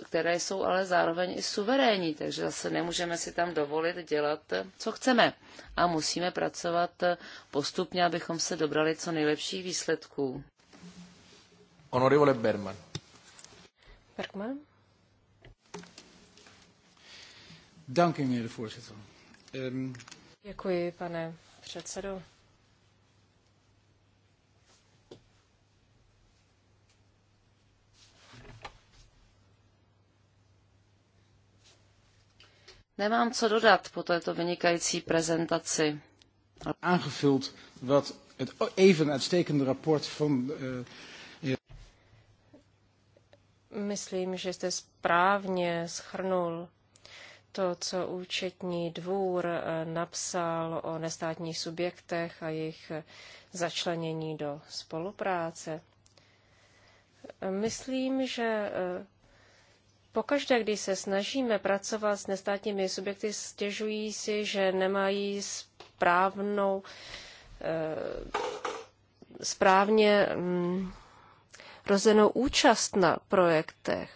které jsou ale zároveň i suverénní, takže zase nemůžeme si tam dovolit dělat, co chceme. A musíme pracovat postupně, abychom se dobrali co nejlepších výsledků. Honorable Berman. Berman. Ähm, Děkuji, pane předsedo. Nemám co dodat po této vynikající prezentaci. Aangevuld wat het even uitstekende rapport van eh, eh, Myslím, že jste správně schrnul to, co účetní dvůr eh, napsal o nestátních subjektech a jejich začlenění do spolupráce. Myslím, že Pokaždé, když se snažíme pracovat s nestátními subjekty, stěžují si, že nemají správnou, eh, správně mm, rozdělenou účast na projektech.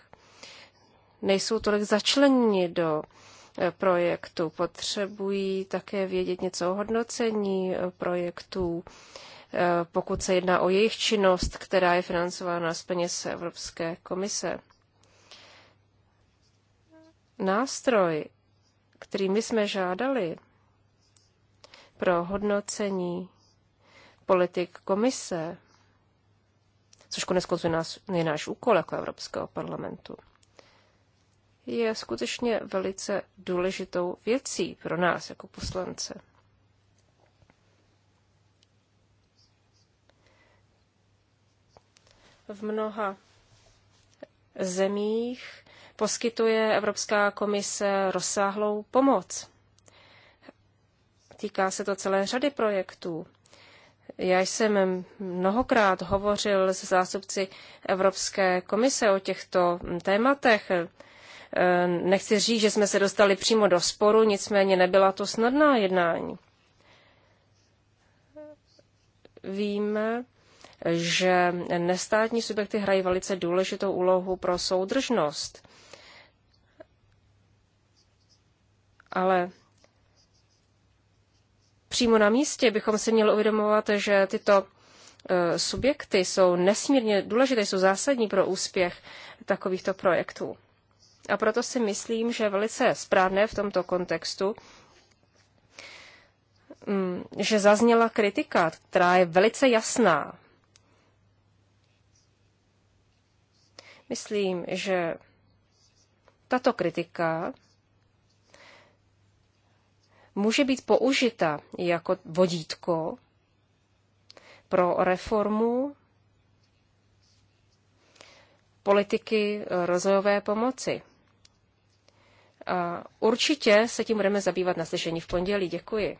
Nejsou tolik začleněni do eh, projektu, potřebují také vědět něco o hodnocení eh, projektů, pokud se jedná o jejich činnost, která je financována z peněz Evropské komise nástroj, který my jsme žádali pro hodnocení politik komise, což konec konců je náš úkol jako Evropského parlamentu, je skutečně velice důležitou věcí pro nás jako poslance. V mnoha zemích poskytuje Evropská komise rozsáhlou pomoc. Týká se to celé řady projektů. Já jsem mnohokrát hovořil s zástupci Evropské komise o těchto tématech. E, nechci říct, že jsme se dostali přímo do sporu, nicméně nebyla to snadná jednání. Víme, že nestátní subjekty hrají velice důležitou úlohu pro soudržnost. ale přímo na místě bychom se měli uvědomovat, že tyto e, subjekty jsou nesmírně důležité, jsou zásadní pro úspěch takovýchto projektů. A proto si myslím, že velice správné v tomto kontextu, mm, že zazněla kritika, která je velice jasná. Myslím, že tato kritika může být použita jako vodítko pro reformu politiky eh, rozvojové pomoci. A určitě se tím budeme zabývat na slyšení v pondělí. Děkuji.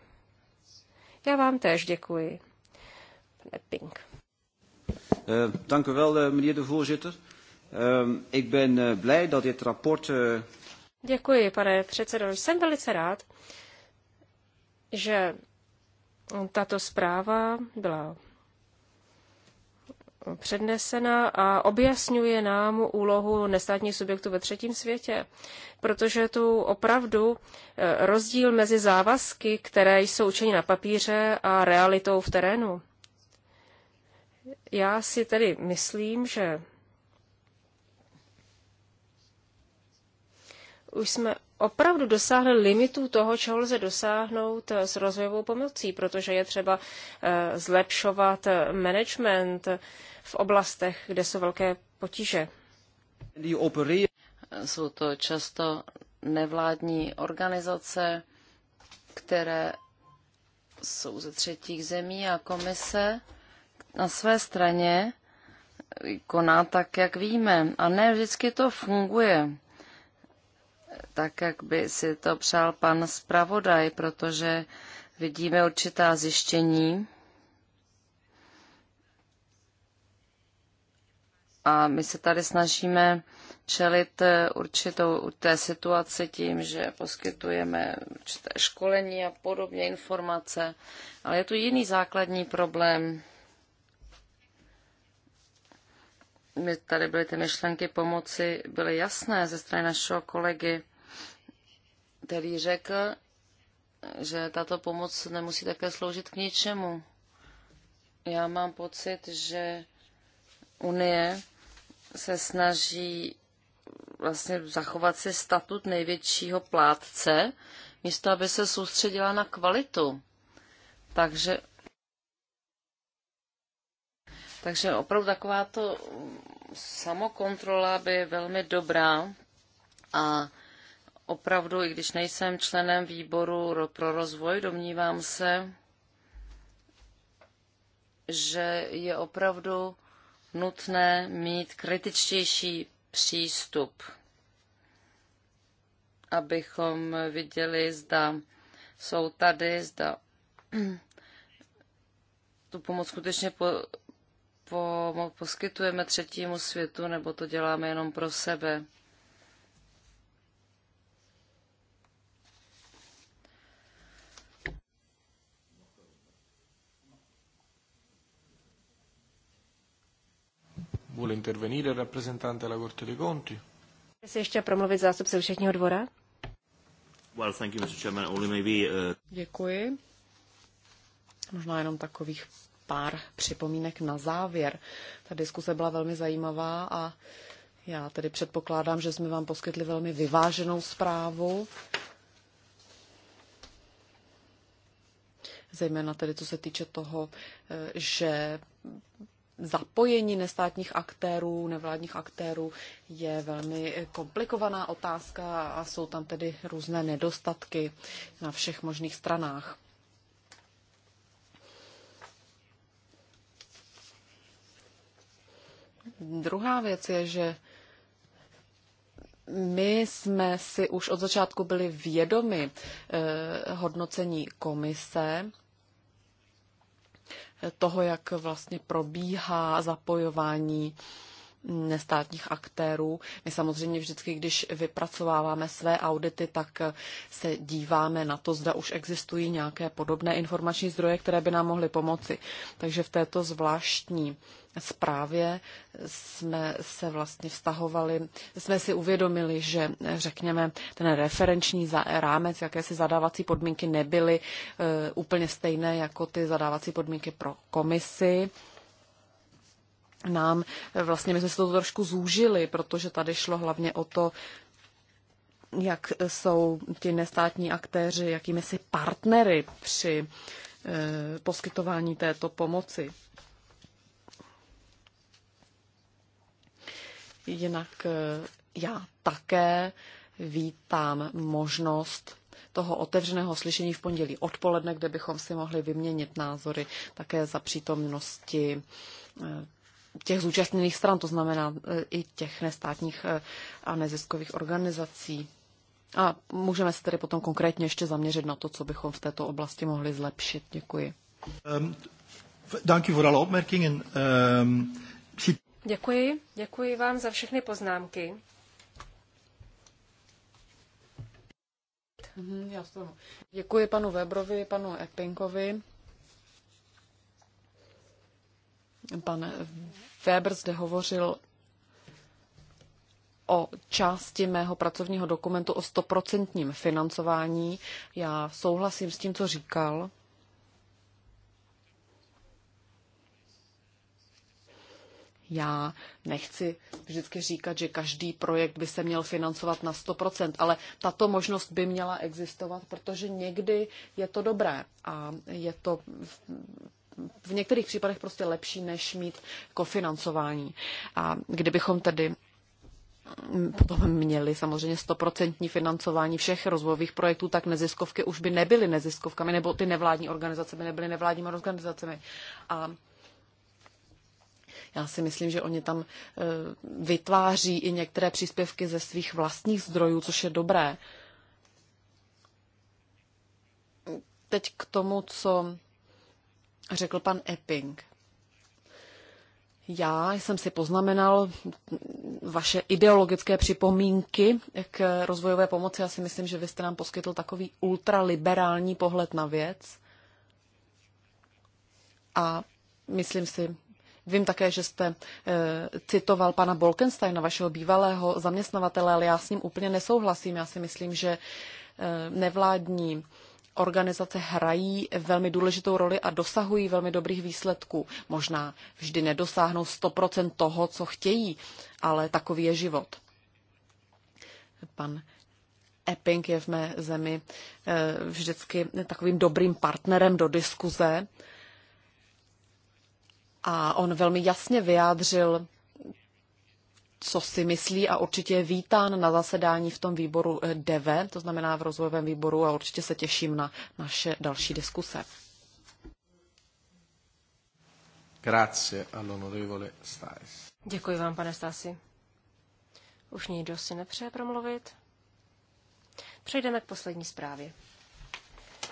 Já vám též děkuji. Pane Pink. Eh, dank u wel, eh, meneer de voorzitter. Ik ben blij dat dit rapport... Děkuji, pane předsedo. Jsem velice rád, že tato zpráva byla přednesena a objasňuje nám úlohu nestátních subjektů ve třetím světě, protože tu opravdu eh, rozdíl mezi závazky, které jsou učeny na papíře a realitou v terénu. Já si tedy myslím, že už jsme opravdu dosáhli limitů toho, čeho lze dosáhnout eh, s rozvojovou pomocí, protože je třeba eh, zlepšovat eh, management v oblastech, kde jsou velké potíže. Jsou to často nevládní organizace, které jsou ze třetích zemí a komise na své straně koná tak, jak víme. A ne vždycky to funguje tak, jak by si to přál pan zpravodaj, protože vidíme určitá zjištění. A my se tady snažíme čelit eh, určitou té situaci tím, že poskytujeme určité školení a podobně informace. Ale je tu jiný základní problém. My tady byly ty myšlenky pomoci, byly jasné ze strany našeho kolegy který řekl, že tato pomoc nemusí také sloužit k ničemu. Já mám pocit, že Unie se snaží vlastně zachovat si statut největšího plátce, místo aby se soustředila na kvalitu. Takže, takže opravdu takováto samokontrola by je velmi dobrá a opravdu, i když nejsem členem výboru pro rozvoj, domnívám se, že je opravdu nutné mít kritičtější přístup, abychom viděli, zda jsou tady, zda tu pomoc skutečně po, po, poskytujeme třetímu světu, nebo to děláme jenom pro sebe. Vuole intervenire il rappresentante della Corte dei Conti? se ještě promluvit zástupce všechního dvora? Well, thank you, Mr. Chairman. Only maybe, uh... Děkuji. Možná jenom takových pár připomínek na závěr. Ta diskuse byla velmi zajímavá a já tedy předpokládám, že jsme vám poskytli velmi vyváženou zprávu. Zejména tedy, co se týče toho, eh, že zapojení nestátních aktérů, nevládních aktérů je velmi komplikovaná otázka a jsou tam tedy různé nedostatky na všech možných stranách. Druhá věc je, že my jsme si už od začátku byli vědomi eh, hodnocení komise toho, jak vlastně probíhá zapojování nestátních aktérů. My samozřejmě vždycky, když vypracováváme své audity, tak se díváme na to, zda už existují nějaké podobné informační zdroje, které by nám mohly pomoci. Takže v této zvláštní zprávě jsme se vlastně vztahovali, jsme si uvědomili, že eh, řekněme ten referenční rámec, si zadávací podmínky nebyly eh, úplně stejné jako ty zadávací podmínky pro komisi nám, eh, vlastně my jsme se to trošku zúžili, protože tady šlo hlavně o to, jak jsou ti nestátní aktéři, jakými si partnery při poskytování této pomoci. Jinak eh, já také vítám možnost toho otevřeného slyšení v pondělí odpoledne, kde bychom si mohli vyměnit názory také za přítomnosti eh, těch zúčastněných stran, to znamená eh, i těch nestátních a neziskových organizací. A můžeme se tedy potom konkrétně ještě zaměřit na to, co bychom v této oblasti mohli zlepšit. Děkuji. Um, dank u opmerkingen. Um, Děkuji. Děkuji vám za všechny poznámky. Mhm, děkuji panu Webrovi, panu Epinkovi. Pan Weber zde hovořil o části mého pracovního dokumentu o stoprocentním financování. Já souhlasím s tím, co říkal. Já nechci vždycky říkat, že každý projekt by se měl financovat na 100%, ale tato možnost by měla existovat, protože někdy je to dobré a je to v některých případech prostě lepší, než mít kofinancování. A kdybychom tedy potom měli samozřejmě stoprocentní financování všech rozvojových projektů, tak neziskovky už by nebyly neziskovkami, nebo ty nevládní organizace by nebyly nevládními organizacemi. A já si myslím, že oni tam eh, vytváří i některé příspěvky ze svých vlastních zdrojů, což je dobré. Teď k tomu, co řekl pan Epping. Já jsem si poznamenal vaše ideologické připomínky k rozvojové pomoci. Já si myslím, že vy jste nám poskytl takový ultraliberální pohled na věc. A myslím si, Vím také, že jste eh, citoval pana Bolkensteina, vašeho bývalého zaměstnavatele, ale já s ním úplně nesouhlasím. Já si myslím, že eh, nevládní organizace hrají velmi důležitou roli a dosahují velmi dobrých výsledků. Možná vždy nedosáhnou 100% toho, co chtějí, ale takový je život. Pan Epping je v mé zemi eh, vždycky takovým dobrým partnerem do diskuze a on velmi jasně vyjádřil, co si myslí a určitě je vítán na zasedání v tom výboru eh, DV, to znamená v rozvojovém výboru a určitě se těším na naše další diskuse. Grazie all'onorevole Stais. Děkuji vám, pane Stasi. Už nikdo si nepřeje promluvit. Přejdeme k poslední zprávě.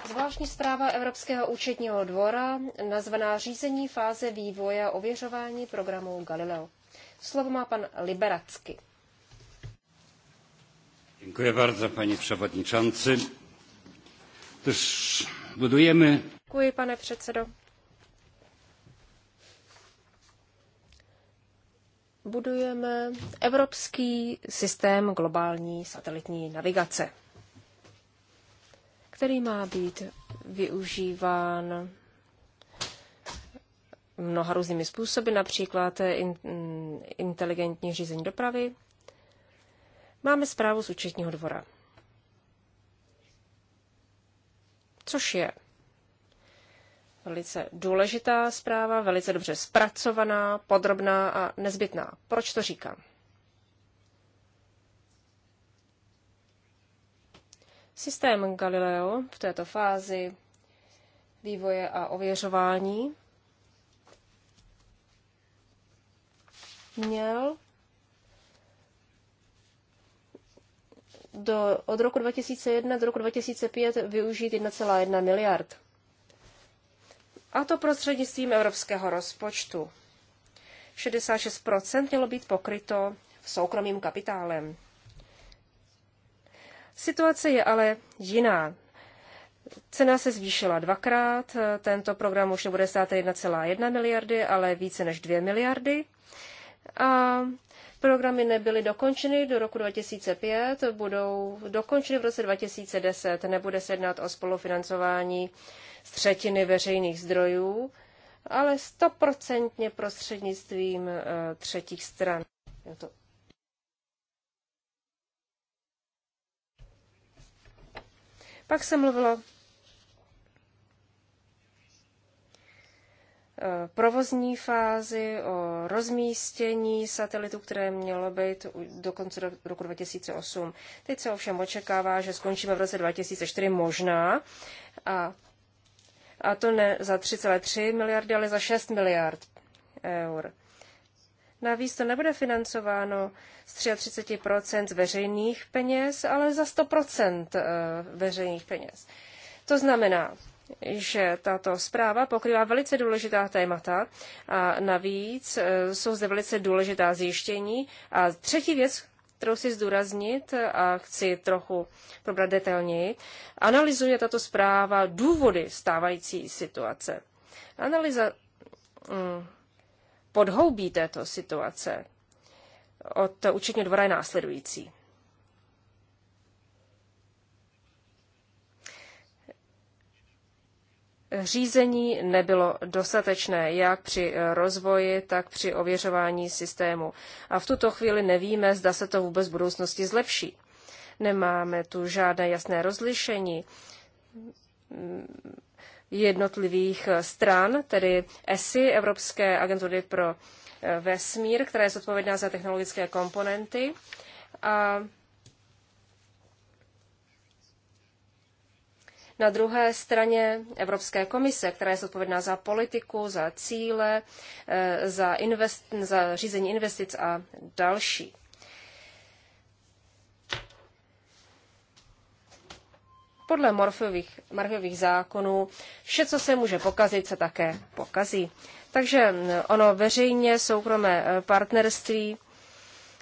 Zvláštní zpráva Evropského účetního dvora nazvaná Řízení fáze vývoje a ověřování programu Galileo. Slovo má pan Liberacky. Děkuji bardzo, paní předsedající. Tož budujeme... Děkuji, pane předsedo. Budujeme evropský systém globální satelitní navigace který má být využíván mnoha různými způsoby, například inteligentní řízení dopravy. Máme zprávu z účetního dvora, což je velice důležitá zpráva, velice dobře zpracovaná, podrobná a nezbytná. Proč to říkám? Systém Galileo v této fázi vývoje a ověřování měl do, od roku 2001 do roku 2005 využít 1,1 miliard. A to prostřednictvím evropského rozpočtu. 66 mělo být pokryto soukromým kapitálem. Situace je ale jiná. Cena se zvýšila dvakrát, tento program už nebude stát 1,1 miliardy, ale více než 2 miliardy. A programy nebyly dokončeny do roku 2005, budou dokončeny v roce 2010. Nebude se jednat o spolufinancování z třetiny veřejných zdrojů, ale stoprocentně prostřednictvím eh, třetích stran. Je to Pak se mluvilo e, provozní fázi, o rozmístění satelitu, které mělo být do konce roku 2008. Teď se ovšem očekává, že skončíme v roce 2004 možná a, a to ne za 3,3 miliardy, ale za 6 miliard eur. Navíc to nebude financováno z 33% z veřejných peněz, ale za 100% eh, veřejných peněz. To znamená, že tato zpráva pokrývá velice důležitá témata a navíc eh, jsou zde velice důležitá zjištění. A třetí věc, kterou si zdůraznit eh, a chci trochu probrat detailněji, analyzuje tato zpráva důvody stávající situace. Analyza mm, podhoubí této situace od účetního dvora je následující. Řízení nebylo dostatečné jak při rozvoji, tak při ověřování systému. A v tuto chvíli nevíme, zda se to vůbec v budoucnosti zlepší. Nemáme tu žádné jasné rozlišení jednotlivých eh, stran, tedy ESI, Evropské agentury pro eh, vesmír, která je zodpovědná za technologické komponenty. A Na druhé straně Evropské komise, která je zodpovědná za politiku, za cíle, eh, za, invest, za řízení investic a další. Podle morfových, morfových zákonů vše, co se může pokazit, se také pokazí. Takže ono veřejně soukromé e, partnerství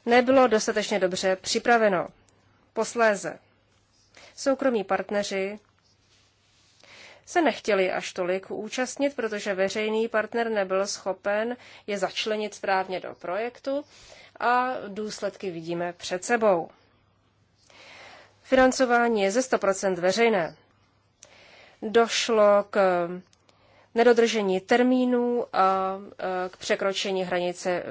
nebylo dostatečně dobře připraveno. Posléze. Soukromí partneři se nechtěli až tolik účastnit, protože veřejný partner nebyl schopen je začlenit správně do projektu a důsledky vidíme před sebou. Financování je ze 100% veřejné. Došlo k nedodržení termínů a k překročení hranice e,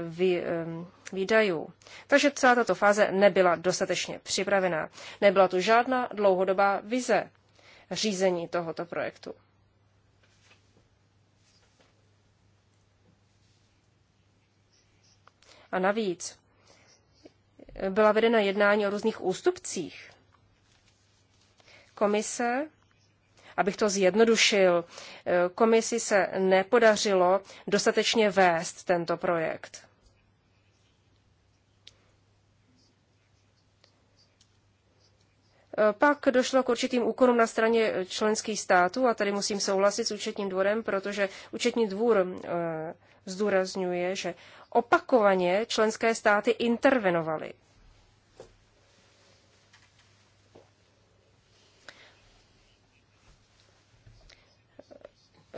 výdajů. Takže celá tato fáze nebyla dostatečně připravená. Nebyla tu žádná dlouhodobá vize řízení tohoto projektu. A navíc byla vedena jednání o různých ústupcích komise, abych to zjednodušil, eh, komisi se nepodařilo dostatečně vést tento projekt. Eh, pak došlo k určitým úkonům na straně členských států a tady musím souhlasit s účetním dvorem, protože účetní dvůr eh, zdůrazňuje, že opakovaně členské státy intervenovaly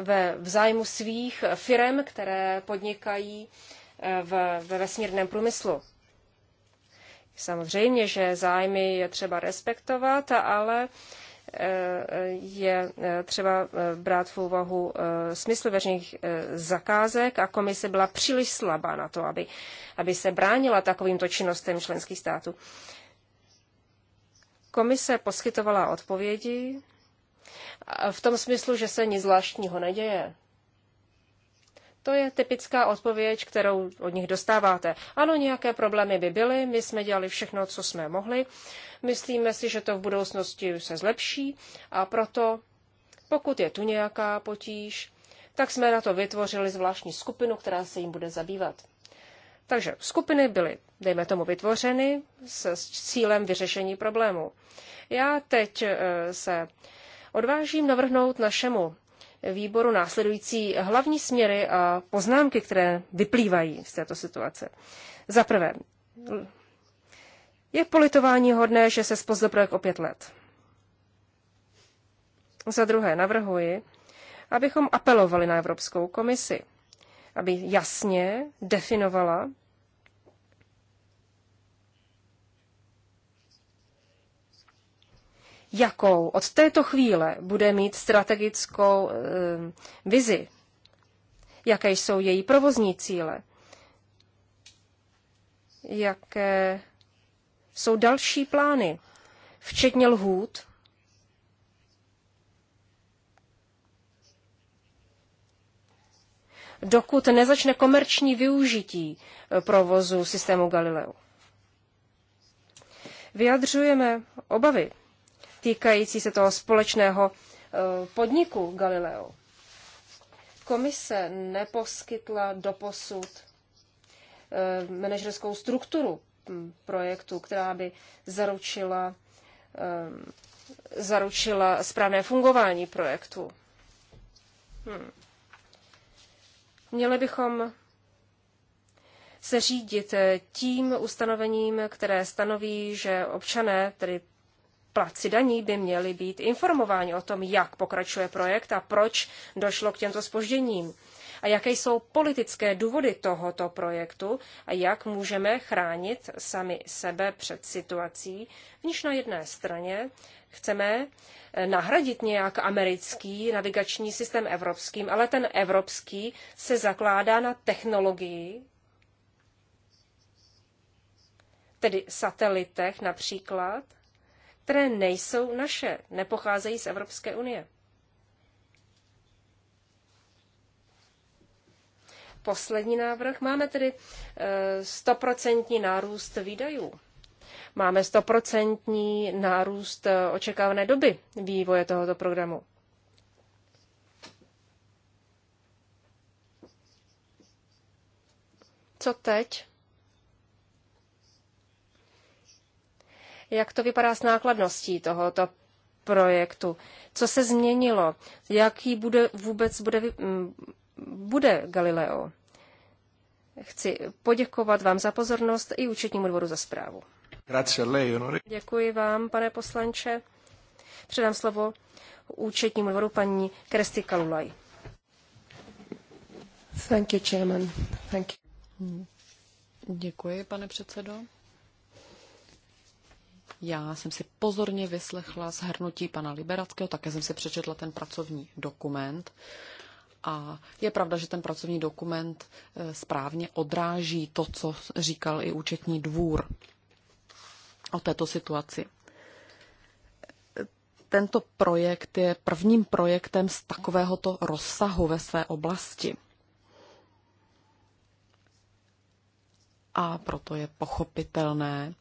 ve vzájmu svých firm, které podnikají eh, v, ve vesmírném průmyslu. Samozřejmě, že zájmy je třeba respektovat, ale eh, je eh, třeba brát v úvahu smysl veřejných zakázek a komise byla příliš slabá na to, aby, aby se bránila takovýmto činnostem členských států. Komise poskytovala odpovědi v tom smyslu, že se nic zvláštního neděje. To je typická odpověď, kterou od nich dostáváte. Ano, nějaké problémy by byly, my jsme dělali všechno, co jsme mohli. Myslíme si, že to v budoucnosti se zlepší a proto, pokud je tu nějaká potíž, tak jsme na to vytvořili zvláštní skupinu, která se jim bude zabývat. Takže skupiny byly, dejme tomu, vytvořeny s cílem vyřešení problému. Já teď eh, se odvážím navrhnout našemu výboru následující hlavní směry a poznámky, které vyplývají z této situace. Za prvé, je politování hodné, že se spozdil projekt o pět let. Za druhé, navrhuji, abychom apelovali na Evropskou komisi, aby jasně definovala jakou od této chvíle bude mít strategickou eh, vizi, jaké jsou její provozní cíle, jaké jsou další plány, včetně lhůt, dokud nezačne komerční využití eh, provozu systému Galileo. Vyjadřujeme obavy, týkající se toho společného e, podniku Galileo. Komise neposkytla doposud e, manažerskou strukturu projektu, která by zaručila, e, zaručila správné fungování projektu. Hmm. Měli bychom se řídit tím ustanovením, které stanoví, že občané, tedy Platci daní by měli být informováni o tom, jak pokračuje projekt a proč došlo k těmto spožděním a jaké jsou politické důvody tohoto projektu a jak můžeme chránit sami sebe před situací, v níž na jedné straně chceme eh, nahradit nějak americký navigační systém evropským, ale ten evropský se zakládá na technologii, tedy satelitech například, které nejsou naše, nepocházejí z Evropské unie. Poslední návrh. Máme tedy eh, stoprocentní nárůst výdajů. Máme stoprocentní nárůst eh, očekávané doby vývoje tohoto programu. Co teď? jak to vypadá s nákladností tohoto projektu. Co se změnilo? Jaký bude, vůbec bude, bude Galileo? Chci poděkovat vám za pozornost i účetnímu dvoru za zprávu. Děkuji vám, pane poslanče. Předám slovo účetnímu dvoru paní Kresty Kalulaj. Thank you, Chairman. Thank you. Děkuji, pane předsedo. Já jsem si pozorně vyslechla zhrnutí pana Liberackého, také jsem si přečetla ten pracovní dokument. A je pravda, že ten pracovní dokument e, správně odráží to, co říkal i účetní dvůr o této situaci. Tento projekt je prvním projektem z takovéhoto rozsahu ve své oblasti. a proto je pochopitelné,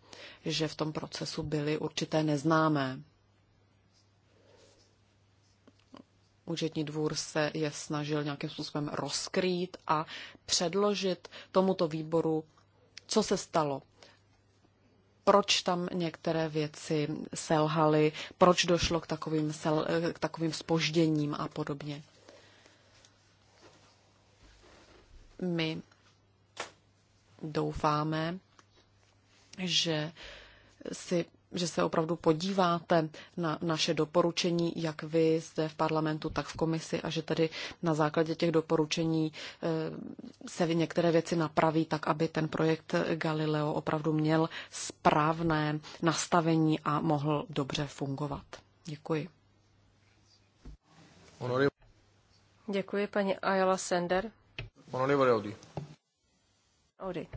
že v tom procesu byly určité neznámé. Účetní dvůr se je snažil nějakým způsobem rozkrýt a předložit tomuto výboru, co se stalo, proč tam některé věci selhaly, proč došlo k takovým, sel, k takovým spožděním a podobně. My doufáme, že si že se opravdu podíváte na naše doporučení, jak vy zde v parlamentu, tak v komisi a že tedy na základě těch doporučení eh, se některé věci napraví tak, aby ten projekt Galileo opravdu měl správné nastavení a mohl dobře fungovat. Děkuji. Děkuji paní Ayala Sender. Ody.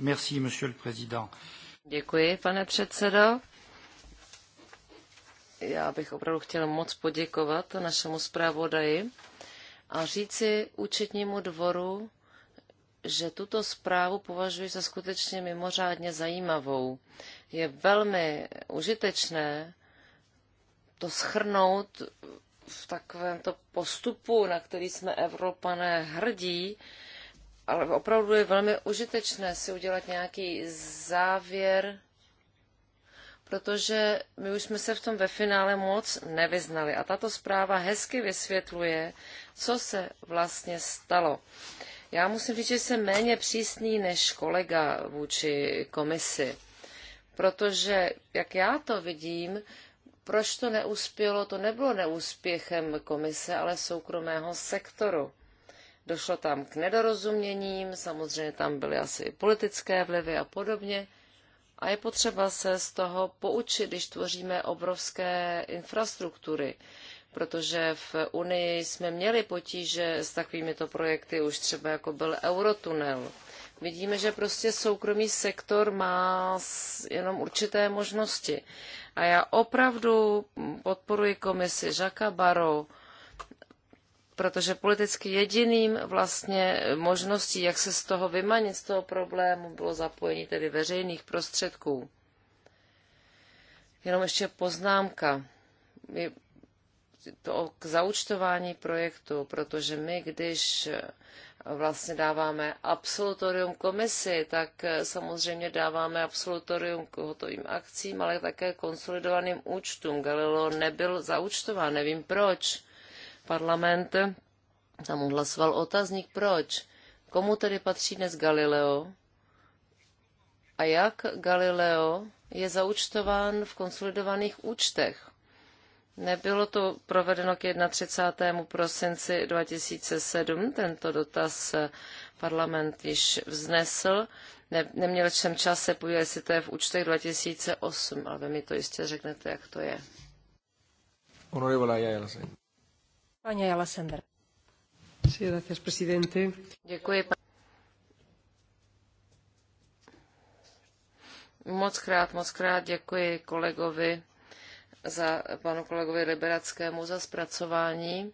Merci, monsieur le président. Děkuji, pane předsedo. Já bych opravdu chtěla moc poděkovat našemu zpravodaji a říci účetnímu dvoru, že tuto zprávu považuji za skutečně mimořádně zajímavou. Je velmi užitečné to schrnout v takovémto postupu, na který jsme Evropané hrdí, ale opravdu je velmi užitečné si udělat nějaký závěr, protože my už jsme se v tom ve finále moc nevyznali. A tato zpráva hezky vysvětluje, co se vlastně stalo. Já musím říct, že jsem méně přísný než kolega vůči komisi, protože, jak já to vidím, proč to neuspělo? To nebylo neúspěchem komise, ale soukromého sektoru. Došlo tam k nedorozuměním, samozřejmě tam byly asi i politické vlivy a podobně. A je potřeba se z toho poučit, když tvoříme obrovské infrastruktury, protože v Unii jsme měli potíže s takovýmito projekty, už třeba jako byl Eurotunnel. Vidíme, že prostě soukromý sektor má jenom určité možnosti. A já opravdu podporuji komisi Žaka Barou, protože politicky jediným vlastně možností, jak se z toho vymanit, z toho problému, bylo zapojení tedy veřejných prostředků. Jenom ještě poznámka. to k zaučtování projektu, protože my, když vlastně dáváme absolutorium komisi, tak eh, samozřejmě dáváme absolutorium k hotovým akcím, ale také konsolidovaným účtům. Galileo nebyl zaúčtován, nevím proč. Parlament tam odhlasoval otazník, proč. Komu tedy patří dnes Galileo? A jak Galileo je zaúčtován v konsolidovaných účtech? Nebylo to provedeno k 31. prosinci 2007. Tento dotaz parlament již vznesl. Ne, neměl jsem čas se podívat, jestli to je v účtech 2008, ale vy mi to jistě řeknete, jak to je. Honorable Ayala Sender. Paní Ayala Děkuji, pan... Moc krát, moc krát děkuji kolegovi za panu kolegovi Liberackému za zpracování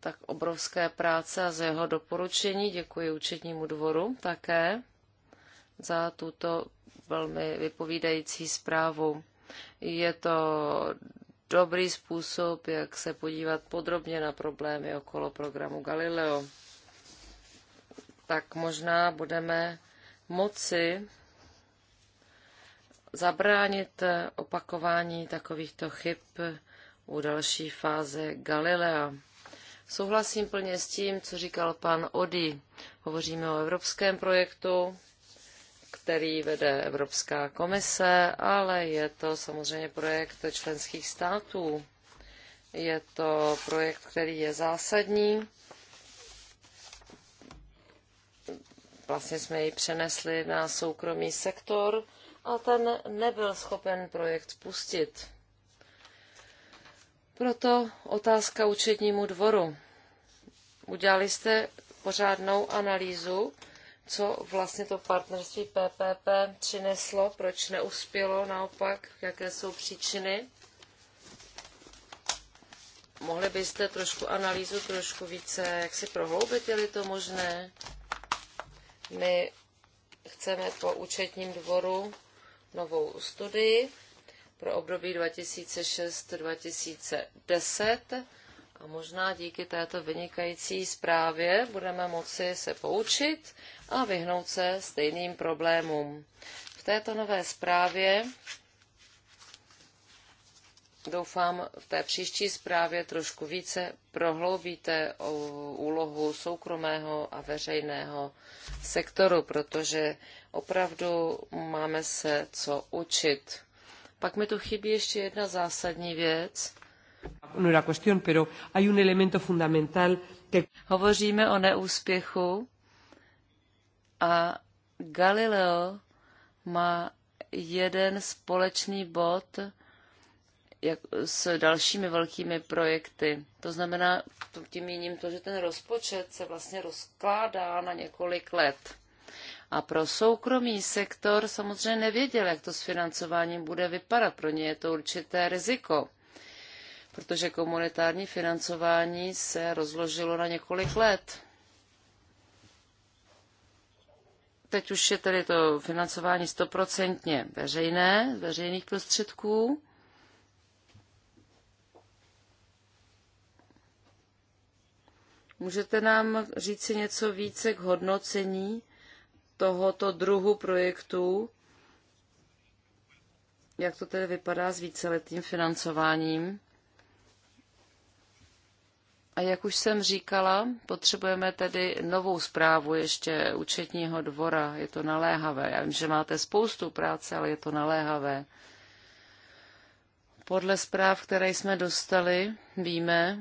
tak obrovské práce a za jeho doporučení. Děkuji účetnímu dvoru také za tuto velmi vypovídající zprávu. Je to dobrý způsob, jak se podívat podrobně na problémy okolo programu Galileo. Tak možná budeme moci zabránit opakování takovýchto chyb u další fáze Galilea. Souhlasím plně s tím, co říkal pan Odi. Hovoříme o evropském projektu, který vede Evropská komise, ale je to samozřejmě projekt členských států. Je to projekt, který je zásadní. Vlastně jsme ji přenesli na soukromý sektor a ten nebyl schopen projekt spustit. Proto otázka účetnímu dvoru. Udělali jste pořádnou analýzu, co vlastně to partnerství PPP přineslo, proč neuspělo, naopak, jaké jsou příčiny? Mohli byste trošku analýzu trošku více, jak si prohloubit, je-li to možné? My chceme po účetním dvoru novou studii pro období 2006-2010 a možná díky této vynikající zprávě budeme moci se poučit a vyhnout se stejným problémům. V této nové zprávě doufám v té příští zprávě trošku více prohloubíte úlohu soukromého a veřejného sektoru, protože Opravdu máme se co učit. Pak mi tu chybí ještě jedna zásadní věc. No era cuestión, pero hay un elemento fundamental que... Hovoříme o neúspěchu a Galileo má jeden společný bod jak, s dalšími velkými projekty. To znamená, tím míním to, že ten rozpočet se vlastně rozkládá na několik let. A pro soukromý sektor samozřejmě nevěděl, jak to s financováním bude vypadat. Pro ně je to určité riziko, protože komunitární financování se rozložilo na několik let. Teď už je tedy to financování stoprocentně veřejné, z veřejných prostředků. Můžete nám říci něco více k hodnocení tohoto druhu projektů, jak to tedy vypadá s víceletým financováním. A jak už jsem říkala, potřebujeme tedy novou zprávu ještě účetního dvora. Je to naléhavé. Já vím, že máte spoustu práce, ale je to naléhavé. Podle zpráv, které jsme dostali, víme,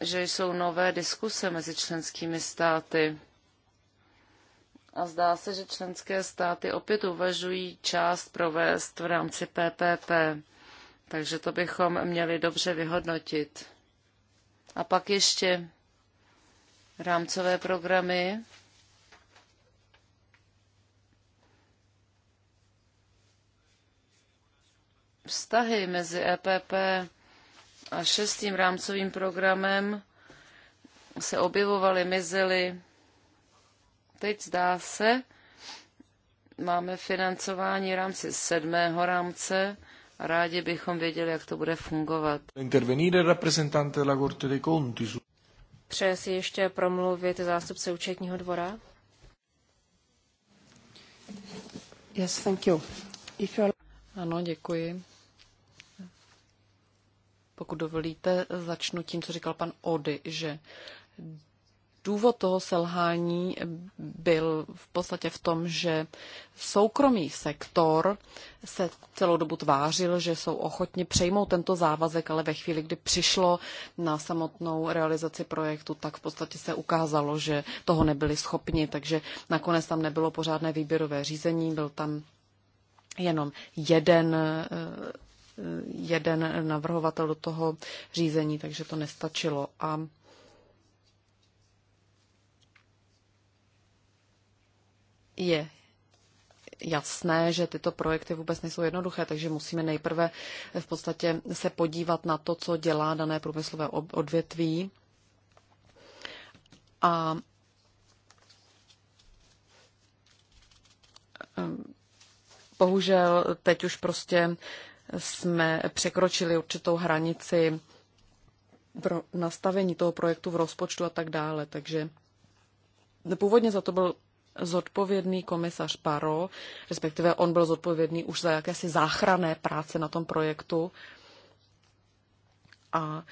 že jsou nové diskuse mezi členskými státy a zdá se, že členské státy opět uvažují část provést v rámci PPP. Takže to bychom měli dobře vyhodnotit. A pak ještě rámcové programy. Vztahy mezi EPP a šestým rámcovým programem se objevovaly, mizely. Teď zdá se, máme financování rámci sedmého rámce a rádi bychom věděli, jak to bude fungovat. Intervenire reprezentante la Corte dei Conti. Přeje si ještě promluvit zástupce účetního dvora? Yes, thank you. If you Ano, děkuji. Pokud dovolíte, začnu tím, co říkal pan Ody, že důvod toho selhání byl v podstatě v tom, že soukromý sektor se celou dobu tvářil, že jsou ochotni přejmout tento závazek, ale ve chvíli, kdy přišlo na samotnou realizaci projektu, tak v podstatě se ukázalo, že toho nebyli schopni, takže nakonec tam nebylo pořádné výběrové řízení, byl tam jenom jeden eh, jeden navrhovatel do toho řízení, takže to nestačilo. A je jasné, že tyto projekty vůbec nejsou jednoduché, takže musíme nejprve v podstatě se podívat na to, co dělá dané průmyslové odvětví. A bohužel teď už prostě jsme překročili určitou hranici pro nastavení toho projektu v rozpočtu a tak dále, takže Původně za to byl zodpovědný komisař Paro, respektive on byl zodpovědný už za jakési záchrané práce na tom projektu. A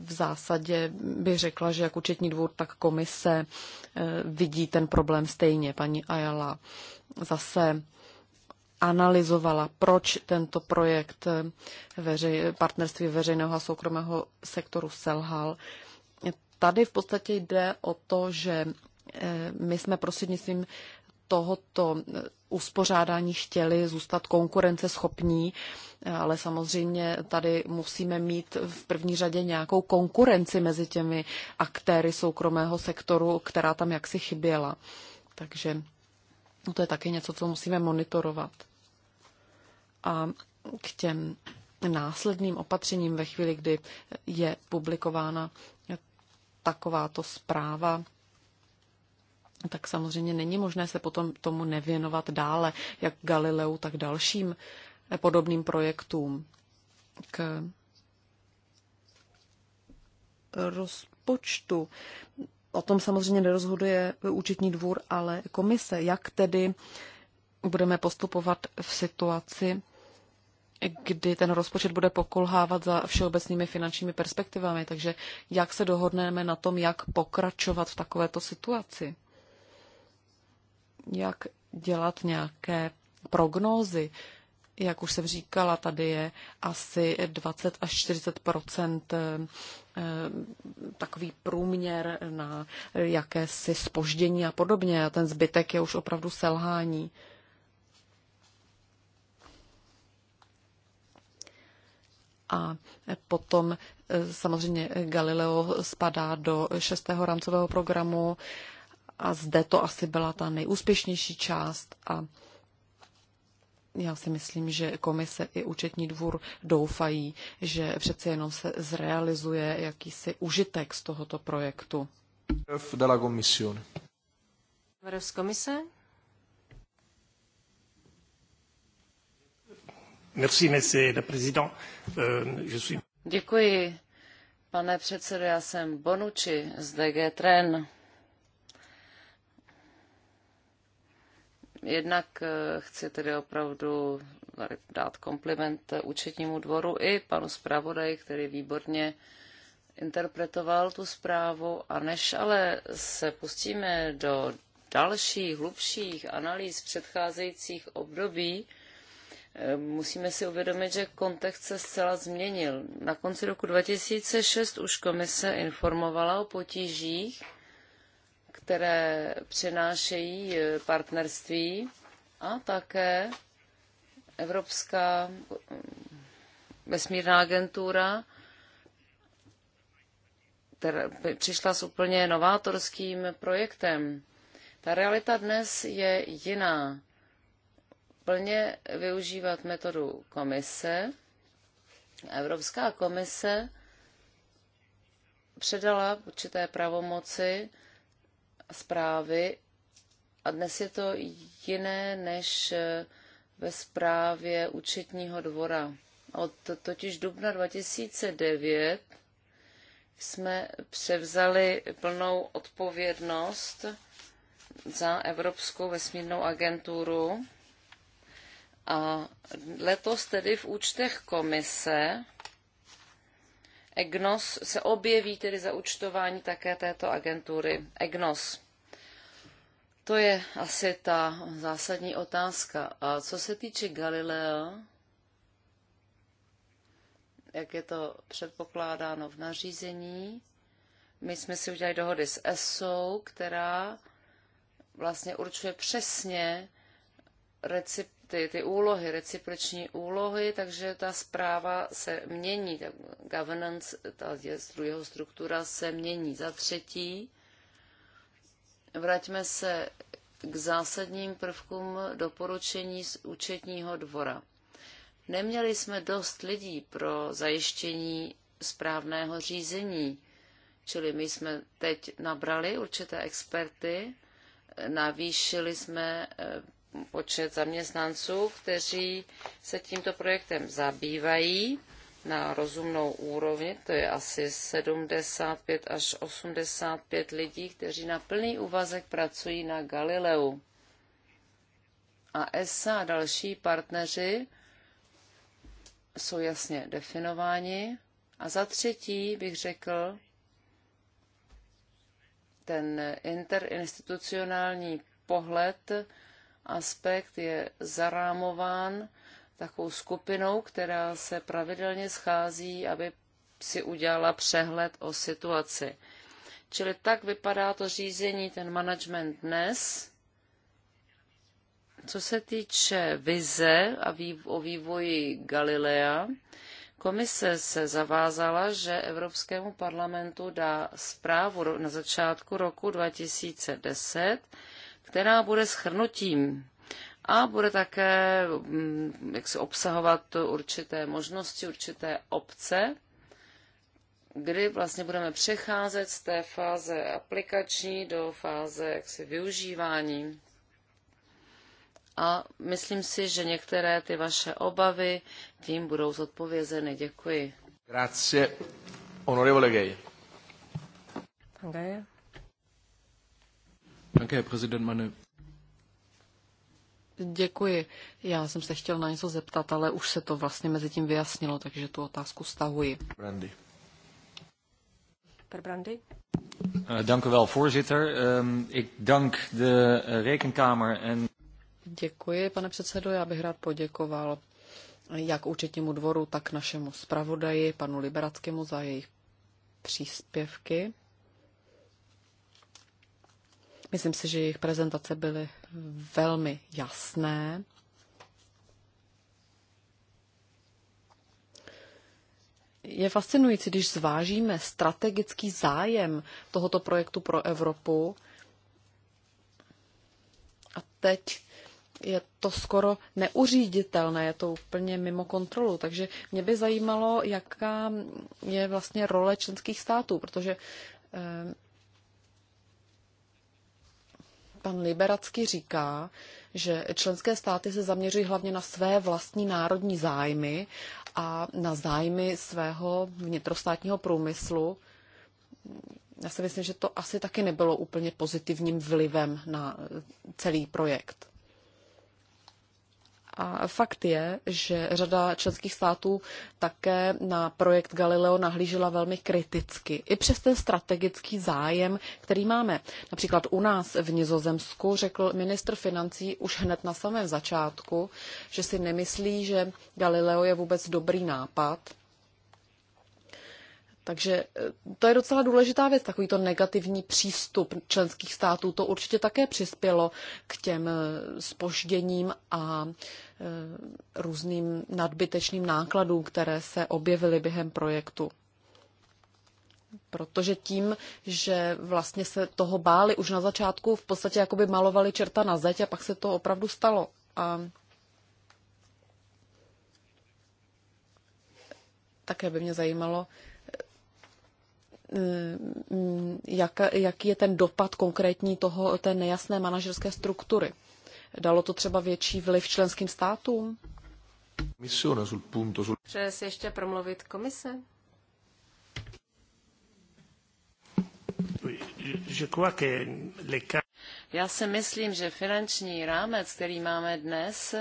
v zásadě bych řekla, že jak účetní dvůr, tak komise eh, vidí ten problém stejně. Paní Ayala zase analyzovala, proč tento projekt eh, veřej, partnerství veřejného a soukromého sektoru selhal. Tady v podstatě jde o to, že Eh, my jsme prostřednictvím tohoto eh, uspořádání chtěli zůstat konkurenceschopní, eh, ale samozřejmě tady musíme mít v první řadě nějakou konkurenci mezi těmi aktéry soukromého sektoru, která tam jaksi chyběla. Takže no, to je taky něco, co musíme monitorovat. A k těm následným opatřením ve chvíli, kdy je publikována takováto zpráva, No tak samozřejmě není možné se potom tomu nevěnovat dále, jak Galileu, tak dalším podobným projektům. K rozpočtu. O tom samozřejmě nerozhoduje účetní dvůr, ale komise. Jak tedy budeme postupovat v situaci, kdy ten rozpočet bude pokulhávat za všeobecnými finančními perspektivami. Takže jak se dohodneme na tom, jak pokračovat v takovéto situaci? jak dělat nějaké prognózy. Jak už jsem říkala, tady je asi 20 až 40 eh, takový průměr na jakési spoždění a podobně. A ten zbytek je už opravdu selhání. A potom eh, samozřejmě Galileo spadá do šestého rámcového programu a zde to asi byla ta nejúspěšnější část a já si myslím, že komise i účetní dvůr doufají, že přece jenom se zrealizuje jakýsi užitek z tohoto projektu. Z komise? Merci, monsieur le président. Euh, je suis... Děkuji, pane předsedo, já jsem Bonucci z DG Tren. Jednak eh, chci tedy opravdu dát kompliment účetnímu dvoru i panu zpravodaji, který výborně interpretoval tu zprávu. A než ale se pustíme do dalších, hlubších analýz předcházejících období, eh, musíme si uvědomit, že kontext se zcela změnil. Na konci roku 2006 už komise informovala o potížích které přinášejí eh, partnerství a také Evropská eh, vesmírná agentura, která přišla s úplně novátorským projektem. Ta realita dnes je jiná. Plně využívat metodu komise. Evropská komise předala určité pravomoci zprávy a dnes je to jiné než eh, ve zprávě účetního dvora. Od totiž dubna 2009 jsme převzali plnou odpovědnost za Evropskou vesmírnou agenturu a letos tedy v účtech komise EGNOS se objeví tedy za účtování také této agentury EGNOS. To je asi ta zásadní otázka. A co se týče Galilea, jak je to předpokládáno v nařízení, my jsme si udělali dohody s ESO, která vlastně určuje přesně recip ty, ty úlohy, reciproční úlohy, takže ta zpráva se mění, ta governance, ta jeho struktura se mění. Za třetí, vraťme se k zásadním prvkům doporučení z účetního dvora. Neměli jsme dost lidí pro zajištění správného řízení, čili my jsme teď nabrali určité experty, navýšili jsme eh, počet zaměstnanců, kteří se tímto projektem zabývají na rozumnou úrovni, to je asi 75 až 85 lidí, kteří na plný úvazek pracují na Galileu. A ESA a další partneři jsou jasně definováni. A za třetí bych řekl, ten interinstitucionální pohled aspekt je zarámován takovou skupinou, která se pravidelně schází, aby si udělala přehled o situaci. Čili tak vypadá to řízení, ten management dnes. Co se týče vize a vývo o vývoji Galilea, komise se zavázala, že Evropskému parlamentu dá zprávu na začátku roku 2010 která bude schrnutím a bude také mm, jak si obsahovat určité možnosti, určité obce, kdy vlastně budeme přecházet z té fáze aplikační do fáze jaksi využívání. A myslím si, že některé ty vaše obavy tím budou zodpovězeny. Děkuji. Grazie. Onorevole Gay. Pan Gaje. Danke, Herr Präsident, meine Děkuji. Já jsem se chtěl na něco zeptat, ale už se to vlastně mezi tím vyjasnilo, takže tu otázku stahuji. Brandy. Per Brandy. Eh, dank u wel, voorzitter. Ehm, ik dank de eh, rekenkamer en... Děkuji, pane předsedo. Já bych rád poděkoval jak účetnímu dvoru, tak našemu zpravodaji, panu Liberackému, za jejich příspěvky. Myslím si, že jejich prezentace byly velmi jasné. Je fascinující, když zvážíme strategický zájem tohoto projektu pro Evropu. A teď je to skoro neuříditelné, je to úplně mimo kontrolu. Takže mě by zajímalo, jaká je vlastně role členských států, protože pan Liberacky říká, že členské státy se zaměřují hlavně na své vlastní národní zájmy a na zájmy svého vnitrostátního průmyslu. Já si myslím, že to asi taky nebylo úplně pozitivním vlivem na celý projekt. A fakt je, že řada členských států také na projekt Galileo nahlížela velmi kriticky. I přes ten strategický zájem, který máme. Například u nás v Nizozemsku řekl ministr financí už hned na samém začátku, že si nemyslí, že Galileo je vůbec dobrý nápad takže e, to je docela důležitá věc, takový to negativní přístup členských států. To určitě také přispělo k těm spožděním e, a e, různým nadbytečným nákladům, které se objevily během projektu. Protože tím, že vlastně se toho báli už na začátku, v podstatě jakoby malovali čerta na zeď a pak se to opravdu stalo. A také by mě zajímalo, Eh, jak, jaký je ten dopad konkrétní toho, té nejasné manažerské struktury. Dalo to třeba větší vliv členským státům? Přeje si ještě promluvit komise? Já si myslím, že finanční rámec, který máme dnes,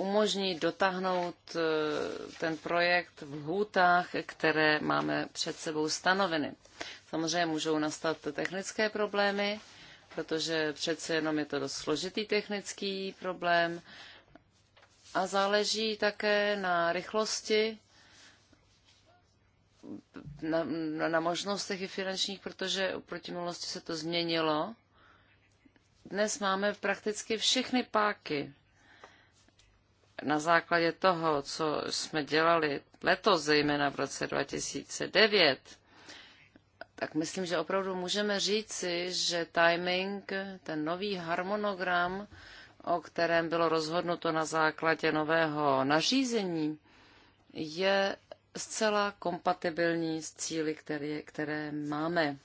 umožní dotáhnout e, ten projekt v hůtách, které máme před sebou stanoveny. Samozřejmě můžou nastat technické problémy, protože přece jenom je to dost složitý technický problém a záleží také na rychlosti, na, na, na možnostech i finančních, protože oproti minulosti se to změnilo. Dnes máme prakticky všechny páky na základě toho, co jsme dělali letos, zejména v roce 2009, tak myslím, že opravdu můžeme říci, že timing, ten nový harmonogram, o kterém bylo rozhodnuto na základě nového nařízení, je zcela kompatibilní s cíly, které, které máme.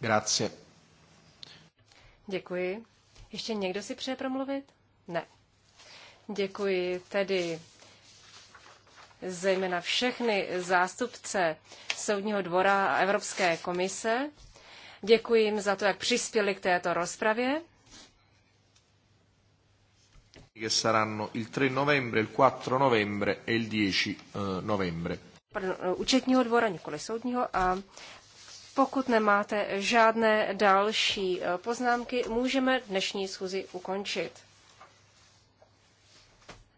Grazie. Děkuji. Ještě někdo si přeje promluvit? Ne. Děkuji tedy zejména všechny zástupce Soudního dvora a Evropské komise. Děkuji jim za to, jak přispěli k této rozpravě. Che saranno il 3 novembre, il 4 novembre e il 10 eh, novembre. Pardon, eh, dvora, nikoli soudního. A pokud nemáte žádné další eh, poznámky, můžeme dnešní schůzi ukončit.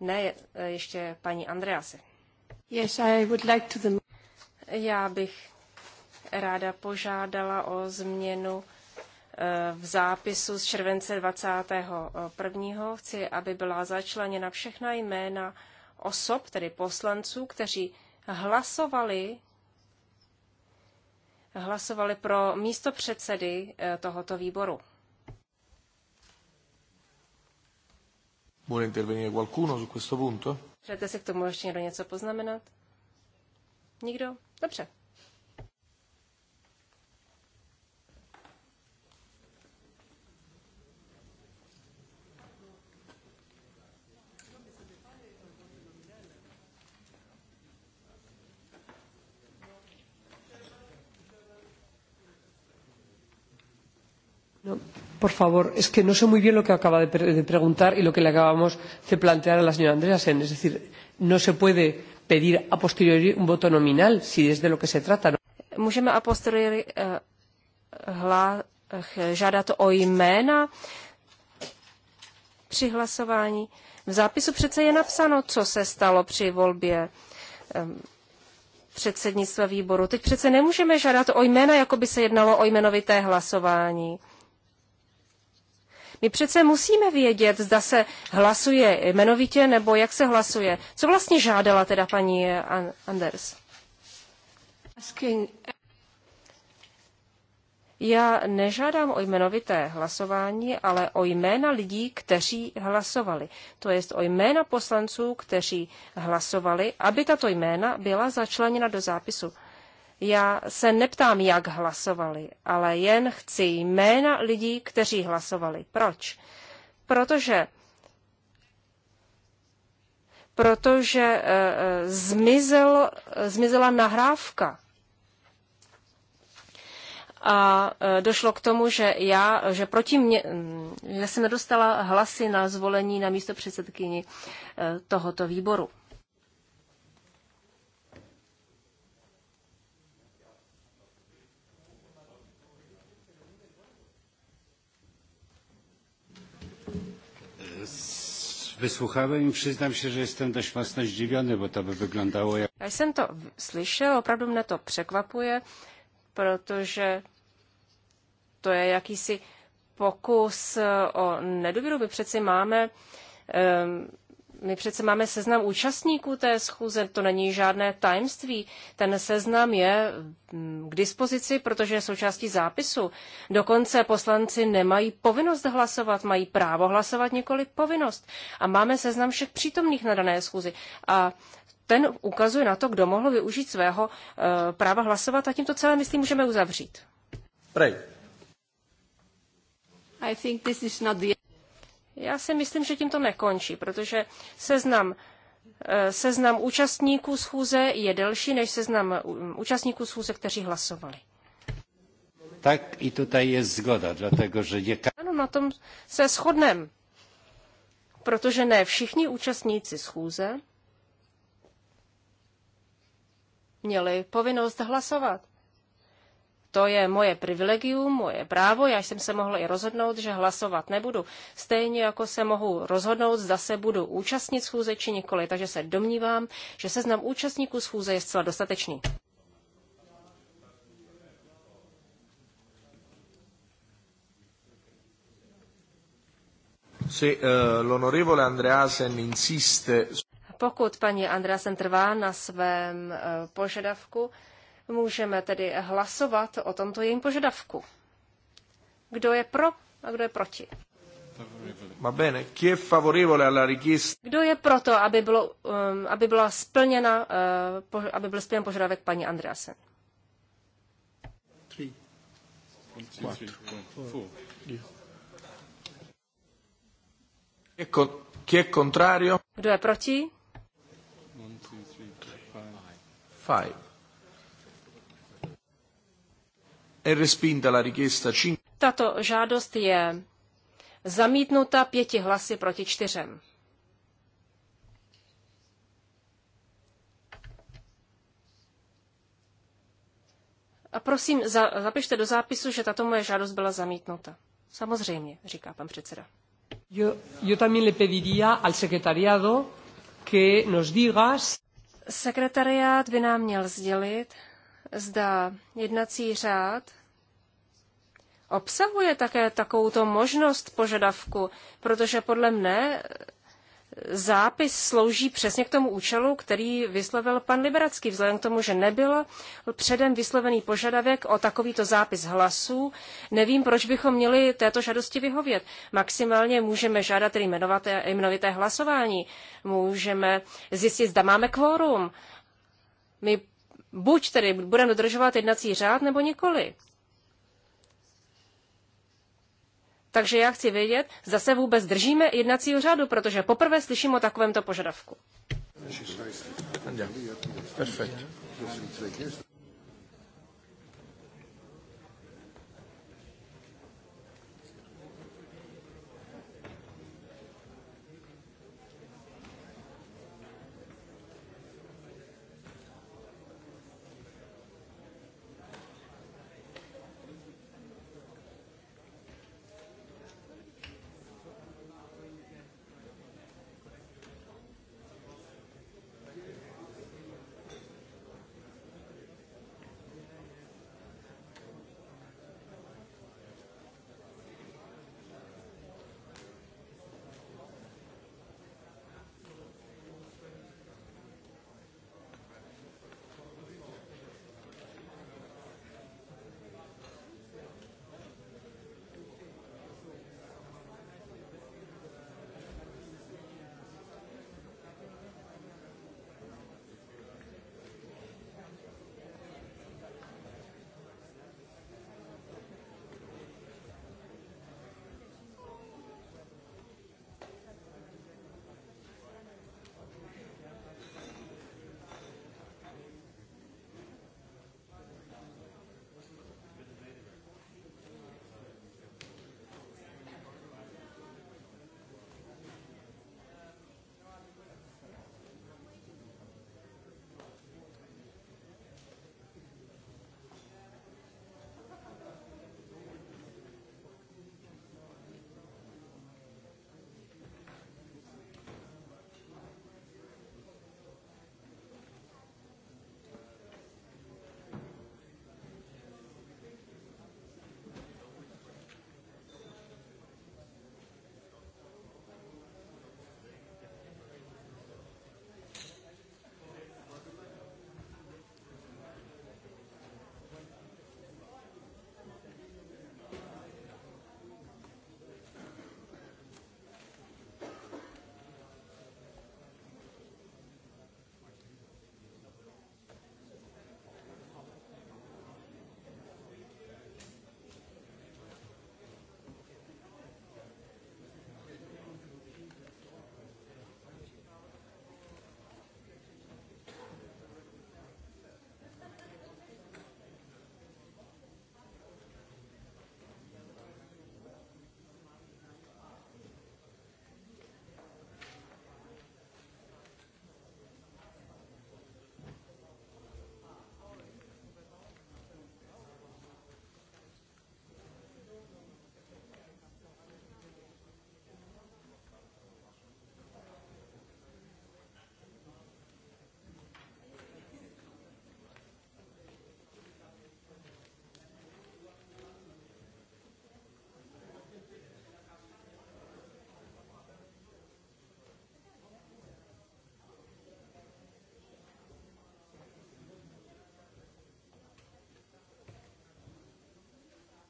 Ne, e, ještě paní Andrease. Yes, I would like to the... Já bych ráda požádala o změnu e, v zápisu z července 21. Chci, aby byla začleněna všechna jména osob, tedy poslanců, kteří hlasovali hlasovali pro místo předsedy e, tohoto výboru. Vuole intervenire qualcuno su questo punto? Chcete se k tomu ještě někdo něco poznamenat? Nikdo? Dobře. por favor es que no sé muy bien lo que acaba de, preguntar y lo que le acabamos de plantear a la señora andreasen es decir no se puede pedir a posteriori un voto nominal si es de lo que se trata. ¿no? Můžeme a posteriori eh, eh, žádat o jména při hlasování. V zápisu přece je napsáno, co se stalo při volbě eh, předsednictva výboru. Teď přece nemůžeme žádat o jména, jako by se jednalo o jmenovité hlasování. My přece musíme vědět, zda se hlasuje jmenovitě nebo jak se hlasuje. Co vlastně žádala teda paní eh, Anders? Já nežádám o jmenovité hlasování, ale o jména lidí, kteří hlasovali. To jest o jména poslanců, kteří hlasovali, aby tato jména byla začleněna do zápisu. Já se neptám, jak hlasovali, ale jen chci jména lidí, kteří hlasovali. Proč? Protože protože eh, eh, zmizel, zmizela nahrávka. A eh, došlo k tomu, že já, že proti mě, já mm, jsem nedostala hlasy na zvolení na místo předsedkyni tohoto výboru. wysłuchałem přiznám se, že jsem dost vlastně zdivěný, bo to by vyglądalo jak... Já jsem to slyšel, opravdu mě to překvapuje, protože to je jakýsi pokus e, o nedůvěru. My přeci máme um, my přece máme seznam účastníků té schůze, to není žádné tajemství. Ten seznam je mm, k dispozici, protože je součástí zápisu. Dokonce poslanci nemají povinnost hlasovat, mají právo hlasovat, nikoli povinnost. A máme seznam všech přítomných na dané schůzi. A ten ukazuje na to, kdo mohl využít svého e, práva hlasovat a tímto celé, myslím, můžeme uzavřít. Prej. I think this is not the... Já si myslím, že tím to nekončí, protože seznam eh, seznam účastníků schůze je delší než seznam mm, účastníků schůze, kteří hlasovali. Tak i tutaj je zgoda, dlatego, že je... Ano, na tom se shodneme, protože ne všichni účastníci schůze měli povinnost hlasovat. To je moje privilegium, moje právo. Já jsem se mohl i rozhodnout, že hlasovat nebudu. Stejně jako se mohu rozhodnout, zda se budu účastnit schůze či nikoli. Takže se domnívám, že seznam účastníků schůze je zcela dostatečný. Eh, Pokud paní Andreasen trvá na svém eh, požadavku, Můžeme tedy hlasovat o tomto jejím požadavku. Kdo je pro a kdo je proti? Kdo je proto, aby, bylo, um, aby, byla splněna, uh, aby byl splněn požadavek paní Andreasen? Kdo je proti? Five. Tato žádost je zamítnuta pěti hlasy proti čtyřem. A prosím, za, zapište do zápisu, že tato moje žádost byla zamítnuta. Samozřejmě, říká pan předseda. Yo, yo también le pediría al secretariado que nos digas... Sekretariát by nám měl sdělit, zda jednací řád obsahuje také takovouto možnost požadavku, protože podle mne zápis slouží přesně k tomu účelu, který vyslovil pan Liberacký, vzhledem k tomu, že nebyl předem vyslovený požadavek o takovýto zápis hlasů. Nevím, proč bychom měli této žádosti vyhovět. Maximálně můžeme žádat tedy jmenovité hlasování. Můžeme zjistit, zda máme kvórum. My buď tedy budeme dodržovat jednací řád, nebo nikoli. Takže já chci vědět, zda se vůbec držíme jednacího řádu, protože poprvé slyším o takovémto požadavku.